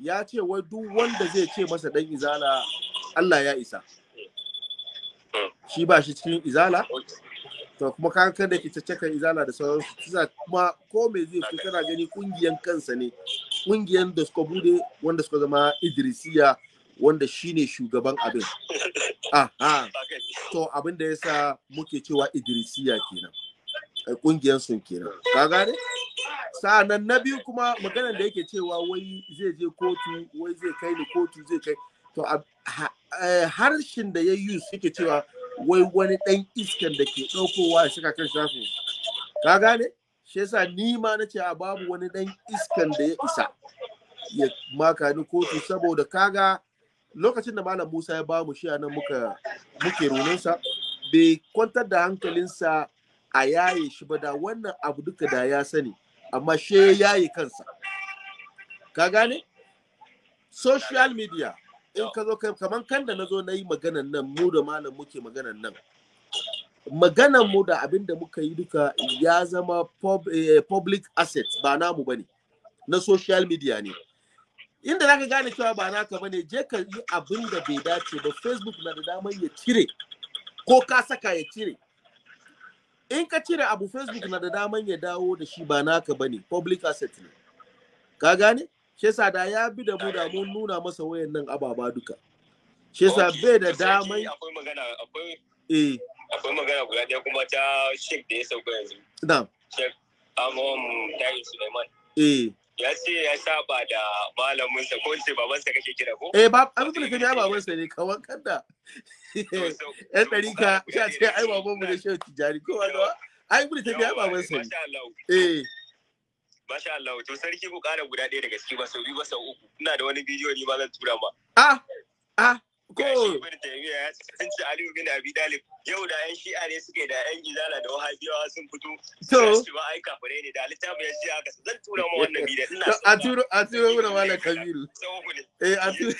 [SPEAKER 1] ya ce wai duk wanda zai ce masa dan izala Allah ya isa shi ba shi cikin izala to kuma ka kan da ke izala da sauransu kuma ko me zai fi kana gani kungiyan kansa ne kungiyan da suka bude wanda suka zama idrisiya wanda shine shugaban abin aha to abin da yasa muke cewa idrisiya kenan kungiyar eh, sun kenan ka gane sa'annan na biyu kuma maganar da yake cewa wai zai je kotu wai zai kai ni kotu zai kai to eh, harshen da ya yi suke cewa wai wani ɗan iskan da ke ɗaukowa ya saka kan shafin ka gane shi yasa ni ma na ce a babu wani ɗan iskan da ya isa ya maka ni kotu saboda kaga lokacin da malam musa ya bamu shi a nan muka muke runinsa, bai kwantar da hankalinsa a yaye shi ba da wannan abu duka da ya sani amma she yaye kansa ka gane social media in ka zo kamar kan da na zo na yi maganan nan mu da malam muke maganan nan maganan mu da abin da muka yi duka ya zama eh, public asset ba namu bane na social media ne inda zaka gane cewa ba naka bane je ka yi abin da bai dace ba facebook na da damar ya cire ko ka saka ya cire in ka cire abu facebook na da daman ya dawo da shi ba naka bane public asset ne ka gane shi yasa da ya bi da mu da mun nuna masa wayannan ababa duka shi yasa bai da daman akwai magana
[SPEAKER 5] akwai eh akwai magana guda ɗaya kuma ta shek da ya sauka yanzu na'am shek amon tayi suleiman eh ya ce ya saba da malaminsa ko ce babansa kake kira ko?
[SPEAKER 1] Eh ba abin da kaje babansa ne kawan kanda. Yan ɗarika sha ce ai baban mu da shehu tijari ko wani da Ai ibn tafiya babansa ne. Eh.
[SPEAKER 5] Masha Allah to sarki ku guda ɗaya daga ciki ba sau biyu ba sau uku ina da wani bidiyo ni ba zan tura ma. Ah ah Gashi ibn Taymiya ya tsanci Ali bin Abi Talib yau da yan shi'a ne suke da yan gizala da wahabiyawa sun fito to su ba ai kafare ne da littafin ya ji haka zan tura ma wannan bidiyo ina a turo
[SPEAKER 1] a turo muna mallam Kabiru eh a turo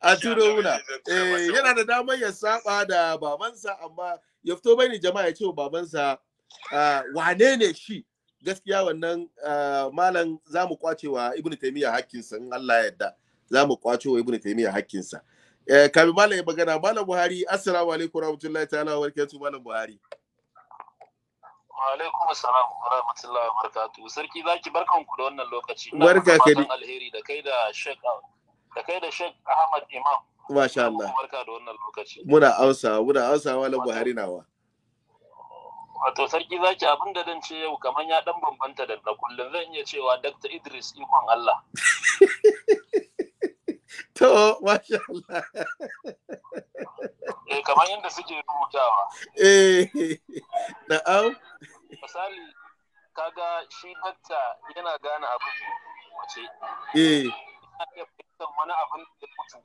[SPEAKER 1] a turo muna eh yana da damar ya saba da babansa amma ya fito bai ni jama'a ya ce babansa ah, wane ne shi gaskiya wannan ah, malam za mu wa ibn taymiya hakkinsa in Allah ya yarda za mu kwato wa ibnu taymiya hakkinsa eh kabi malam magana malam buhari assalamu alaikum warahmatullahi ta'ala wa barakatuh malam buhari wa alaikum assalam wa
[SPEAKER 4] rahmatullahi wa barakatuh sarki zaki barkan ku da wannan lokaci barka ka da alheri da kai da shek da kai da shek ahmad imam masha Allah barka da wannan lokaci muna
[SPEAKER 1] ausa muna ausa malam buhari nawa
[SPEAKER 4] wato sarki zaki abin da dan ce yau kamar ya dan bambanta da na kullum zan iya cewa dr idris ikon allah
[SPEAKER 1] To, masha Allah. Eh, kamar yadda
[SPEAKER 4] suke rubutawa.
[SPEAKER 1] Eh, na'am.
[SPEAKER 4] Misali, kaga shi dakta yana gane abu
[SPEAKER 1] wace. Eh.
[SPEAKER 5] Yana
[SPEAKER 4] iya fahimtar wani abin da ya mutu.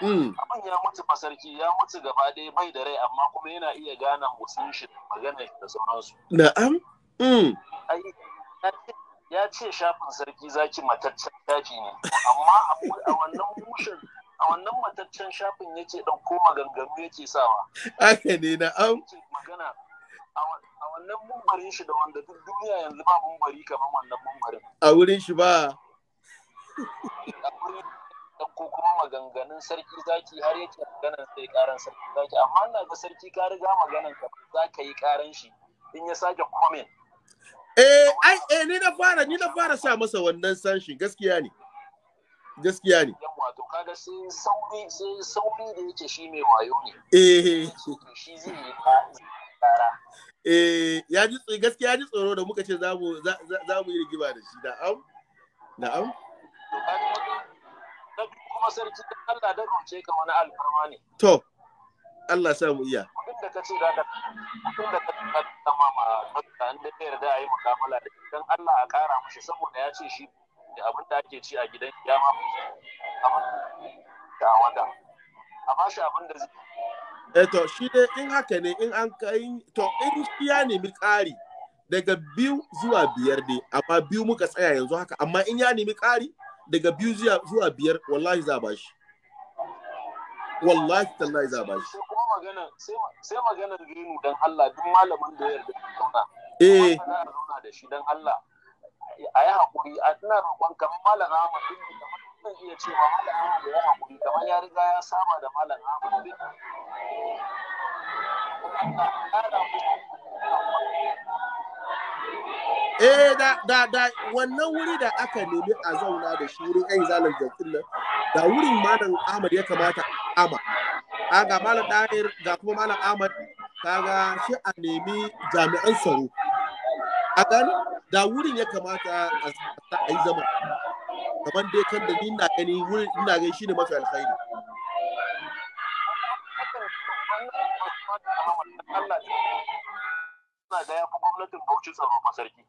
[SPEAKER 5] Hmm. Abin ya mutu
[SPEAKER 4] masarki ya mutu gaba ɗaya bai da rai, amma kuma yana iya gane motsin shi da magana da sauransu.
[SPEAKER 5] Na'am. Hmm.
[SPEAKER 4] Ai, ya ce shafin sarki zaki mataccen daji ne amma a wannan mushin a wannan mataccen shafin yake ɗauko maganganu yake sawa
[SPEAKER 1] haka ne na am
[SPEAKER 4] magana a wannan mumbarin shi da wanda duk duniya yanzu ba mumbari kamar wannan mumbarin
[SPEAKER 1] a wurin shi ba
[SPEAKER 4] ko kuma maganganun sarki zaki har yake maganan sai karan sarki zaki amma ina ga sarki ka riga maganan ka za ka yi karan shi in ya sake comment
[SPEAKER 1] Eh, ai, eh, ni na fara, ni na fara sa masa wannan sanshin, gaskiya ne. Gaskiya ne.
[SPEAKER 4] Yawwa, to kada sai sauri, sai sauri da yake shi mai wayo ne.
[SPEAKER 1] Eh. Shi zai yi kara. Eh, ya ji gaskiya ji tsoro da muka ce za mu za mu yi rigima da shi, na'am. Na'am. Na
[SPEAKER 4] biyu kuma sarki Allah da roce ka wani alfarma ne.
[SPEAKER 1] To, Allah sa mu iya.
[SPEAKER 4] da ka ce za ka abin da ka zama ma dokta in da yarda a yi mukamala da dan Allah a ƙara mashi saboda ya ce shi da abin da ake ci a gidan kiyama da wata a ba shi abin da zai
[SPEAKER 1] Eh to shi dai in haka ne in an kai to in shi ya nemi ƙari daga biyu zuwa biyar ne amma biyu muka tsaya yanzu haka amma in ya nemi ƙari daga biyu zuwa biyar wallahi za ba shi wallahi tallahi za ba shi
[SPEAKER 4] magana sai magana rinu dan Allah duk malamin da ya yarda zauna eh zauna da shi dan Allah a yi haƙuri, a ina roƙon kamar malam Ahmad din da zan iya cewa malam Ahmad ya haƙuri kamar ya riga ya saba da malam Ahmad din
[SPEAKER 1] Eh da da da wannan wuri da aka nemi a zauna da shi wurin 'yan zalar jam'in nan da wurin malam Ahmad ya kamata ama ga malam ɗahir ga kuma malam ahmad kaga shi a nemi jami'an tsaro a gani da wurin ya kamata a yi zama kamar dai kan da ni na gani wurin ina gani shi ne mafi alkhairi
[SPEAKER 4] Allah da ya fi gwamnatin Bauchi tsaro fa sarki.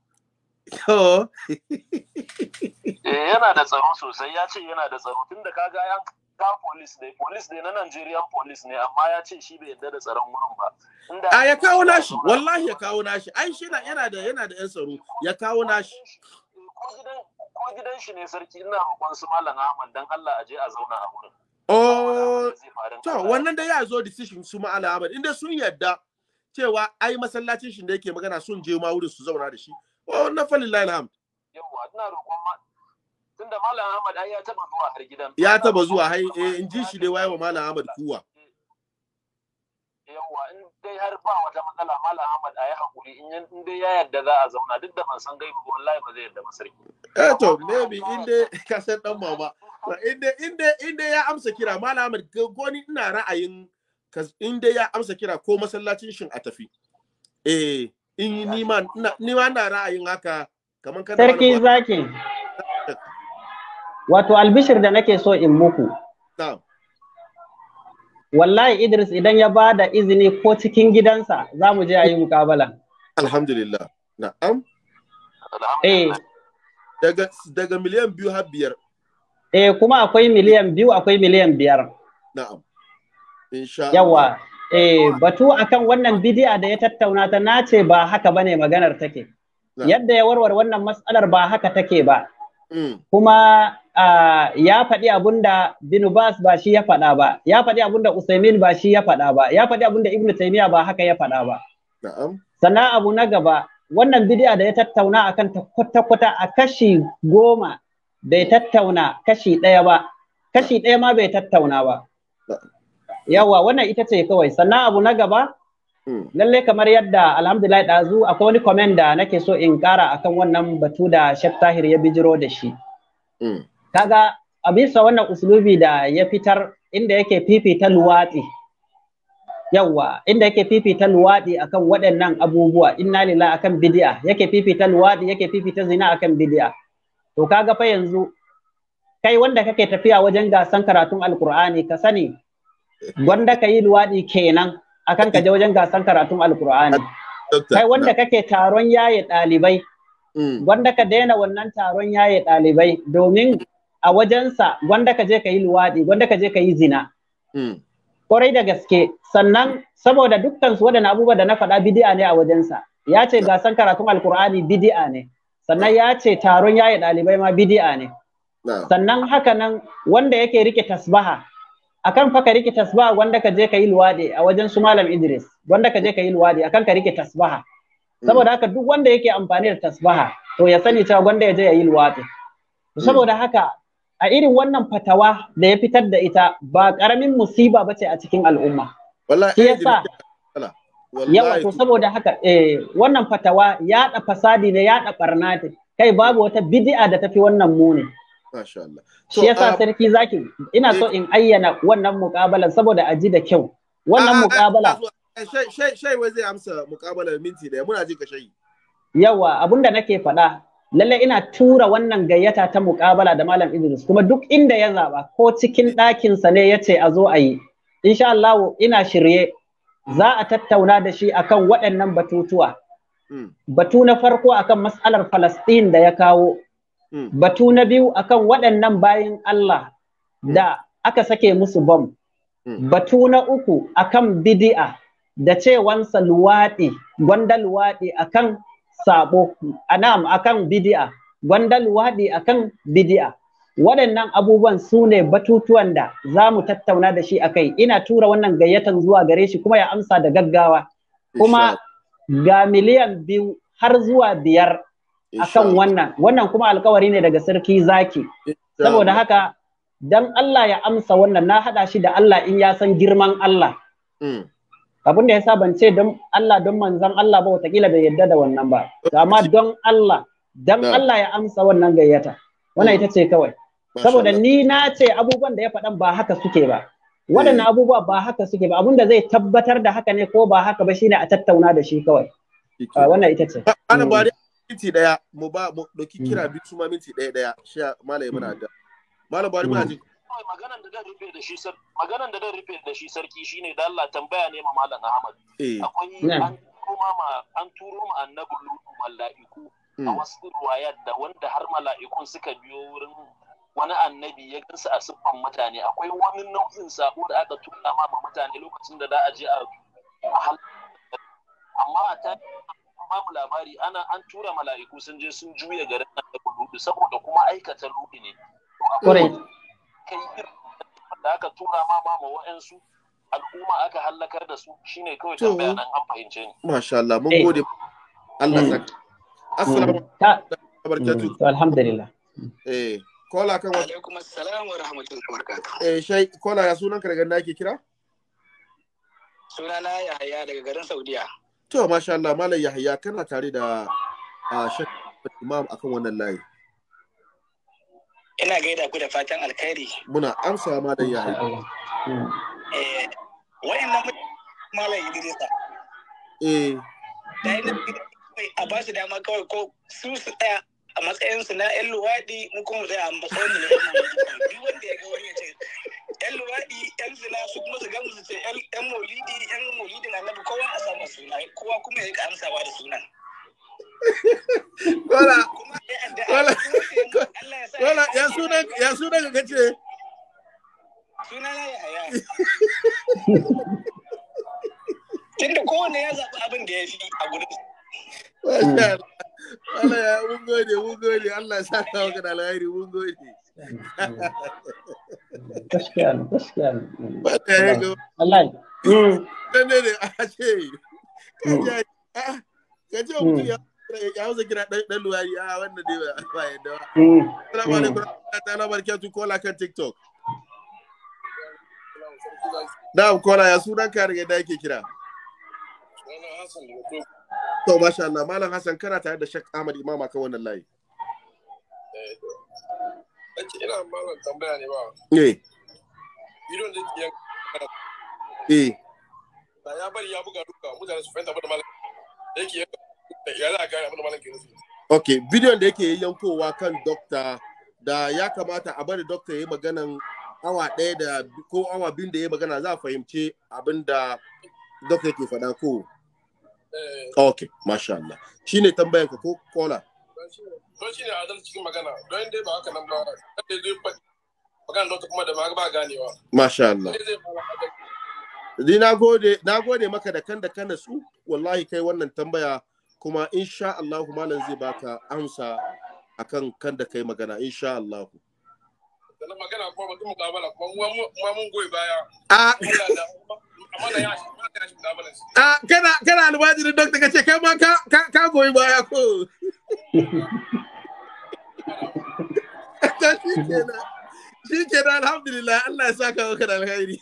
[SPEAKER 5] Yana da tsaro sosai ya ce yana da tsaro
[SPEAKER 4] tun da kaga yan ga police dai police dai na Nigerian police ne amma ya ce shi bai yarda
[SPEAKER 1] da tsaron wurin ba inda a ya kawo nashi wallahi ya kawo nashi ai shi yana da yana da yan tsaro ya kawo nashi
[SPEAKER 4] ko gidan ko gidan shi ne sarki ina roƙon su malam Ahmad dan Allah a je a zauna a wurin
[SPEAKER 1] Oh, to wannan da ya zo decision su ma'ala Ahmad inda sun yarda cewa ai masallacin shi da yake magana sun je ma wurin su zauna da shi. Oh, na lillahi alhamd
[SPEAKER 4] yawa ina roƙon tunda Malam Ahmad ai ya taba zuwa har gidan. Ya
[SPEAKER 1] taba zuwa hai eh in ji shi dai wayewa Malam Ahmad kuwa.
[SPEAKER 4] Yawwa in dai har ba wata matsala Malam Ahmad ai hakuri in in dai ya yarda za a zauna duk da ban san ba wallahi ba zai yarda ba sarki.
[SPEAKER 1] Eh to maybe in dai ka san dan mama in dai in dai in dai ya amsa kira Malam Ahmad goni ina ra'ayin in dai ya amsa kira ko masallacin shin a tafi. Eh in ni ma ina ra'ayin haka kaman kana Sarki
[SPEAKER 2] zakin Wato albishir da nake so in muku. Wallahi Idris idan ya ba da izini ko cikin gidansa za mu je a yi mukabala. Alhamdulillah. Na'am.
[SPEAKER 1] Eh. Daga, daga miliyan biyu har biyar.
[SPEAKER 2] Eh kuma akwai miliyan biyu akwai miliyan biyar.
[SPEAKER 1] Na'am. Insha Yawa.
[SPEAKER 2] Eh batu akan wannan bidi'a da ya tattauna ta nace ba haka bane maganar take. Yadda ya warware wannan matsalar ba haka take ba. Mm. Kuma ya faɗi abun da bin Bas ba shi ya faɗa ba, ya faɗi abun da Usaimin ba shi ya faɗa ba, ya faɗi abun da Ibn Taymiyyah ba haka ya faɗa ba. Sannan abu na gaba, wannan bidiya da ya tattauna akan kwata-kwata a kashi goma bai tattauna kashi ɗaya ba, kashi ɗaya ma bai tattauna ba. Yawa wannan ita ce kawai, sannan abu na gaba, hmm. lallai kamar yadda alhamdulillah ɗazu akwai wani comment da nake so in ƙara akan wannan batu da Sheikh Tahir ya bijiro da shi. Hmm. kaga a bisa wannan usulubi da ya fitar inda yake fifita luwatsi yawa inda yake fifita luwaɗi akan waɗannan abubuwa inna lila, akan bidiya yake fifita luwaɗi yake fifita zina akan bidiya to kaga fa yanzu kai wanda kake tafiya wajen gasan karatun alkur'ani ka sani wanda ka yi luwaɗi kenan akan ka je wajen gasan karatun alkur'ani kai wanda kake taron yaye ɗalibai mm. wanda ka daina wannan taron yaye ɗalibai domin a wajensa gwanda ka je ka yi luwaɗi gwanda ka je ka yi zina hmm. kwarai da gaske sannan saboda dukkan su waɗannan abubuwa da na faɗa bidi'a ne a wajensa ya ce gasan karatun alkur'ani bidi'a ne sannan ya ce taron yaye ɗalibai ma bidi'a ne sannan haka nan wanda yake rike tasbaha akan fa ka rike tasbaha wanda ka je ka yi luwaɗi a wajen su malam Idris wanda ka je ka yi luwaɗi akan ka rike tasbaha hmm. saboda haka duk wanda yake amfani da tasbaha to ya sani cewa gwanda ya je ya yi luwaɗi hmm. saboda haka a irin wannan fatawa da ya fitar da ita ba karamin musiba bace a cikin al'umma shi yasa yawa to saboda haka eh wannan fatawa yaɗa fasadi ne yaɗa barna ne kai babu wata bid'a da tafi wannan muni
[SPEAKER 1] Masha Allah. Shi yasa
[SPEAKER 2] sarki ah, zaki ina so eh, in ayyana wannan muƙabalan saboda a ji da kyau. Wannan ah, ah, muƙabala.
[SPEAKER 1] Shai wai zai amsa muƙabalar minti da muna ji ka shai.
[SPEAKER 2] Yawa abinda nake faɗa lalle ina tura wannan gayyata ta muƙabala da Malam Idris kuma duk inda ya zaba ko cikin ɗakinsa ne ya ce a zo a yi. Insha Allah ina shirye za a tattauna da shi akan waɗannan batutuwa. Hmm. Batu na farko akan mas'alar Falasɗin da ya kawo. Hmm. Batu na biyu akan waɗannan bayin Allah hmm. da aka sake musu bom. Batu na uku akan bidi'a da cewansa luwaɗi, gwanda luwaɗi akan sabo anam akan bid'a gwanda luwadi akan bid'a waɗannan abubuwan sune batutuwan da za mu tattauna da shi a kai ina tura wannan gayyatan zuwa gare shi kuma ya amsa da gaggawa kuma ga miliyan biyu har zuwa biyar akan wannan wannan kuma alkawari ne daga sarki zaki saboda haka dan Allah ya amsa wannan na haɗa shi da Allah in ya san girman Allah mm. abin da sa ban ce don Allah don manzan Allah ba watakila bai yadda da wannan ba amma don Allah don Allah ya amsa wannan gayyata wannan ita ce kawai saboda ni na ce abubuwan da ya faɗan ba haka suke ba waɗannan eh. abubuwa ba haka suke ba abin da zai tabbatar da haka ne ko ba haka ba shine a tattauna da shi kawai ah, wannan ita ce ana hmm. bari minti
[SPEAKER 1] daya mu ba mu doki kira hmm. bi su ma minti daya daya shi malam hmm. muna da malam bari muna ji
[SPEAKER 4] kawai maganan da zan rufe da shi maganan da rufe da shi sarki shine da Allah tambaya ne ma malam Ahmad
[SPEAKER 1] eh. akwai an
[SPEAKER 4] turo ma an turo ma annabi lutu mala'iku
[SPEAKER 1] a
[SPEAKER 5] hmm. wasu
[SPEAKER 4] riwayat da wanda har mala'ikun suka biyo wurin wani annabi ya gansu a siffan mutane akwai wani nau'in sabo da aka tura ma mutane lokacin da za a je a amma a ta babu labari ana an tura mala'iku sun je sun juya garin annabi lutu saboda kuma aikata lutu
[SPEAKER 2] ne aka yi da aka tura ma ma
[SPEAKER 1] wa'ansu al'umma aka hallakar da su shine kawai tambaya nan an fahimce ni masha Allah mun eh. gode Allah mm. saka assalamu mm. alaikum mm. alhamdulillah eh kola kan wa alaikum assalam wa rahmatullahi wa barakatuh eh kola ya daga inda kira
[SPEAKER 3] sunana Yahaya daga garin Saudiya
[SPEAKER 1] to masha Allah malam Yahaya kana tare da ah, shakka imam akan wannan layi
[SPEAKER 3] ina gaida ku da fatan alkhairi
[SPEAKER 1] muna amsa ma da yayi
[SPEAKER 5] eh wayannan malam Idrisa eh
[SPEAKER 3] ina da a ba su dama kawai ko su su tsaya a matsayin su na yan luwaɗi mu kuma tsaya a sai mu na yan wanda ya ga wani ya ce yan luwaɗi yan zina su kuma su gamu su ce yan maulidi yan maulidin annabi kowa a samu suna kowa kuma ya amsa amsawa da sunan
[SPEAKER 1] kola kola kola ya ya kace tunda ya zaɓi abin da ya fi a Wala ya mun gode mun gode Allah ya sa ka maka da alheri mun gode
[SPEAKER 4] gaskiya ne ce ka
[SPEAKER 1] hmm. ce ah, hmm. ya kira dan luwari a ah, wannan dai ba yadda ba assalamu mm, mm. alaikum ta'ala barkatu kola kan tiktok da kola ya sunan ka daga da yake kira to masha Allah malam Hassan kana tare da Sheikh Ahmad Imam akan wannan layi
[SPEAKER 4] eh, ina malam tambaya ne ba eh bidon da ke eh ya bari ya buga duka mutane su fahimta ba da malam yake
[SPEAKER 1] ok bidiyon da yake yankowa kan dokta da ya kamata a bari dokta ya yi maganan awa ɗaya da ko awa biyu da ya magana za a fahimci abin da dokta yake faɗa ko eh. ok masha Allah shi ne tambayan ka ko kola
[SPEAKER 4] don shi ne cikin magana don ba haka nan ba zai faɗi magana dokta kuma da ba ganewa
[SPEAKER 1] masha Allah na gode maka da kan da su wallahi kai wannan tambaya kuma insha Allah malam zai baka amsa akan kan da kai magana insha Allah
[SPEAKER 4] da magana ko mutum mukabala ko mun goyi baya
[SPEAKER 1] a a kana kana almajirin dokta kace kai ma ka ka goyi baya ko shi ke kenan alhamdulillah Allah ya saka waka da alkhairi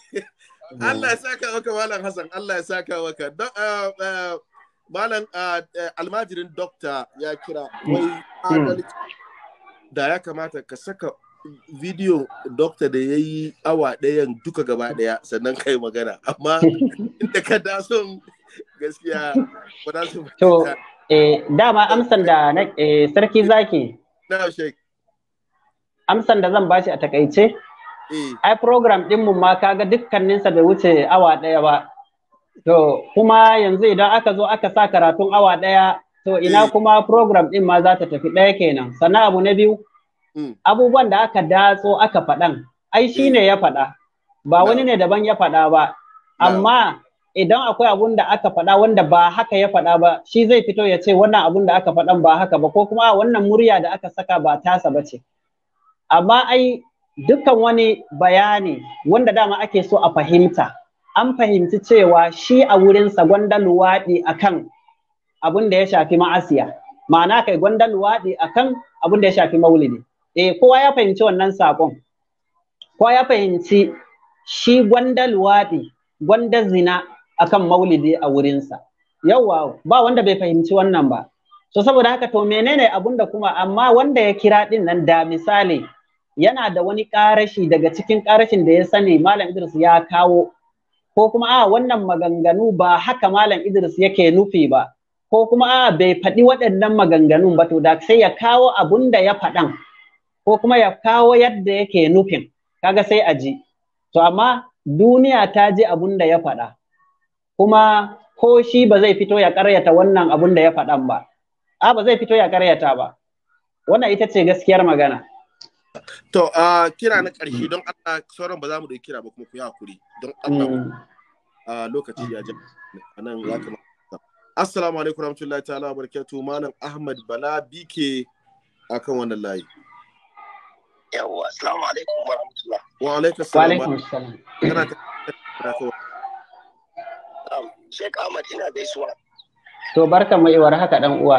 [SPEAKER 1] Allah ya saka waka malam Hassan Allah ya saka waka. malam ah, eh, almajirin dokta ya kira mm. wai mm. da ya kamata ka saka video dokta da ya yi awa ɗayan duka gaba ɗaya sannan kai magana amma inda ka da son gaskiya ba da su
[SPEAKER 2] to eh dama amsan da eh, sarki zaki na shek amsan da zan bashi a takaice eh. ai program din mu ma kaga dukkaninsa bai wuce awa ɗaya ba To kuma yanzu idan aka zo aka sa karatun awa ɗaya to ina mm. kuma program ɗin ma za ta tafi ɗaya kenan. Sannan abu na biyu, mm. abubuwan da aka datso aka faɗan, ai shi ne ya faɗa, ba wani ne daban ya faɗa ba. Amma idan akwai abun da aka faɗa wanda ba haka ya faɗa ba, shi zai fito ya ce wannan abun da aka faɗan ba haka ba, ko kuma wannan murya da aka saka ba tasa ba ce. Amma ai dukkan wani bayani wanda dama ake so a fahimta. an fahimci cewa shi a wurinsa gwanda luwaɗi a kan abin da ya shafi ma'asiya ma'ana kai gwanda luwaɗi a kan abin da ya shafi maulidi eh kowa ya fahimci wannan saƙon. kowa ya fahimci shi gwanda luwaɗi gwanda zina a kan maulidi a wurinsa yawwa ba wanda bai fahimci wannan ba so saboda haka to menene abun da kuma amma wanda ya kira ɗin nan da misali yana da wani ƙarashi daga cikin ƙarashin da ya sani malam Idris ya kawo ko kuma a ah, wannan maganganu ba haka malam Idris yake nufi ba ko kuma a ah, bai faɗi waɗannan maganganun ba to da sai ya kawo abun da ya faɗan ko kuma ya kawo yadda yake nufin kaga sai a ji to amma duniya ta ji abun da ya faɗa kuma ko shi ba zai fito ya karyata wannan abun da ya faɗan ba a ah, ba zai fito ya karyata ba wannan ita ce gaskiyar magana To, uh, kira na
[SPEAKER 1] mm. ƙarshe don Allah sauran ba za mu da kira ba kuma ku yi hakuri don Allah mm. a lokaci ya ji a nan ya mm. kamata. Assalamu alaikum rahmatullahi ta'ala barakatuhu Malam Ahmad Bala Bike kan wannan layi.
[SPEAKER 5] Yawwa, assalamu alaikum wa
[SPEAKER 1] rahmatullahi.
[SPEAKER 2] Wa alaikum assalam. alaikum
[SPEAKER 5] assalam. Kana ta um, Sheikh Ahmad ina gaisuwa.
[SPEAKER 2] To barka mai haka dan uwa.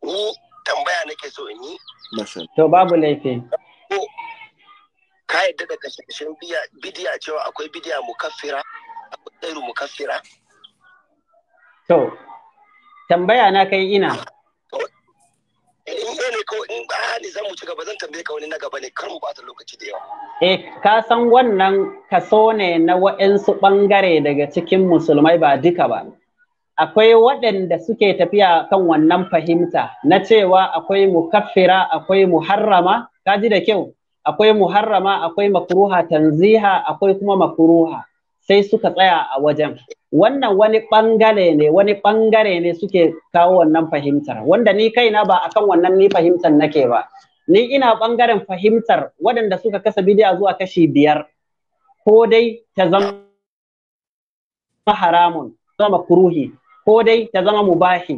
[SPEAKER 5] Um, tambaya nake so in yi
[SPEAKER 2] to babu laifi
[SPEAKER 5] ka yadda da kashin bidiya cewa akwai bidiya mukaffira
[SPEAKER 3] akwai tsairu mukaffira
[SPEAKER 2] to tambaya na kai ina
[SPEAKER 3] in yi ne ko in ni zan mu ci gaba zan tambaye ka wani na
[SPEAKER 5] gaba ne kar mu bata
[SPEAKER 2] lokaci da yawa. Eh ka san wannan kaso ne na wa'insu ɓangare daga cikin musulmai ba duka ba. akwai waɗanda suke tafiya kan wannan fahimta na cewa akwai mukaffira akwai muharrama kaji da kyau akwai muharrama akwai makuruha, tanziha akwai kuma makuruha sai suka tsaya a wajen wannan wani bangare ne wani bangare ne suke kawo wannan fahimtar wanda ni kaina ba akan wannan ni fahimtar nake ba ni ina ɓangaren fahimtar waɗanda suka kasa bidiya zuwa kashi biyar ko dai ta zama haramun zama kuruhi ko dai ta zama mubahi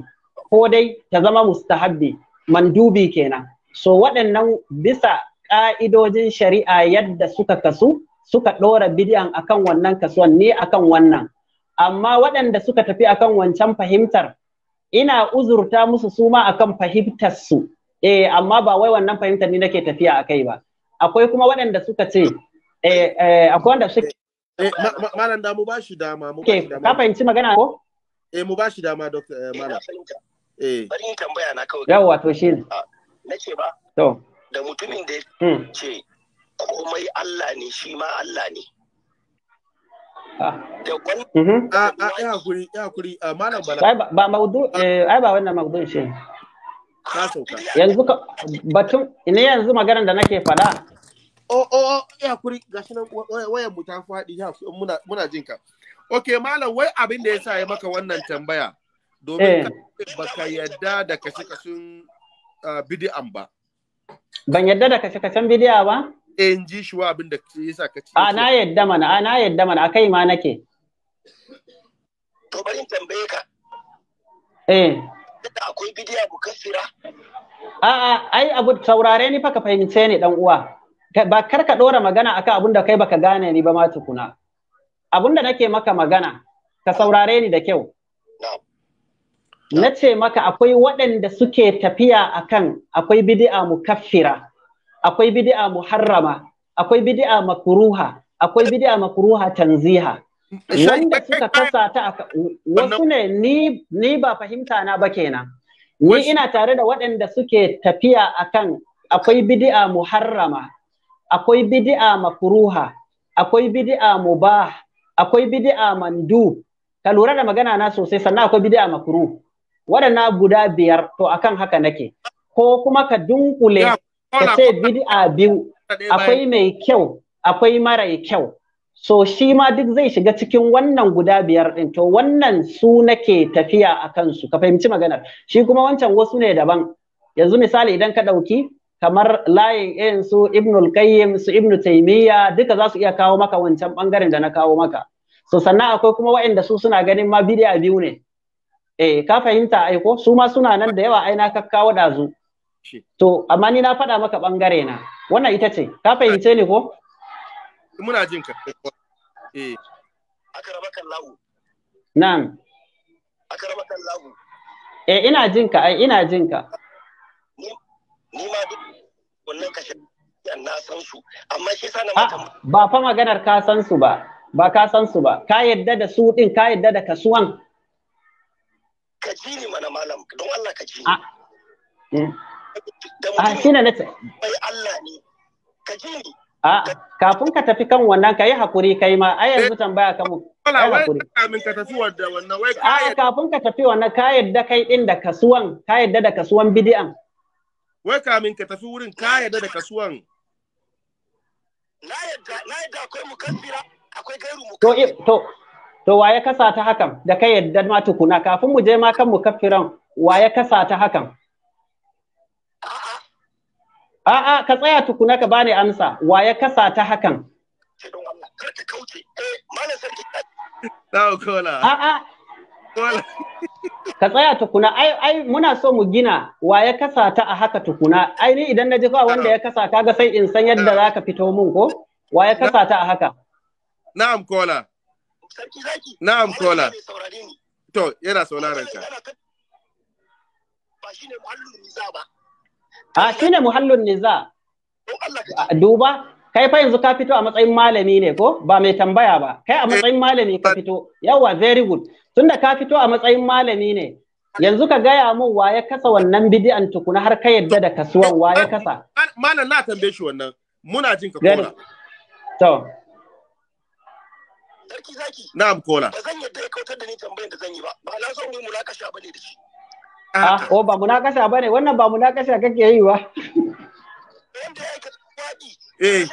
[SPEAKER 2] ko dai ta zama mustahabbi mandubi kenan so waɗannan bisa ƙa'idojin shari'a yadda suka kasu suka ɗora bidiyan akan wannan kasuwan ne akan wannan amma waɗanda suka tafi akan wancan fahimtar ina uzurta musu suma akan fahimtar su eh amma ba wai wannan fahimtar ni nake tafiya akai ba akwai kuma waɗanda suka ce eh, eh akwai wanda suke eh, malam da
[SPEAKER 1] mu bashi dama mu dama ka fahimci magana ko E mu ba shi dama doctor eh, malam
[SPEAKER 5] eh, eh bari in tambaya na kawai
[SPEAKER 2] yawa to shi ah, nace ba to da mutumin da ya hmm.
[SPEAKER 5] ce komai Allah ne shi ma Allah ne
[SPEAKER 2] ah.
[SPEAKER 1] da wani a
[SPEAKER 2] a ya kuri, ya hakuri ah, malam bala ba maudu ai ba wannan maudun shi yanzu ka batun ina yanzu maganar da nake faɗa
[SPEAKER 1] o oh, o oh, oh, ya kuri, gashi nan wayar mu ta faɗi muna muna jin ka Ok, malam wai abin da ya sa ya maka wannan tambaya domin baka eh. yadda da kashe-kashen ah, bidi'an ba.
[SPEAKER 2] Ban yadda da kashe-kashen bidi'a ba?
[SPEAKER 1] Eh, in ji shi wa abin da yasa ka ci.
[SPEAKER 2] A na yadda mana, a na yadda mana, a kai ma nake.
[SPEAKER 1] To bari tambaye ka.
[SPEAKER 2] Eh. Da akwai bidiya ku kasira. A a ai abu saurare ni fa ka fahimce ni dan uwa. Ba kar ka ɗora magana akan abin da kai baka gane ni ba ma tukuna. abinda nake maka magana ka saurare ni da kyau na ce maka akwai waɗanda suke tafiya akan akwai bid'a kaffira, akwai bid'a harrama, akwai bid'a makruha akwai bid'a makruha tanziha wanda suka kasa ta wasu ne ni ni ba fahimta na ba kenan ni ina tare da waɗanda suke tafiya akan akwai bid'a harrama, akwai bid'a makruha akwai bid'a mubah akwai bidi'a mandu ka lura da magana na sosai sannan akwai bid'a makuru. waɗannan guda biyar to akan haka nake ko kuma ka dunkule ka ce bid'a biyu akwai mai kyau akwai mara kyau so shi ma duk zai shiga cikin wannan guda biyar din, to wannan su nake tafiya a kansu ka fahimci maganar shi kuma wancan wasu ne daban yanzu misali idan ka ɗauki kamar layin irin su ibnul su ibnu Taimiyya, duka za su iya kawo maka wancan bangaren da na kawo maka so sannan akwai kuma waɗanda su suna ganin ma a biyu ne eh ka fahimta ai ko su ma suna nan da yawa ai na kakkawo zu to amma ni na faɗa maka bangare na wannan ita ce ka fahimce ni ko
[SPEAKER 1] muna jin ka eh aka raba
[SPEAKER 2] na'am aka raba eh ina jin ka ai ina jin ka ni ma
[SPEAKER 5] duk wannan kashe na san su amma shi sa na ah,
[SPEAKER 2] ba fa maganar ka san su ba ba ka san su ba ka yadda da su din ka yadda da kasuwan
[SPEAKER 5] ka ji ni mana malam don Allah
[SPEAKER 2] ka ji ni a eh. shi na nace bai Allah ne ka ji ni a kafin ka tafi kan wannan ka yi hakuri kai ma ai yanzu eh, tambaya ka mu kafin ka tafi wanda wannan wai a kafin ka tafi wannan ka yadda kai din da kasuwan ka yadda da kasuwan bid'an wai kamin ka tafi wurin ka yadda da kasuwan na yadda na yadda akwai mukaffira akwai gairu mu to to to waye kasa ta hakan da kai yadda ma tukuna kafin mu je ma kan mu kafiran waye kasa ta hakan A'a ka tsaya tukuna ka bani amsa waye kasa ta hakan eh, eh. A'a ka tsaya tukuna ai ai muna so mu gina wa ya kasa ta a haka tukuna ai ni idan na ji ba wanda ya kasa kaga sai in san yadda zaka fito mun ko wa ya kasa ta a haka Na'am kola. Sarki zaki. Na'am kola. To yana sauraron ka.
[SPEAKER 4] Ba shine muhallun niza ba.
[SPEAKER 2] A ah, shine muhallun niza. Ah, duba kai fa yanzu ka fito a matsayin malami ne ko ba mai tambaya ba kai a eh, matsayin malami ka fito yawa very good tunda ka fito a matsayin malami ne yanzu ka gaya mun wa ya kasa wannan bidi'an tukuna har ka yadda da kasuwan wa ya kasa malam na tambaye shi wannan
[SPEAKER 1] muna jin ka kola to sarki zaki. Na'am kola. Ba zan yadda ya kautar da ni tambayar da zan yi ba. Ba
[SPEAKER 2] na son mu munakasha bane da shi. Ah, ah, oh ba munakasha bane wannan ba munakasha kake yi ba.
[SPEAKER 5] Wanda ya kaɗi. Eh.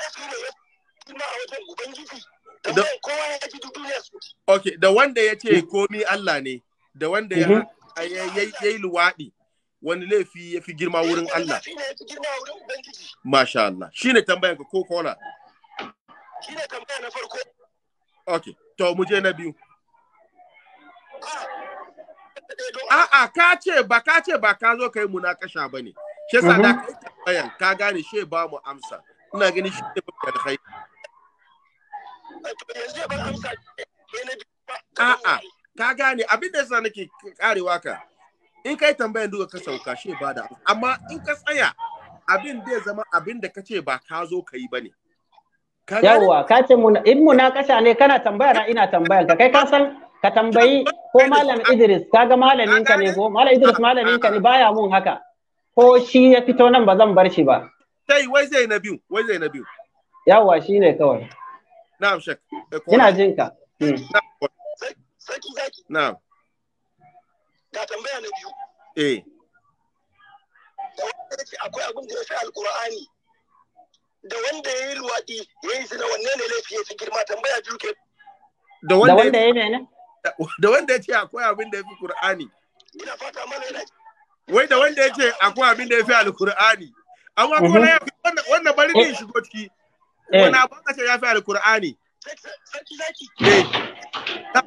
[SPEAKER 5] Kuma a wajen Ubangiji. Da kowa ya ji
[SPEAKER 1] duniya su. Okay, da wanda ya ce komi Allah ne, da wanda ya mhm. yi luwaɗi. Wani laifi ya fi girma wurin eh, Allah. Masha Allah. Shi ne tambayanka ko kola? Shi ne tambaya na farko. Okay, to mu je na biyu. A'a ka ce ba ka ce ba ka zo kai munakasha ba ne. Shi yasa da mhm. kai tambayan ka gane she ba mu amsa. Ina gani shi ne ba da kai. A'a ka gane abin da yasa nake karewa ka. In kai tambayan duka ka sauka she ba da amma in ka tsaya abin zai zama abin da ka ce ba ka zo kai ba ne.
[SPEAKER 2] Yawwa, ka ce in kasha ne kana tambaya na ina tambayar ka kai ka san ka tambayi ko malam Idris kaga malamin ka ne ko malam Idris malamin ka ne baya mun haka ko shi ya fito nan ba zan bar shi ba.
[SPEAKER 1] Sai wai zai na biyu, wai
[SPEAKER 2] zai na biyu. Yawwa shi ne kawai.
[SPEAKER 1] Na'am shek. Eh, ina jin
[SPEAKER 2] ka. Sarki hmm. Na'am. Ka tambaya na biyu. Eh.
[SPEAKER 3] Akwai abin da ya fi alkur'ani da wanda ya yi luwaɗi ya yi zina wanne ne laifi ya fi girma tambaya biyu ke.
[SPEAKER 1] Da wanda ya mene? Da wanda ya ce akwai abin da ya fi Kur'ani.
[SPEAKER 3] Ina fata mana
[SPEAKER 1] Wai da wanda ya ce akwai abin da ya fi Alkur'ani. Amma ko mhm. na ya fi wannan bari ne eh. shigo ciki. Eh. Wani abin ka ya fi Alkur'ani. Sarki Ne. Eh. Ta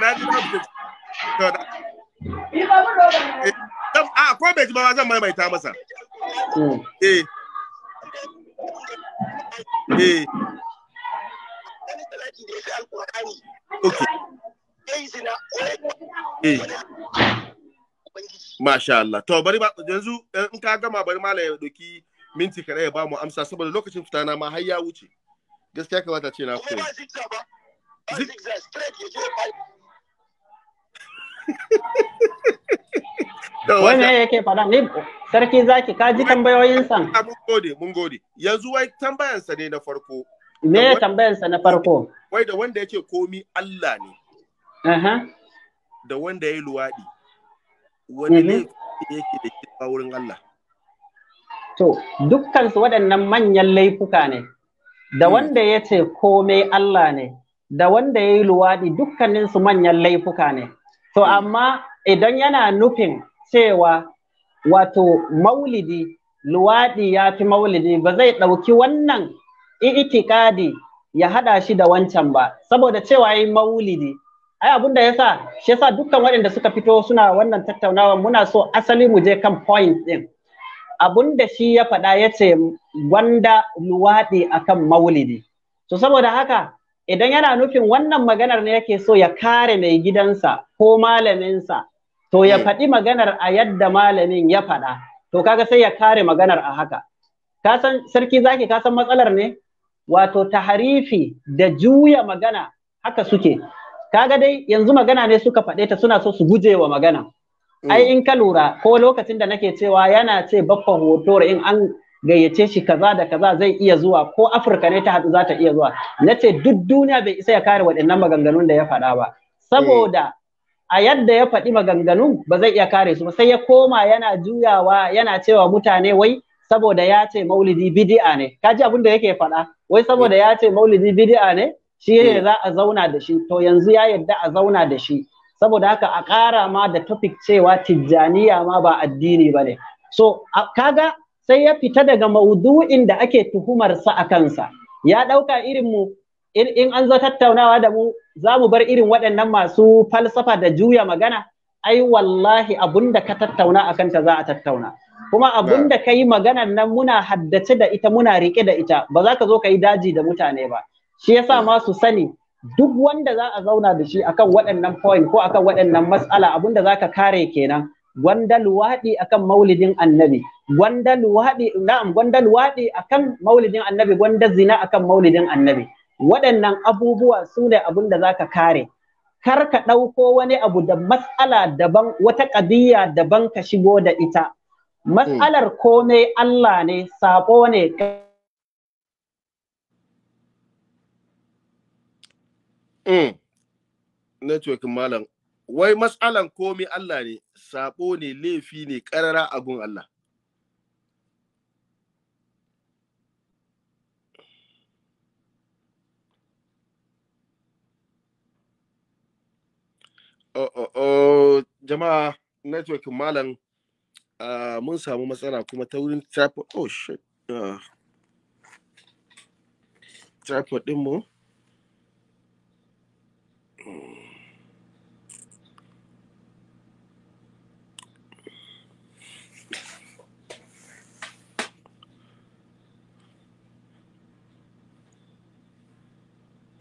[SPEAKER 1] Na ji na a ko bai ji ba zan maimaita masa hmm. eh eh okay eh Masha Allah. To bari ba yanzu eh, in ka gama bari mala ya doki minti kaɗai ya ba mu amsa saboda lokacin fita na ma har ya wuce. Gaskiya kamata ce na fito.
[SPEAKER 2] Wannan yake faɗa ne sarki zaki ka ji tambayoyin san mun
[SPEAKER 1] gode mun gode yanzu wai tambayansa ne na farko
[SPEAKER 2] me tambayansa na farko
[SPEAKER 1] wai da wanda yake komi Allah ne da wanda ya yi luwaɗi wani mhm. ne
[SPEAKER 2] yake da kirma wurin Allah to dukkansu waɗannan manyan laifuka ne da hmm. wanda ya ce komai Allah ne da wanda ya yi luwaɗi dukkaninsu manyan laifuka ne To amma idan yana nufin cewa wato maulidi luwaɗi ya fi maulidi ba zai ɗauki wannan itikadi ya haɗa shi da wancan ba saboda cewa yi maulidi ai abin da yasa shi yasa dukkan waɗanda suka fito suna wannan tattaunawa muna so asali mu je kan point ɗin abun da shi ya faɗa yace ce gwanda luwaɗi akan maulidi to saboda haka idan yana nufin wannan maganar ne yake so ya kare mai gidansa ko malaminsa to ya eh. faɗi maganar a yadda malamin ya faɗa to kaga sai ya kare maganar a haka ka san sarki zaki ka san matsalar ne wato taharifi da juya magana haka suke kaga dai yanzu magana ne suka faɗe ta suna so su guje wa magana ai mm. in ka lura ko lokacin da nake cewa yana ce baffa hotore in an gayyace shi kaza da kaza zai iya zuwa ko afirka ne ta hadu za ta iya zuwa na ce duk duniya bai isa ya kare waɗannan maganganun da ya faɗa ba saboda a yadda ya faɗi maganganun ba zai iya kare su ba sai ya koma yana juyawa yana cewa mutane wai saboda ya ce maulidi bid'a ne kaji abin da yake faɗa wai saboda ya ce maulidi bid'a ne shi ne za a zauna da shi to yanzu ya yadda a zauna da shi saboda haka a ƙara ma da topic cewa tijjaniya ma ba addini ba ne so kaga sai ya fita daga maudu'in da ake tuhumarsa a kansa ya ɗauka irin in, an zo tattaunawa da mu za mu bar irin waɗannan masu falsafa da juya magana ai wallahi abun da ka tattauna a kanta za a tattauna kuma abun da ka yi maganar nan muna haddace da ita muna riƙe da ita ba za ka zo ka yi daji da mutane ba shi yasa ma su sani duk wanda za a zauna da shi akan waɗannan point ko akan waɗannan matsala abun da za ka kare kenan gwanda luwaɗi akan maulidin annabi gwanda luwaɗi na'am gwanda luwaɗi maulidin annabi gwanda zina akan maulidin annabi waɗannan abubuwa su ne abin da za ka kare kar ka ɗauko wani abu da matsala daban wata ƙadiyya daban ka shigo da ita matsalar komai Allah ne saƙo ne Mm.
[SPEAKER 1] Network malam, wai matsalan komi Allah ne, sabo ne laifi ne karara a gun Allah Oh, oh, oh jama'a network malam ah, mun samu matsala kuma ta wurin tripod oh shit ah. tripod din mu hmm.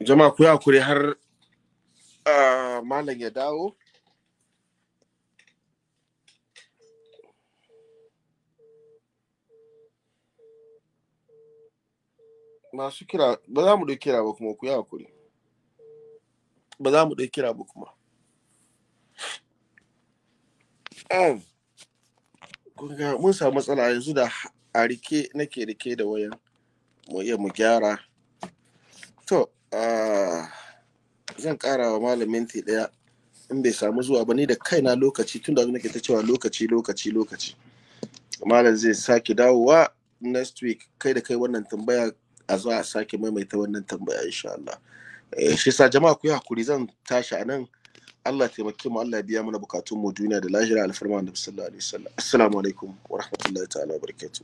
[SPEAKER 1] jama'a ku kure har malam ya dawo masu kira ba za mu ɗauki kira ba kuma ku ya kure ba za mu ɗauki kira ba kuma mun samu matsala yanzu da a rike nake rike da wayan mu iya mu gyara to Ah, zan kara wa malamin ta daya in bai samu zuwa ba ni da kaina lokaci tun da nake ta cewa lokaci lokaci lokaci malam zai sake dawowa next week kai da kai wannan tambaya a zuwa a sake maimaita wannan tambaya insha Allah eh, shi sa jama'a ku yi hakuri zan tashi a nan Allah taimake mu Allah biya mana bukatun mu duniya da lahira alfarma da sallallahu alaihi wasallam assalamu alaikum wa rahmatullahi ta'ala wa barakatuh